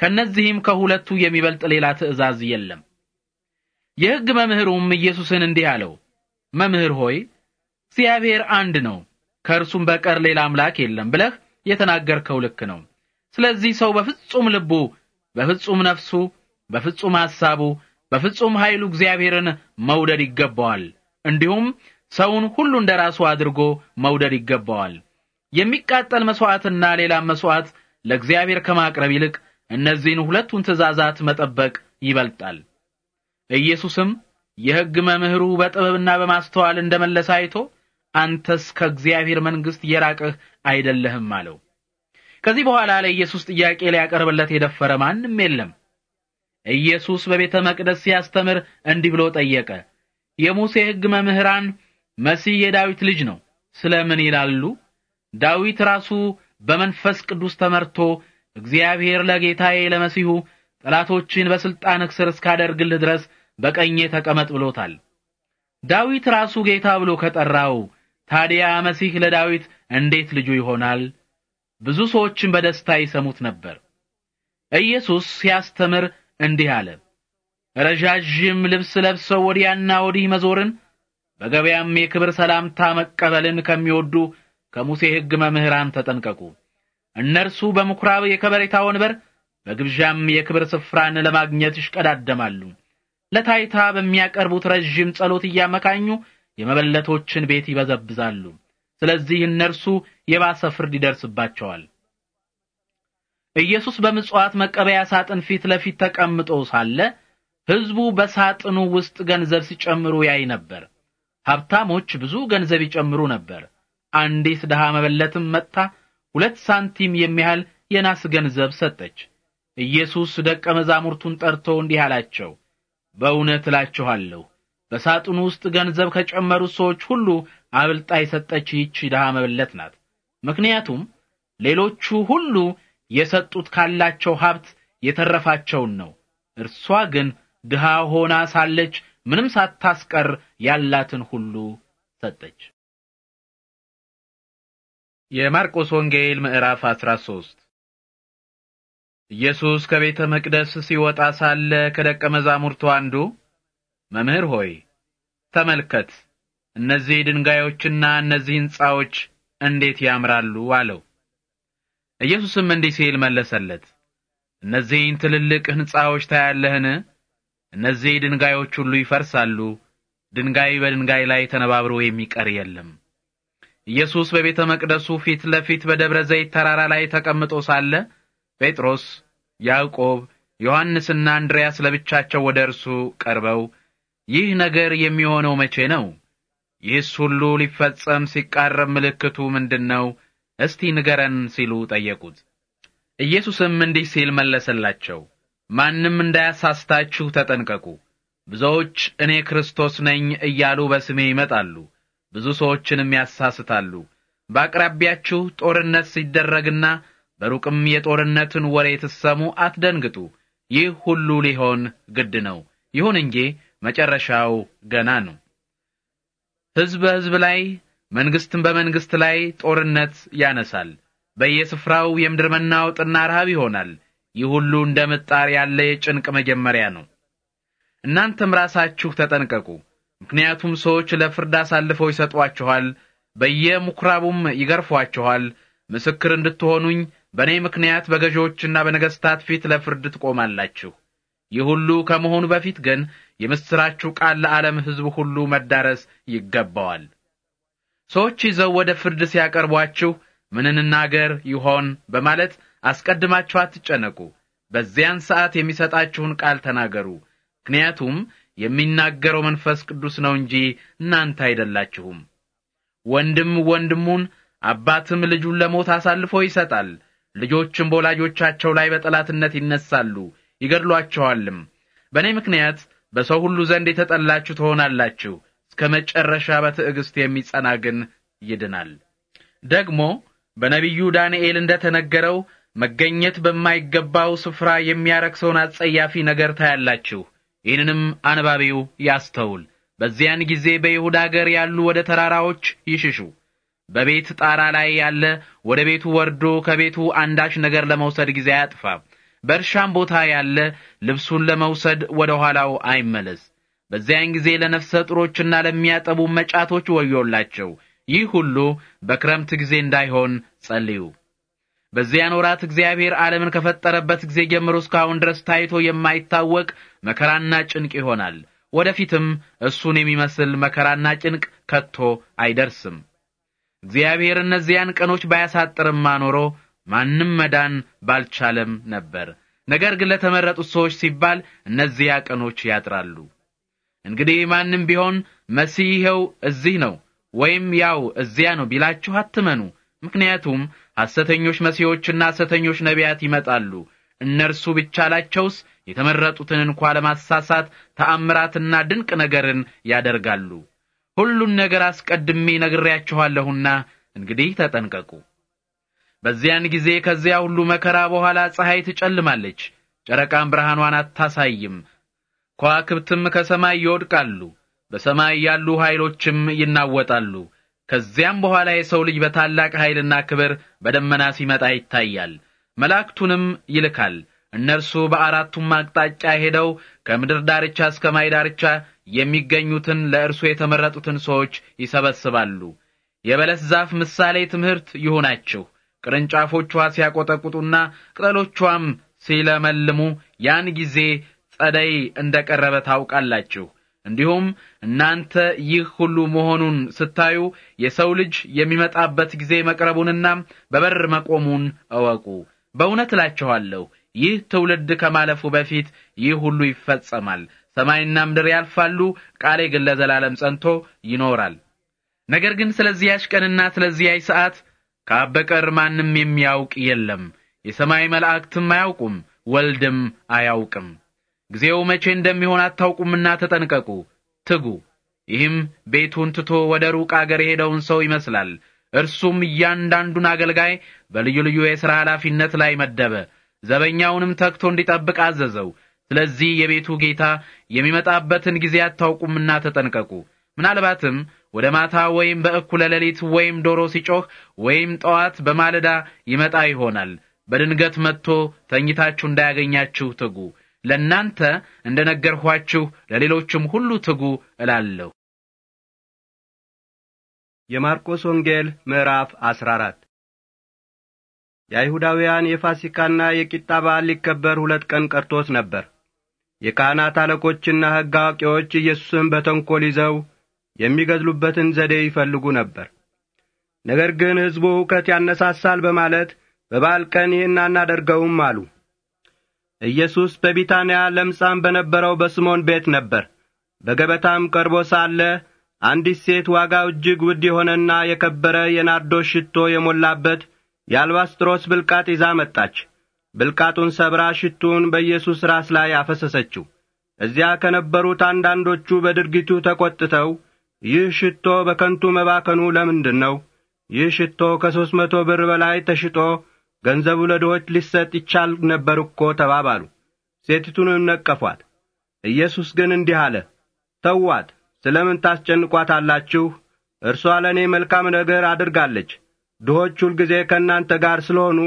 ከነዚህም ከሁለቱ የሚበልጥ ሌላ ትእዛዝ የለም። የሕግ መምህሩም ኢየሱስን እንዲህ አለው፣ መምህር ሆይ እግዚአብሔር አንድ ነው፣ ከእርሱም በቀር ሌላ አምላክ የለም ብለህ የተናገርከው ልክ ነው። ስለዚህ ሰው በፍጹም ልቡ፣ በፍጹም ነፍሱ፣ በፍጹም ሐሳቡ፣ በፍጹም ኃይሉ እግዚአብሔርን መውደድ ይገባዋል። እንዲሁም ሰውን ሁሉ እንደ ራሱ አድርጎ መውደድ ይገባዋል። የሚቃጠል መሥዋዕትና ሌላም መሥዋዕት ለእግዚአብሔር ከማቅረብ ይልቅ እነዚህን ሁለቱን ትእዛዛት መጠበቅ ይበልጣል። ኢየሱስም የሕግ መምህሩ በጥበብና በማስተዋል እንደመለሰ አይቶ አንተስ ከእግዚአብሔር መንግሥት የራቅህ አይደለህም አለው። ከዚህ በኋላ ለኢየሱስ ጥያቄ ሊያቀርብለት የደፈረ ማንም የለም። ኢየሱስ በቤተ መቅደስ ሲያስተምር እንዲህ ብሎ ጠየቀ። የሙሴ ሕግ መምህራን መሲህ የዳዊት ልጅ ነው ስለምን ይላሉ? ዳዊት ራሱ በመንፈስ ቅዱስ ተመርቶ እግዚአብሔር ለጌታዬ ለመሲሁ ጠላቶችን በስልጣን ስር እስካደርግልህ ድረስ በቀኜ ተቀመጥ ብሎታል። ዳዊት ራሱ ጌታ ብሎ ከጠራው ታዲያ መሲህ ለዳዊት እንዴት ልጁ ይሆናል? ብዙ ሰዎችም በደስታ ይሰሙት ነበር። ኢየሱስ ሲያስተምር እንዲህ አለ። ረዣዥም ልብስ ለብሰው ወዲያና ወዲህ መዞርን በገበያም የክብር ሰላምታ መቀበልን ከሚወዱ ከሙሴ ሕግ መምህራን ተጠንቀቁ። እነርሱ በምኩራብ የከበሬታ ወንበር በግብዣም የክብር ስፍራን ለማግኘት ይሽቀዳደማሉ። ለታይታ በሚያቀርቡት ረዥም ጸሎት እያመካኙ የመበለቶችን ቤት ይበዘብዛሉ። ስለዚህ እነርሱ የባሰ ፍርድ ይደርስባቸዋል። ኢየሱስ በምጽዋት መቀበያ ሳጥን ፊት ለፊት ተቀምጦ ሳለ ሕዝቡ በሳጥኑ ውስጥ ገንዘብ ሲጨምሩ ያይ ነበር። ሀብታሞች ብዙ ገንዘብ ይጨምሩ ነበር። አንዲት ድሃ መበለትም መጥታ ሁለት ሳንቲም የሚያህል የናስ ገንዘብ ሰጠች። ኢየሱስ ደቀ መዛሙርቱን ጠርቶ እንዲህ አላቸው፣ በእውነት እላችኋለሁ በሳጥኑ ውስጥ ገንዘብ ከጨመሩት ሰዎች ሁሉ አብልጣ የሰጠች ይህች ድሃ መበለት ናት። ምክንያቱም ሌሎቹ ሁሉ የሰጡት ካላቸው ሀብት የተረፋቸውን ነው። እርሷ ግን ድሃ ሆና ሳለች ምንም ሳታስቀር ያላትን ሁሉ ሰጠች። የማርቆስ ወንጌል ምዕራፍ 13 ኢየሱስ ከቤተ መቅደስ ሲወጣ ሳለ ከደቀ መዛሙርቱ አንዱ መምህር ሆይ ተመልከት፣ እነዚህ ድንጋዮችና እነዚህ ሕንጻዎች እንዴት ያምራሉ አለው። ኢየሱስም እንዲህ ሲል መለሰለት፣ እነዚህን ትልልቅ ሕንጻዎች ታያለህን? እነዚህ ድንጋዮች ሁሉ ይፈርሳሉ። ድንጋይ በድንጋይ ላይ ተነባብሮ የሚቀር የለም። ኢየሱስ በቤተ መቅደሱ ፊት ለፊት በደብረ ዘይት ተራራ ላይ ተቀምጦ ሳለ ጴጥሮስ፣ ያዕቆብ፣ ዮሐንስና አንድሪያስ ለብቻቸው ወደ እርሱ ቀርበው ይህ ነገር የሚሆነው መቼ ነው? ይህስ ሁሉ ሊፈጸም ሲቃረብ ምልክቱ ምንድነው? እስቲ ንገረን ሲሉ ጠየቁት። ኢየሱስም እንዲህ ሲል መለሰላቸው፣ ማንም እንዳያሳስታችሁ ተጠንቀቁ። ብዙዎች እኔ ክርስቶስ ነኝ እያሉ በስሜ ይመጣሉ ብዙ ሰዎችንም ያሳስታሉ። በአቅራቢያችሁ ጦርነት ሲደረግና በሩቅም የጦርነትን ወሬ ትሰሙ አትደንግጡ። ይህ ሁሉ ሊሆን ግድ ነው። ይሁን እንጂ መጨረሻው ገና ነው። ሕዝብ በሕዝብ ላይ፣ መንግስትም በመንግስት ላይ ጦርነት ያነሳል። በየስፍራው የምድር መናወጥና ረሃብ ይሆናል። ይህ ሁሉ እንደ ምጣር ያለ የጭንቅ መጀመሪያ ነው። እናንተም ራሳችሁ ተጠንቀቁ። ምክንያቱም ሰዎች ለፍርድ አሳልፈው ይሰጧችኋል፣ በየምኵራቡም ይገርፏችኋል። ምስክር እንድትሆኑኝ በእኔ ምክንያት በገዢዎችና በነገሥታት ፊት ለፍርድ ትቆማላችሁ። ይህ ሁሉ ከመሆኑ በፊት ግን የምሥራችሁ ቃል ለዓለም ሕዝብ ሁሉ መዳረስ ይገባዋል። ሰዎች ይዘው ወደ ፍርድ ሲያቀርቧችሁ ምን እንናገር ይሆን በማለት አስቀድማችሁ አትጨነቁ። በዚያን ሰዓት የሚሰጣችሁን ቃል ተናገሩ። ምክንያቱም የሚናገረው መንፈስ ቅዱስ ነው እንጂ እናንተ አይደላችሁም። ወንድም ወንድሙን፣ አባትም ልጁን ለሞት አሳልፎ ይሰጣል። ልጆችም በወላጆቻቸው ላይ በጠላትነት ይነሳሉ፣ ይገድሏቸዋልም። በእኔ ምክንያት በሰው ሁሉ ዘንድ የተጠላችሁ ትሆናላችሁ። እስከ መጨረሻ በትዕግሥት የሚጸና ግን ይድናል። ደግሞ በነቢዩ ዳንኤል እንደ ተነገረው መገኘት በማይገባው ስፍራ የሚያረክሰውን አጸያፊ ነገር ታያላችሁ። ይህንንም አንባቢው ያስተውል። በዚያን ጊዜ በይሁዳ አገር ያሉ ወደ ተራራዎች ይሽሹ። በቤት ጣራ ላይ ያለ ወደ ቤቱ ወርዶ ከቤቱ አንዳች ነገር ለመውሰድ ጊዜ አያጥፋ። በእርሻም ቦታ ያለ ልብሱን ለመውሰድ ወደ ኋላው አይመለስ። በዚያን ጊዜ ለነፍሰ ጥሮችና ለሚያጠቡ መጫቶች ወዮላቸው። ይህ ሁሉ በክረምት ጊዜ እንዳይሆን ጸልዩ። በዚያን ወራት እግዚአብሔር ዓለምን ከፈጠረበት ጊዜ ጀምሮ እስካሁን ድረስ ታይቶ የማይታወቅ መከራና ጭንቅ ይሆናል። ወደፊትም እሱን የሚመስል መከራና ጭንቅ ከቶ አይደርስም። እግዚአብሔር እነዚያን ቀኖች ባያሳጥርማ ኖሮ ማንም መዳን ባልቻለም ነበር። ነገር ግን ለተመረጡት ሰዎች ሲባል እነዚያ ቀኖች ያጥራሉ። እንግዲህ ማንም ቢሆን መሲህ ይኸው እዚህ ነው ወይም ያው እዚያ ነው ቢላችሁ አትመኑ። ምክንያቱም ሐሰተኞች መሲሖችና ሐሰተኞች ነቢያት ይመጣሉ። እነርሱ ብቻላቸውስ የተመረጡትን እንኳ ለማሳሳት ተአምራትና ድንቅ ነገርን ያደርጋሉ። ሁሉን ነገር አስቀድሜ ነግሬያችኋለሁና እንግዲህ ተጠንቀቁ። በዚያን ጊዜ ከዚያ ሁሉ መከራ በኋላ ፀሐይ ትጨልማለች፣ ጨረቃም ብርሃኗን አታሳይም፣ ከዋክብትም ከሰማይ ይወድቃሉ፣ በሰማይ ያሉ ኃይሎችም ይናወጣሉ። ከዚያም በኋላ የሰው ልጅ በታላቅ ኃይልና ክብር በደመና ሲመጣ ይታያል። መላእክቱንም ይልካል። እነርሱ በአራቱም አቅጣጫ ሄደው ከምድር ዳርቻ እስከ ማይ ዳርቻ የሚገኙትን ለእርሱ የተመረጡትን ሰዎች ይሰበስባሉ። የበለስ ዛፍ ምሳሌ ትምህርት ይሁናችሁ። ቅርንጫፎቿ ሲያቆጠቁጡና ቅጠሎቿም ሲለመልሙ ያን ጊዜ ጸደይ እንደቀረበ ታውቃላችሁ። እንዲሁም እናንተ ይህ ሁሉ መሆኑን ስታዩ የሰው ልጅ የሚመጣበት ጊዜ መቅረቡንና በበር መቆሙን እወቁ። በእውነት እላችኋለሁ ይህ ትውልድ ከማለፉ በፊት ይህ ሁሉ ይፈጸማል። ሰማይና ምድር ያልፋሉ፣ ቃሌ ግን ለዘላለም ጸንቶ ይኖራል። ነገር ግን ስለዚያች ቀንና ስለዚያች ሰዓት ከአብ በቀር ማንም የሚያውቅ የለም፣ የሰማይ መላእክትም አያውቁም፣ ወልድም አያውቅም ጊዜው መቼ እንደሚሆን አታውቁምና ተጠንቀቁ፣ ትጉ። ይህም ቤቱን ትቶ ወደ ሩቅ አገር የሄደውን ሰው ይመስላል። እርሱም እያንዳንዱን አገልጋይ በልዩ ልዩ የሥራ ኃላፊነት ላይ መደበ። ዘበኛውንም ተግቶ እንዲጠብቅ አዘዘው። ስለዚህ የቤቱ ጌታ የሚመጣበትን ጊዜ አታውቁምና ተጠንቀቁ። ምናልባትም ወደ ማታ ወይም በእኩለ ሌሊት ወይም ዶሮ ሲጮህ ወይም ጠዋት በማለዳ ይመጣ ይሆናል። በድንገት መጥቶ ተኝታችሁ እንዳያገኛችሁ ትጉ። ለእናንተ እንደ ነገርኋችሁ ለሌሎችም ሁሉ ትጉ እላለሁ። የማርቆስ ወንጌል ምዕራፍ አራት የአይሁዳውያን የፋሲካና የቂጣ በዓል ሊከበር ሁለት ቀን ቀርቶት ነበር። የካህናት አለቆችና ሕግ አዋቂዎች ኢየሱስን በተንኰል ይዘው የሚገድሉበትን ዘዴ ይፈልጉ ነበር። ነገር ግን ሕዝቡ ሁከት ያነሳሳል በማለት በበዓል ቀን ይህን አናደርገውም አሉ። ኢየሱስ በቢታንያ ለምጻም በነበረው በስምዖን ቤት ነበር። በገበታም ቀርቦ ሳለ አንዲት ሴት ዋጋው እጅግ ውድ የሆነና የከበረ የናርዶስ ሽቶ የሞላበት የአልባስጥሮስ ብልቃጥ ይዛ መጣች። ብልቃጡን ሰብራ ሽቱን በኢየሱስ ራስ ላይ አፈሰሰችው። እዚያ ከነበሩት አንዳንዶቹ በድርጊቱ ተቈጥተው ይህ ሽቶ በከንቱ መባከኑ ለምንድን ነው? ይህ ሽቶ ከሦስት መቶ ብር በላይ ተሽጦ ገንዘቡ ለድሆች ሊሰጥ ይቻል ነበር እኮ ተባባሉ። ሴቲቱንም ነቀፏት። ኢየሱስ ግን እንዲህ አለ፣ ተዋት፣ ምን ታስጨንቋታላችሁ? እርሷ ለእኔ መልካም ነገር አድርጋለች። ድሆች ሁልጊዜ ከእናንተ ጋር ስለሆኑ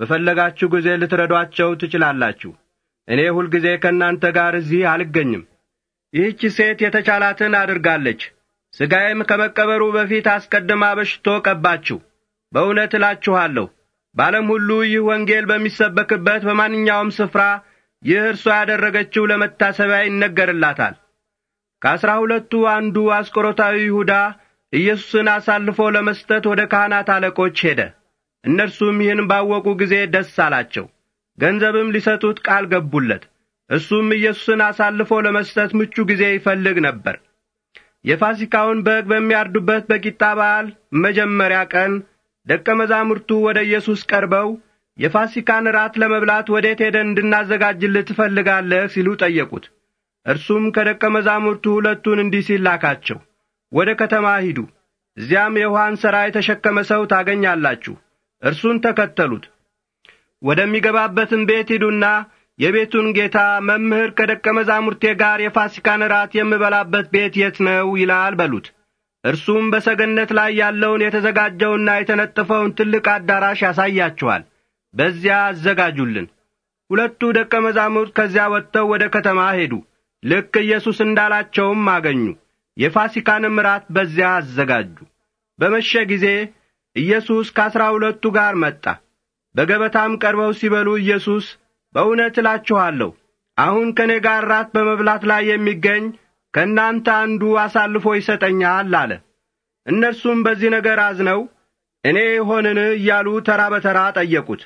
በፈለጋችሁ ጊዜ ልትረዷቸው ትችላላችሁ። እኔ ሁልጊዜ ከእናንተ ጋር እዚህ አልገኝም። ይህች ሴት የተቻላትን አድርጋለች። ሥጋዬም ከመቀበሩ በፊት አስቀድማ በሽቶ ቀባችሁ። በእውነት እላችኋለሁ በዓለም ሁሉ ይህ ወንጌል በሚሰበክበት በማንኛውም ስፍራ ይህ እርሷ ያደረገችው ለመታሰቢያ ይነገርላታል። ከአሥራ ሁለቱ አንዱ አስቆሮታዊ ይሁዳ ኢየሱስን አሳልፎ ለመስጠት ወደ ካህናት አለቆች ሄደ። እነርሱም ይህን ባወቁ ጊዜ ደስ አላቸው፣ ገንዘብም ሊሰጡት ቃል ገቡለት። እሱም ኢየሱስን አሳልፎ ለመስጠት ምቹ ጊዜ ይፈልግ ነበር። የፋሲካውን በግ በሚያርዱበት በቂጣ በዓል መጀመሪያ ቀን ደቀ መዛሙርቱ ወደ ኢየሱስ ቀርበው የፋሲካን ራት ለመብላት ወዴት ሄደን እንድናዘጋጅልህ ትፈልጋለህ ሲሉ ጠየቁት። እርሱም ከደቀ መዛሙርቱ ሁለቱን እንዲህ ሲል ላካቸው። ወደ ከተማ ሂዱ፣ እዚያም የውሃን ሠራ የተሸከመ ሰው ታገኛላችሁ። እርሱን ተከተሉት። ወደሚገባበትም ቤት ሂዱና የቤቱን ጌታ መምህር ከደቀ መዛሙርቴ ጋር የፋሲካን ራት የምበላበት ቤት የት ነው ይላል በሉት። እርሱም በሰገነት ላይ ያለውን የተዘጋጀውና የተነጠፈውን ትልቅ አዳራሽ ያሳያችኋል። በዚያ አዘጋጁልን። ሁለቱ ደቀ መዛሙርት ከዚያ ወጥተው ወደ ከተማ ሄዱ። ልክ ኢየሱስ እንዳላቸውም አገኙ። የፋሲካንም ራት በዚያ አዘጋጁ። በመሸ ጊዜ ኢየሱስ ከአሥራ ሁለቱ ጋር መጣ። በገበታም ቀርበው ሲበሉ ኢየሱስ በእውነት እላችኋለሁ አሁን ከእኔ ጋር ራት በመብላት ላይ የሚገኝ ከእናንተ አንዱ አሳልፎ ይሰጠኛል አለ። እነርሱም በዚህ ነገር አዝነው እኔ ሆንን እያሉ ተራ በተራ ጠየቁት።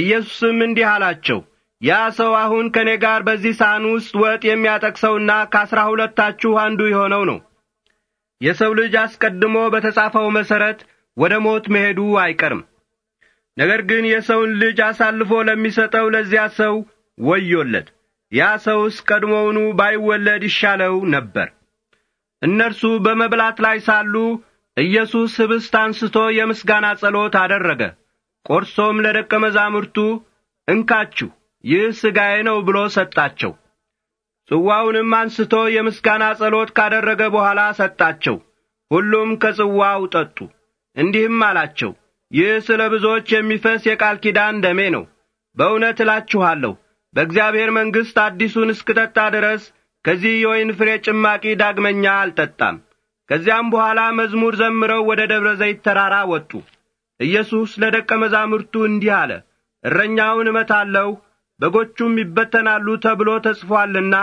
ኢየሱስም እንዲህ አላቸው፣ ያ ሰው አሁን ከእኔ ጋር በዚህ ሳህን ውስጥ ወጥ የሚያጠቅሰውና ከአሥራ ሁለታችሁ አንዱ የሆነው ነው። የሰው ልጅ አስቀድሞ በተጻፈው መሠረት ወደ ሞት መሄዱ አይቀርም። ነገር ግን የሰውን ልጅ አሳልፎ ለሚሰጠው ለዚያ ሰው ወዮለት። ያ ሰውስ ቀድሞውኑ ባይወለድ ይሻለው ነበር። እነርሱ በመብላት ላይ ሳሉ ኢየሱስ ኅብስት አንስቶ የምስጋና ጸሎት አደረገ። ቆርሶም ለደቀ መዛሙርቱ እንካችሁ፣ ይህ ሥጋዬ ነው ብሎ ሰጣቸው። ጽዋውንም አንስቶ የምስጋና ጸሎት ካደረገ በኋላ ሰጣቸው። ሁሉም ከጽዋው ጠጡ። እንዲህም አላቸው፣ ይህ ስለ ብዙዎች የሚፈስ የቃል ኪዳን ደሜ ነው። በእውነት እላችኋለሁ በእግዚአብሔር መንግሥት አዲሱን እስክጠጣ ድረስ ከዚህ የወይን ፍሬ ጭማቂ ዳግመኛ አልጠጣም። ከዚያም በኋላ መዝሙር ዘምረው ወደ ደብረ ዘይት ተራራ ወጡ። ኢየሱስ ለደቀ መዛሙርቱ እንዲህ አለ፣ እረኛውን እመታለሁ፣ በጎቹም ይበተናሉ ተብሎ ተጽፏልና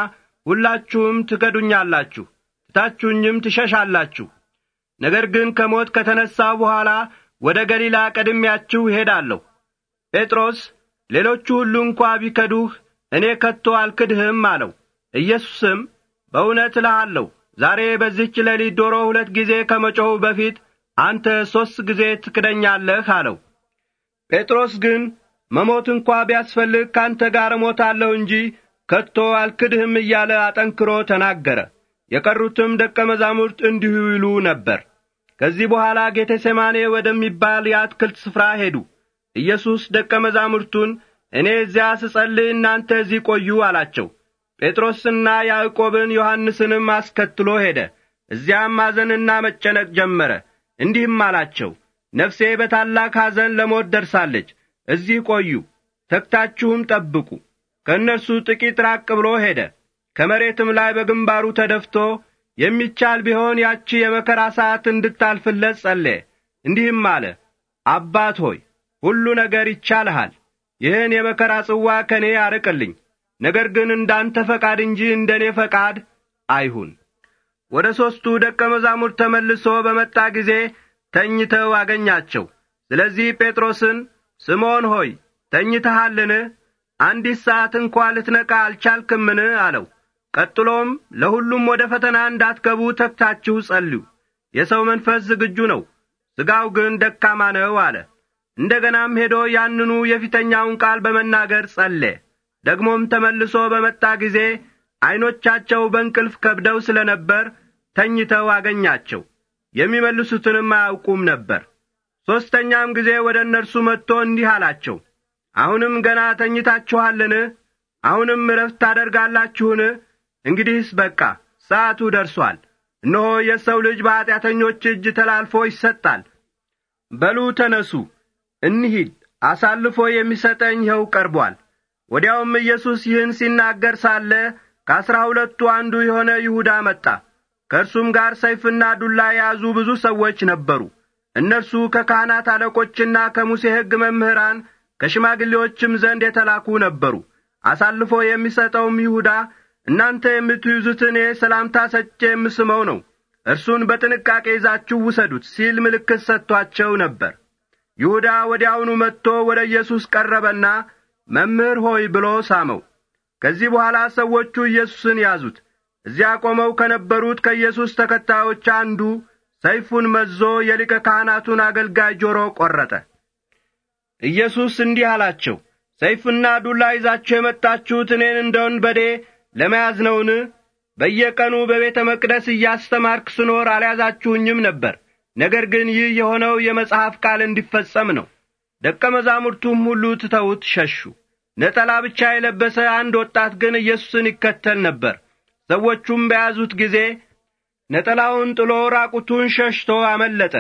ሁላችሁም ትከዱኛላችሁ፣ ትታችሁኝም ትሸሻላችሁ። ነገር ግን ከሞት ከተነሣ በኋላ ወደ ገሊላ ቀድሜያችሁ እሄዳለሁ። ጴጥሮስ ሌሎቹ ሁሉ እንኳ ቢከዱህ እኔ ከቶ አልክድህም አለው። ኢየሱስም በእውነት እልሃለሁ ዛሬ በዚህች ሌሊት ዶሮ ሁለት ጊዜ ከመጮኹ በፊት አንተ ሦስት ጊዜ ትክደኛለህ አለው። ጴጥሮስ ግን መሞት እንኳ ቢያስፈልግ ካንተ ጋር እሞታለሁ እንጂ ከቶ አልክድህም እያለ አጠንክሮ ተናገረ። የቀሩትም ደቀ መዛሙርት እንዲሁ ይሉ ነበር። ከዚህ በኋላ ጌቴሴማኔ ወደሚባል የአትክልት ስፍራ ሄዱ። ኢየሱስ ደቀ መዛሙርቱን እኔ እዚያ ስጸልይ እናንተ እዚህ ቆዩ አላቸው። ጴጥሮስና ያዕቆብን ዮሐንስንም አስከትሎ ሄደ። እዚያም ማዘንና መጨነቅ ጀመረ። እንዲህም አላቸው፣ ነፍሴ በታላቅ ሐዘን ለሞት ደርሳለች። እዚህ ቆዩ፣ ተግታችሁም ጠብቁ። ከእነርሱ ጥቂት ራቅ ብሎ ሄደ። ከመሬትም ላይ በግንባሩ ተደፍቶ የሚቻል ቢሆን ያቺ የመከራ ሰዓት እንድታልፍለት ጸለየ። እንዲህም አለ፣ አባት ሆይ ሁሉ ነገር ይቻልሃል ይህን የመከራ ጽዋ ከእኔ ያርቅልኝ፣ ነገር ግን እንዳንተ ፈቃድ እንጂ እንደ እኔ ፈቃድ አይሁን። ወደ ሦስቱ ደቀ መዛሙርት ተመልሶ በመጣ ጊዜ ተኝተው አገኛቸው። ስለዚህ ጴጥሮስን ስምዖን ሆይ ተኝተሃልን? አንዲት ሰዓት እንኳ ልትነቃ አልቻልክምን? አለው። ቀጥሎም ለሁሉም ወደ ፈተና እንዳትገቡ ተግታችሁ ጸልዩ። የሰው መንፈስ ዝግጁ ነው፣ ሥጋው ግን ደካማ ነው አለ። እንደገናም ሄዶ ያንኑ የፊተኛውን ቃል በመናገር ጸለ። ደግሞም ተመልሶ በመጣ ጊዜ ዐይኖቻቸው በእንቅልፍ ከብደው ስለ ነበር ተኝተው አገኛቸው። የሚመልሱትንም አያውቁም ነበር። ሦስተኛም ጊዜ ወደ እነርሱ መጥቶ እንዲህ አላቸው፣ አሁንም ገና ተኝታችኋልን? አሁንም እረፍት ታደርጋላችሁን? እንግዲህስ በቃ ሰዓቱ ደርሷል። እነሆ የሰው ልጅ በኀጢአተኞች እጅ ተላልፎ ይሰጣል። በሉ ተነሱ እንሂድ፣ አሳልፎ የሚሰጠኝ ይኸው ቀርቧል። ወዲያውም ኢየሱስ ይህን ሲናገር ሳለ ከአሥራ ሁለቱ አንዱ የሆነ ይሁዳ መጣ። ከእርሱም ጋር ሰይፍና ዱላ የያዙ ብዙ ሰዎች ነበሩ። እነርሱ ከካህናት አለቆችና ከሙሴ ሕግ መምህራን ከሽማግሌዎችም ዘንድ የተላኩ ነበሩ። አሳልፎ የሚሰጠውም ይሁዳ እናንተ የምትይዙትን ሰላምታ ሰጬ የምስመው ነው፣ እርሱን በጥንቃቄ ይዛችሁ ውሰዱት ሲል ምልክት ሰጥቷቸው ነበር። ይሁዳ ወዲያውኑ መጥቶ ወደ ኢየሱስ ቀረበና መምህር ሆይ ብሎ ሳመው። ከዚህ በኋላ ሰዎቹ ኢየሱስን ያዙት። እዚያ ቆመው ከነበሩት ከኢየሱስ ተከታዮች አንዱ ሰይፉን መዞ የሊቀ ካህናቱን አገልጋይ ጆሮ ቈረጠ። ኢየሱስ እንዲህ አላቸው፣ ሰይፍና ዱላ ይዛችሁ የመጣችሁት እኔን እንደ ወንበዴ ለመያዝ ነውን? በየቀኑ በቤተ መቅደስ እያስተማርክ ስኖር አልያዛችሁኝም ነበር። ነገር ግን ይህ የሆነው የመጽሐፍ ቃል እንዲፈጸም ነው። ደቀ መዛሙርቱም ሁሉ ትተውት ሸሹ። ነጠላ ብቻ የለበሰ አንድ ወጣት ግን ኢየሱስን ይከተል ነበር። ሰዎቹም በያዙት ጊዜ ነጠላውን ጥሎ ራቁቱን ሸሽቶ አመለጠ።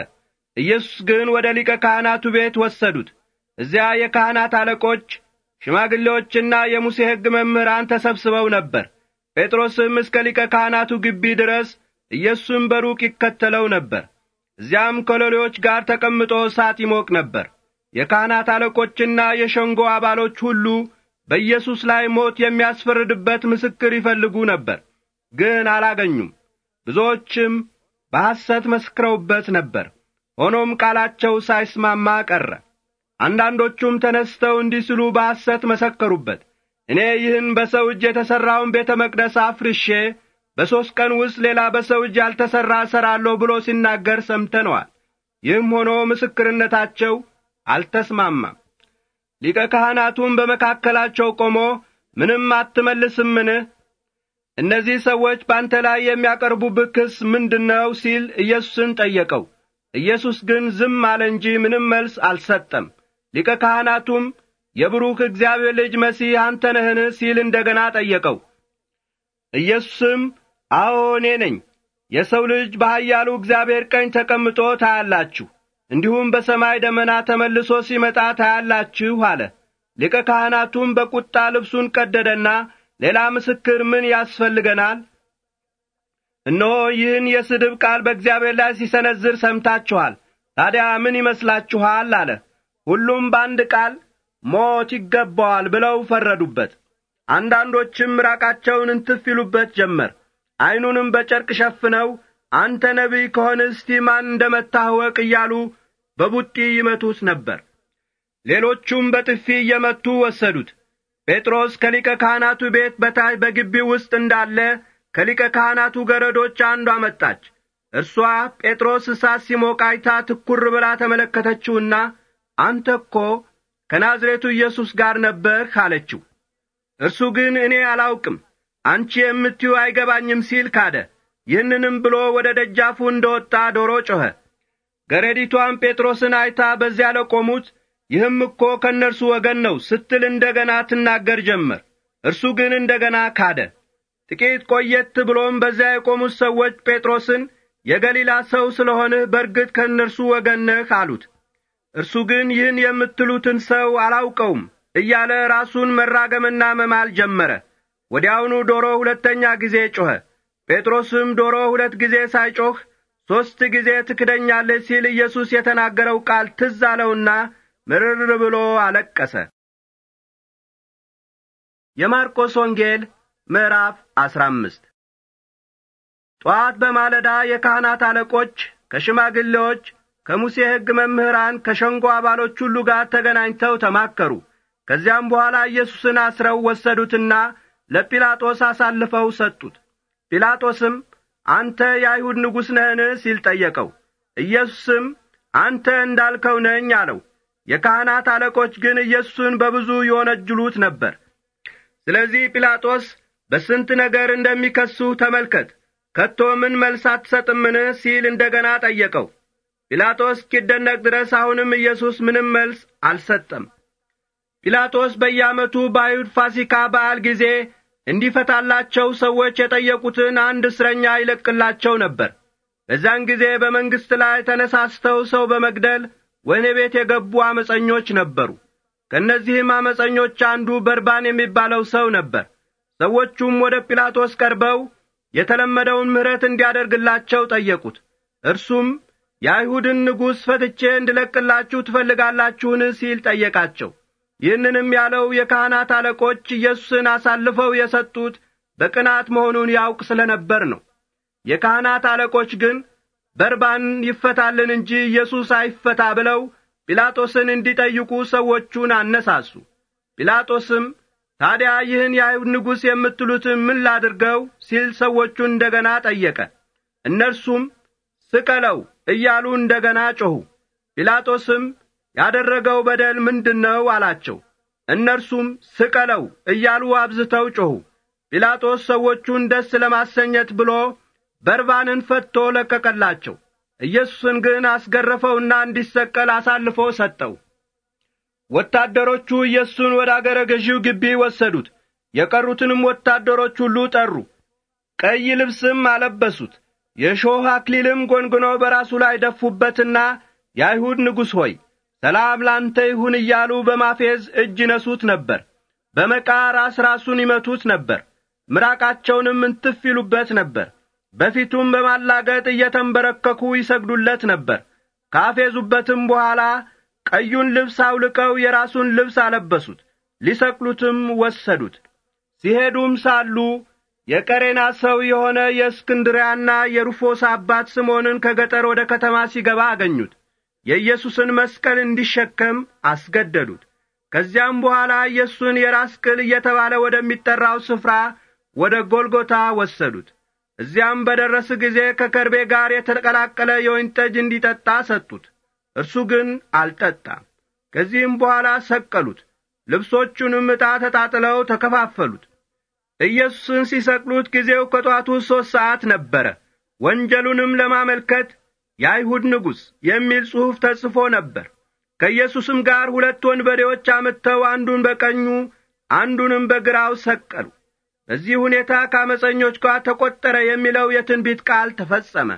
ኢየሱስ ግን ወደ ሊቀ ካህናቱ ቤት ወሰዱት። እዚያ የካህናት አለቆች፣ ሽማግሌዎችና የሙሴ ሕግ መምህራን ተሰብስበው ነበር። ጴጥሮስም እስከ ሊቀ ካህናቱ ግቢ ድረስ ኢየሱስን በሩቅ ይከተለው ነበር። እዚያም ከሎሌዎች ጋር ተቀምጦ እሳት ይሞቅ ነበር። የካህናት አለቆችና የሸንጎ አባሎች ሁሉ በኢየሱስ ላይ ሞት የሚያስፈርድበት ምስክር ይፈልጉ ነበር፣ ግን አላገኙም። ብዙዎችም በሐሰት መስክረውበት ነበር። ሆኖም ቃላቸው ሳይስማማ ቀረ። አንዳንዶቹም ተነስተው እንዲህ ሲሉ በሐሰት መሰከሩበት። እኔ ይህን በሰው እጅ የተሠራውን ቤተ መቅደስ አፍርሼ በሦስት ቀን ውስጥ ሌላ በሰው እጅ ያልተሠራ እሠራለሁ ብሎ ሲናገር ሰምተነዋል። ይህም ሆኖ ምስክርነታቸው አልተስማማም። ሊቀ ካህናቱም በመካከላቸው ቆሞ ምንም አትመልስምን? እነዚህ ሰዎች በአንተ ላይ የሚያቀርቡብህ ክስ ነው ሲል ኢየሱስን ጠየቀው። ኢየሱስ ግን ዝም አለ እንጂ ምንም መልስ አልሰጠም። ሊቀ ካህናቱም የብሩክ እግዚአብሔር ልጅ መሲህ አንተ ነህን? ሲል እንደ ገና ጠየቀው። ኢየሱስም አዎ እኔ ነኝ። የሰው ልጅ በኃያሉ እግዚአብሔር ቀኝ ተቀምጦ ታያላችሁ፣ እንዲሁም በሰማይ ደመና ተመልሶ ሲመጣ ታያላችሁ አለ። ሊቀ ካህናቱም በቁጣ ልብሱን ቀደደና ሌላ ምስክር ምን ያስፈልገናል? እነሆ ይህን የስድብ ቃል በእግዚአብሔር ላይ ሲሰነዝር ሰምታችኋል። ታዲያ ምን ይመስላችኋል? አለ። ሁሉም በአንድ ቃል ሞት ይገባዋል ብለው ፈረዱበት። አንዳንዶችም ራቃቸውን እንትፍ ይሉበት ጀመር። ዐይኑንም በጨርቅ ሸፍነው አንተ ነቢይ ከሆን እስቲ ማን እንደ መታህ ወቅ እያሉ በቡጢ ይመቱት ነበር። ሌሎቹም በጥፊ እየመቱ ወሰዱት። ጴጥሮስ ከሊቀ ካህናቱ ቤት በታች በግቢ ውስጥ እንዳለ ከሊቀ ካህናቱ ገረዶች አንዷ መጣች። እርሷ ጴጥሮስ እሳት ሲሞቅ አይታ ትኩር ብላ ተመለከተችውና አንተ እኮ ከናዝሬቱ ኢየሱስ ጋር ነበርህ አለችው። እርሱ ግን እኔ አላውቅም አንቺ የምትዩ አይገባኝም ሲል ካደ። ይህንንም ብሎ ወደ ደጃፉ እንደ ወጣ ዶሮ ጮኸ። ገረዲቷም ጴጥሮስን አይታ በዚያ ለቆሙት ይህም እኮ ከእነርሱ ወገን ነው ስትል እንደ ገና ትናገር ጀመር። እርሱ ግን እንደ ገና ካደ። ጥቂት ቆየት ብሎም በዚያ የቆሙት ሰዎች ጴጥሮስን የገሊላ ሰው ሆንህ በርግጥ ከእነርሱ ወገን ነህ አሉት። እርሱ ግን ይህን የምትሉትን ሰው አላውቀውም እያለ ራሱን መራገምና መማል ጀመረ። ወዲያውኑ ዶሮ ሁለተኛ ጊዜ ጮኸ። ጴጥሮስም ዶሮ ሁለት ጊዜ ሳይጮኽ ሦስት ጊዜ ትክደኛለች ሲል ኢየሱስ የተናገረው ቃል ትዝ አለውና ምርር ብሎ አለቀሰ። የማርቆስ ወንጌል ምዕራፍ አስራ አምስት ጠዋት በማለዳ የካህናት አለቆች ከሽማግሌዎች፣ ከሙሴ ሕግ መምህራን፣ ከሸንጎ አባሎች ሁሉ ጋር ተገናኝተው ተማከሩ። ከዚያም በኋላ ኢየሱስን አስረው ወሰዱትና ለጲላጦስ አሳልፈው ሰጡት። ጲላጦስም አንተ የአይሁድ ንጉሥ ነህን ሲል ጠየቀው። ኢየሱስም አንተ እንዳልከው ነኝ አለው። የካህናት አለቆች ግን ኢየሱስን በብዙ ይወነጅሉት ነበር። ስለዚህ ጲላጦስ በስንት ነገር እንደሚከሱ ተመልከት፣ ከቶ ምን መልስ አትሰጥምን ሲል እንደ ገና ጠየቀው። ጲላጦስ እስኪደነቅ ድረስ አሁንም ኢየሱስ ምንም መልስ አልሰጠም። ጲላጦስ በየዓመቱ በአይሁድ ፋሲካ በዓል ጊዜ እንዲፈታላቸው ሰዎች የጠየቁትን አንድ እስረኛ ይለቅላቸው ነበር። በዚያን ጊዜ በመንግሥት ላይ ተነሳስተው ሰው በመግደል ወህኒ ቤት የገቡ አመፀኞች ነበሩ። ከእነዚህም አመፀኞች አንዱ በርባን የሚባለው ሰው ነበር። ሰዎቹም ወደ ጲላጦስ ቀርበው የተለመደውን ምሕረት እንዲያደርግላቸው ጠየቁት። እርሱም የአይሁድን ንጉሥ ፈትቼ እንድለቅላችሁ ትፈልጋላችሁን? ሲል ጠየቃቸው። ይህንንም ያለው የካህናት አለቆች ኢየሱስን አሳልፈው የሰጡት በቅናት መሆኑን ያውቅ ስለ ነበር ነው። የካህናት አለቆች ግን በርባን ይፈታልን እንጂ ኢየሱስ አይፈታ ብለው ጲላጦስን እንዲጠይቁ ሰዎቹን አነሳሱ። ጲላጦስም ታዲያ ይህን የአይሁድ ንጉሥ የምትሉትን ምን ላድርገው ሲል ሰዎቹን እንደ ገና ጠየቀ። እነርሱም ስቀለው እያሉ እንደ ገና ጮኹ። ጲላጦስም ያደረገው በደል ምንድነው አላቸው። እነርሱም ስቀለው እያሉ አብዝተው ጮኹ። ጲላጦስ ሰዎቹን ደስ ለማሰኘት ብሎ በርባንን ፈትቶ ለቀቀላቸው። ኢየሱስን ግን አስገረፈውና እንዲሰቀል አሳልፎ ሰጠው። ወታደሮቹ ኢየሱስን ወደ አገረ ገዢው ግቢ ወሰዱት። የቀሩትንም ወታደሮች ሁሉ ጠሩ። ቀይ ልብስም አለበሱት። የእሾህ አክሊልም ጎንጉነው በራሱ ላይ ደፉበትና የአይሁድ ንጉሥ ሆይ ሰላም ላንተ ይሁን እያሉ በማፌዝ እጅ ይነሱት ነበር። በመቃር ራሱን ይመቱት ነበር። ምራቃቸውንም እንትፍ ይሉበት ነበር። በፊቱም በማላገጥ እየተንበረከኩ ይሰግዱለት ነበር። ካፌዙበትም በኋላ ቀዩን ልብስ አውልቀው የራሱን ልብስ አለበሱት፣ ሊሰቅሉትም ወሰዱት። ሲሄዱም ሳሉ የቀሬና ሰው የሆነ የእስክንድሪያና የሩፎስ አባት ስምዖንን ከገጠር ወደ ከተማ ሲገባ አገኙት። የኢየሱስን መስቀል እንዲሸከም አስገደዱት። ከዚያም በኋላ ኢየሱስን የራስ ቅል እየተባለ ወደሚጠራው ስፍራ ወደ ጎልጎታ ወሰዱት። እዚያም በደረስ ጊዜ ከከርቤ ጋር የተቀላቀለ የወይን ጠጅ እንዲጠጣ ሰጡት። እርሱ ግን አልጠጣም። ከዚህም በኋላ ሰቀሉት። ልብሶቹንም ዕጣ ተጣጥለው ተከፋፈሉት። ኢየሱስን ሲሰቅሉት ጊዜው ከጧቱ ሦስት ሰዓት ነበረ። ወንጀሉንም ለማመልከት የአይሁድ ንጉሥ የሚል ጽሑፍ ተጽፎ ነበር። ከኢየሱስም ጋር ሁለት ወንበዴዎች አምጥተው አንዱን በቀኙ አንዱንም በግራው ሰቀሉ። በዚህ ሁኔታ ከአመፀኞች ጋር ተቈጠረ የሚለው የትንቢት ቃል ተፈጸመ።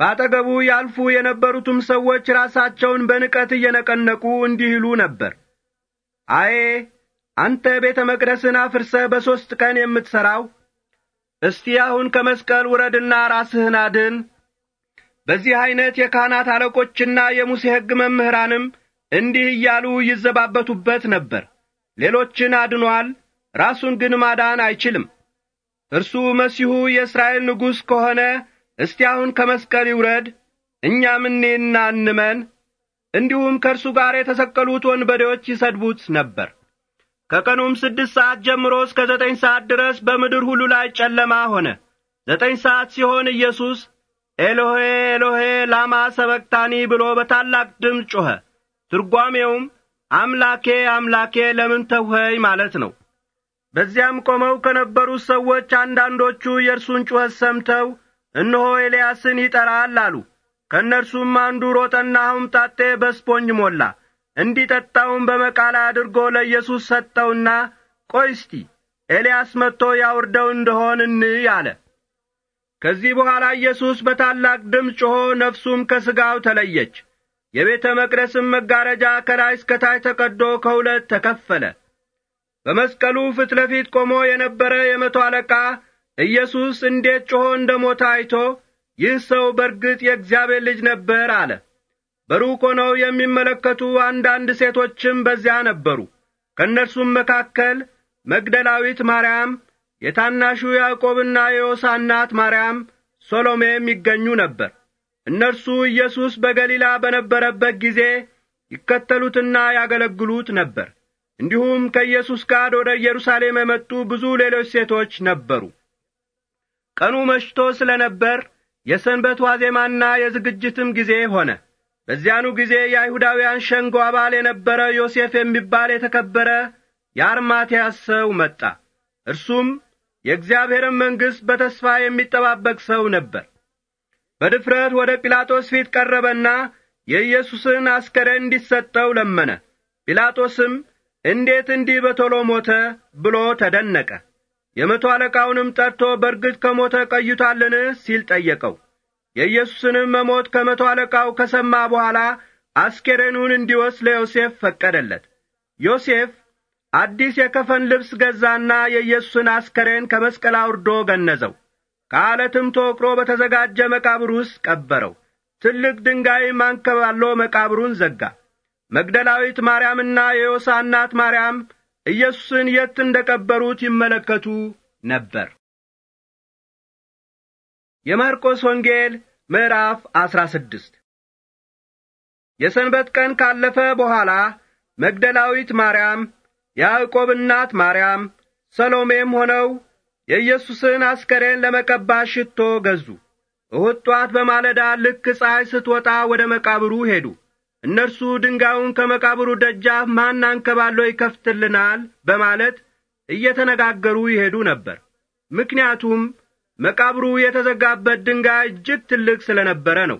በአጠገቡ ያልፉ የነበሩትም ሰዎች ራሳቸውን በንቀት እየነቀነቁ እንዲህ ይሉ ነበር። አዬ አንተ ቤተ መቅደስን አፍርሰህ በሦስት ቀን የምትሠራው፣ እስቲ አሁን ከመስቀል ውረድና ራስህን አድን በዚህ ዐይነት የካህናት አለቆችና የሙሴ ሕግ መምህራንም እንዲህ እያሉ ይዘባበቱበት ነበር። ሌሎችን አድኗል ራሱን ግን ማዳን አይችልም። እርሱ መሲሁ የእስራኤል ንጉሥ ከሆነ እስቲ አሁን ከመስቀል ይውረድ፣ እኛም እኔና እንመን። እንዲሁም ከእርሱ ጋር የተሰቀሉት ወንበዴዎች ይሰድቡት ነበር። ከቀኑም ስድስት ሰዓት ጀምሮ እስከ ዘጠኝ ሰዓት ድረስ በምድር ሁሉ ላይ ጨለማ ሆነ። ዘጠኝ ሰዓት ሲሆን ኢየሱስ ኤሎሄ ኤሎሄ ላማ ሰበክታኒ ብሎ በታላቅ ድምፅ ጮኸ። ትርጓሜውም አምላኬ አምላኬ ለምን ተውኸኝ ማለት ነው። በዚያም ቆመው ከነበሩት ሰዎች አንዳንዶቹ የእርሱን ጩኸት ሰምተው እነሆ ኤልያስን ይጠራል አሉ። ከእነርሱም አንዱ ሮጠና ሆምጣጤ በስፖንጅ ሞላ፣ እንዲጠጣውም በመቃ ላይ አድርጎ ለኢየሱስ ሰጠውና ቆይ እስቲ ኤልያስ መጥቶ ያውርደው እንደሆን እንይ አለ። ከዚህ በኋላ ኢየሱስ በታላቅ ድምፅ ጮኾ ነፍሱም ከሥጋው ተለየች። የቤተ መቅደስም መጋረጃ ከላይ እስከ ታች ተቀዶ ከሁለት ተከፈለ። በመስቀሉ ፊት ለፊት ቆሞ የነበረ የመቶ አለቃ ኢየሱስ እንዴት ጮኾ እንደ ሞተ አይቶ ይህ ሰው በርግጥ የእግዚአብሔር ልጅ ነበር አለ። በሩቅ ሆነው የሚመለከቱ አንዳንድ ሴቶችም በዚያ ነበሩ። ከእነርሱም መካከል መግደላዊት ማርያም የታናሹ ያዕቆብና የዮሳ እናት ማርያም፣ ሶሎሜም ይገኙ ነበር። እነርሱ ኢየሱስ በገሊላ በነበረበት ጊዜ ይከተሉትና ያገለግሉት ነበር። እንዲሁም ከኢየሱስ ጋር ወደ ኢየሩሳሌም የመጡ ብዙ ሌሎች ሴቶች ነበሩ። ቀኑ መሽቶ ስለ ነበር የሰንበት ዋዜማና የዝግጅትም ጊዜ ሆነ። በዚያኑ ጊዜ የአይሁዳውያን ሸንጎ አባል የነበረ ዮሴፍ የሚባል የተከበረ የአርማትያስ ሰው መጣ። እርሱም የእግዚአብሔርን መንግሥት በተስፋ የሚጠባበቅ ሰው ነበር። በድፍረት ወደ ጲላጦስ ፊት ቀረበና የኢየሱስን አስከሬን እንዲሰጠው ለመነ። ጲላጦስም እንዴት እንዲህ በቶሎ ሞተ ብሎ ተደነቀ። የመቶ አለቃውንም ጠርቶ በርግጥ ከሞተ ቀይቷልን ሲል ጠየቀው። የኢየሱስንም መሞት ከመቶ አለቃው ከሰማ በኋላ አስከሬኑን እንዲወስድ ለዮሴፍ ፈቀደለት። ዮሴፍ አዲስ የከፈን ልብስ ገዛና የኢየሱስን አስከሬን ከመስቀል አውርዶ ገነዘው። ከዓለትም ተወቅሮ በተዘጋጀ መቃብር ውስጥ ቀበረው። ትልቅ ድንጋይም አንከባሎ መቃብሩን ዘጋ። መግደላዊት ማርያምና የዮሳ እናት ማርያም ኢየሱስን የት እንደ ቀበሩት ይመለከቱ ነበር። የማርቆስ ወንጌል ምዕራፍ አስራ ስድስት የሰንበት ቀን ካለፈ በኋላ መግደላዊት ማርያም ያዕቆብ እናት ማርያም፣ ሰሎሜም ሆነው የኢየሱስን አስከሬን ለመቀባት ሽቶ ገዙ። እሁድ ጧት በማለዳ ልክ ፀሐይ ስትወጣ ወደ መቃብሩ ሄዱ። እነርሱ ድንጋዩን ከመቃብሩ ደጃፍ ማን አንከባሎ ይከፍትልናል በማለት እየተነጋገሩ ይሄዱ ነበር። ምክንያቱም መቃብሩ የተዘጋበት ድንጋይ እጅግ ትልቅ ስለ ነበረ ነው።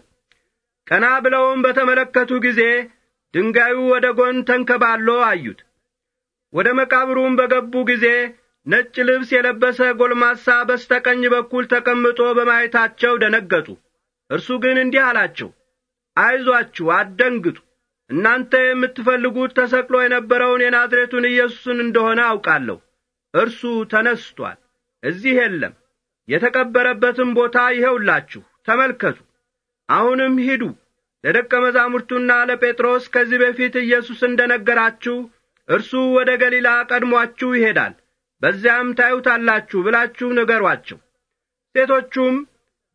ቀና ብለውም በተመለከቱ ጊዜ ድንጋዩ ወደ ጎን ተንከባሎ አዩት። ወደ መቃብሩም በገቡ ጊዜ ነጭ ልብስ የለበሰ ጎልማሳ በስተቀኝ በኩል ተቀምጦ በማየታቸው ደነገጡ። እርሱ ግን እንዲህ አላቸው፣ አይዟችሁ አትደንግጡ። እናንተ የምትፈልጉት ተሰቅሎ የነበረውን የናዝሬቱን ኢየሱስን እንደሆነ አውቃለሁ። እርሱ ተነስቷል፣ እዚህ የለም። የተቀበረበትም ቦታ ይኸውላችሁ ተመልከቱ። አሁንም ሂዱ ለደቀ መዛሙርቱና ለጴጥሮስ ከዚህ በፊት ኢየሱስ እንደ ነገራችሁ እርሱ ወደ ገሊላ ቀድሞአችሁ ይሄዳል፣ በዚያም ታዩታላችሁ ብላችሁ ንገሯቸው። ሴቶቹም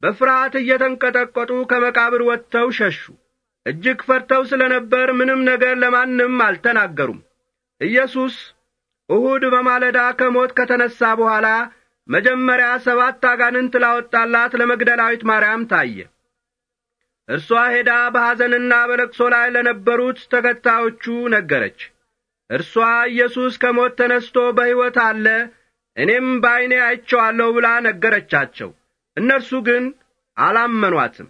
በፍርሃት እየተንቀጠቀጡ ከመቃብር ወጥተው ሸሹ። እጅግ ፈርተው ስለ ነበር ምንም ነገር ለማንም አልተናገሩም። ኢየሱስ እሁድ በማለዳ ከሞት ከተነሣ በኋላ መጀመሪያ ሰባት አጋንንት ላወጣላት ለመግደላዊት ማርያም ታየ። እርሷ ሄዳ በሐዘንና በለቅሶ ላይ ለነበሩት ተከታዮቹ ነገረች። እርሷ ኢየሱስ ከሞት ተነስቶ በሕይወት አለ፣ እኔም በዐይኔ አይቼዋለሁ ብላ ነገረቻቸው። እነርሱ ግን አላመኗትም።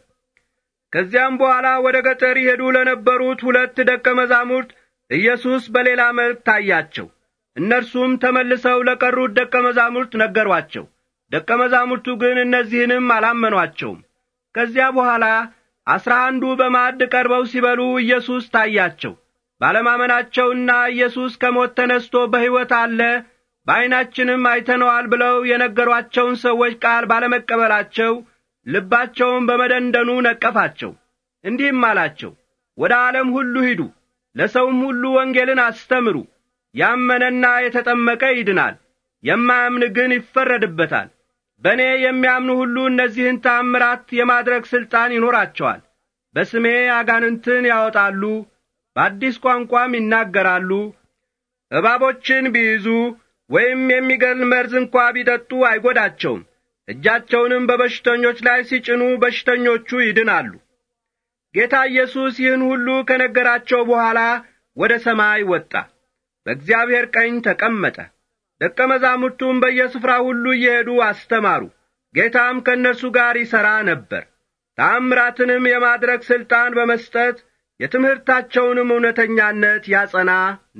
ከዚያም በኋላ ወደ ገጠር ይሄዱ ለነበሩት ሁለት ደቀ መዛሙርት ኢየሱስ በሌላ መልክ ታያቸው። እነርሱም ተመልሰው ለቀሩት ደቀ መዛሙርት ነገሯቸው። ደቀ መዛሙርቱ ግን እነዚህንም አላመኗቸውም። ከዚያ በኋላ አሥራ አንዱ በማዕድ ቀርበው ሲበሉ ኢየሱስ ታያቸው። ባለማመናቸውና ኢየሱስ ከሞት ተነስቶ በሕይወት አለ በዐይናችንም አይተነዋል ብለው የነገሯቸውን ሰዎች ቃል ባለመቀበላቸው ልባቸውን በመደንደኑ ነቀፋቸው። እንዲህም አላቸው፣ ወደ ዓለም ሁሉ ሂዱ፣ ለሰውም ሁሉ ወንጌልን አስተምሩ። ያመነና የተጠመቀ ይድናል፣ የማያምን ግን ይፈረድበታል። በእኔ የሚያምኑ ሁሉ እነዚህን ታምራት የማድረግ ሥልጣን ይኖራቸዋል። በስሜ አጋንንትን ያወጣሉ በአዲስ ቋንቋም ይናገራሉ። እባቦችን ቢይዙ ወይም የሚገል መርዝ እንኳ ቢጠጡ አይጐዳቸውም። እጃቸውንም በበሽተኞች ላይ ሲጭኑ በሽተኞቹ ይድናሉ። ጌታ ኢየሱስ ይህን ሁሉ ከነገራቸው በኋላ ወደ ሰማይ ወጣ፣ በእግዚአብሔር ቀኝ ተቀመጠ። ደቀ መዛሙርቱም በየስፍራ ሁሉ እየሄዱ አስተማሩ። ጌታም ከእነርሱ ጋር ይሠራ ነበር። ታምራትንም የማድረግ ሥልጣን በመስጠት የትምህርታቸውንም እውነተኛነት ያጸና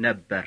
ነበር።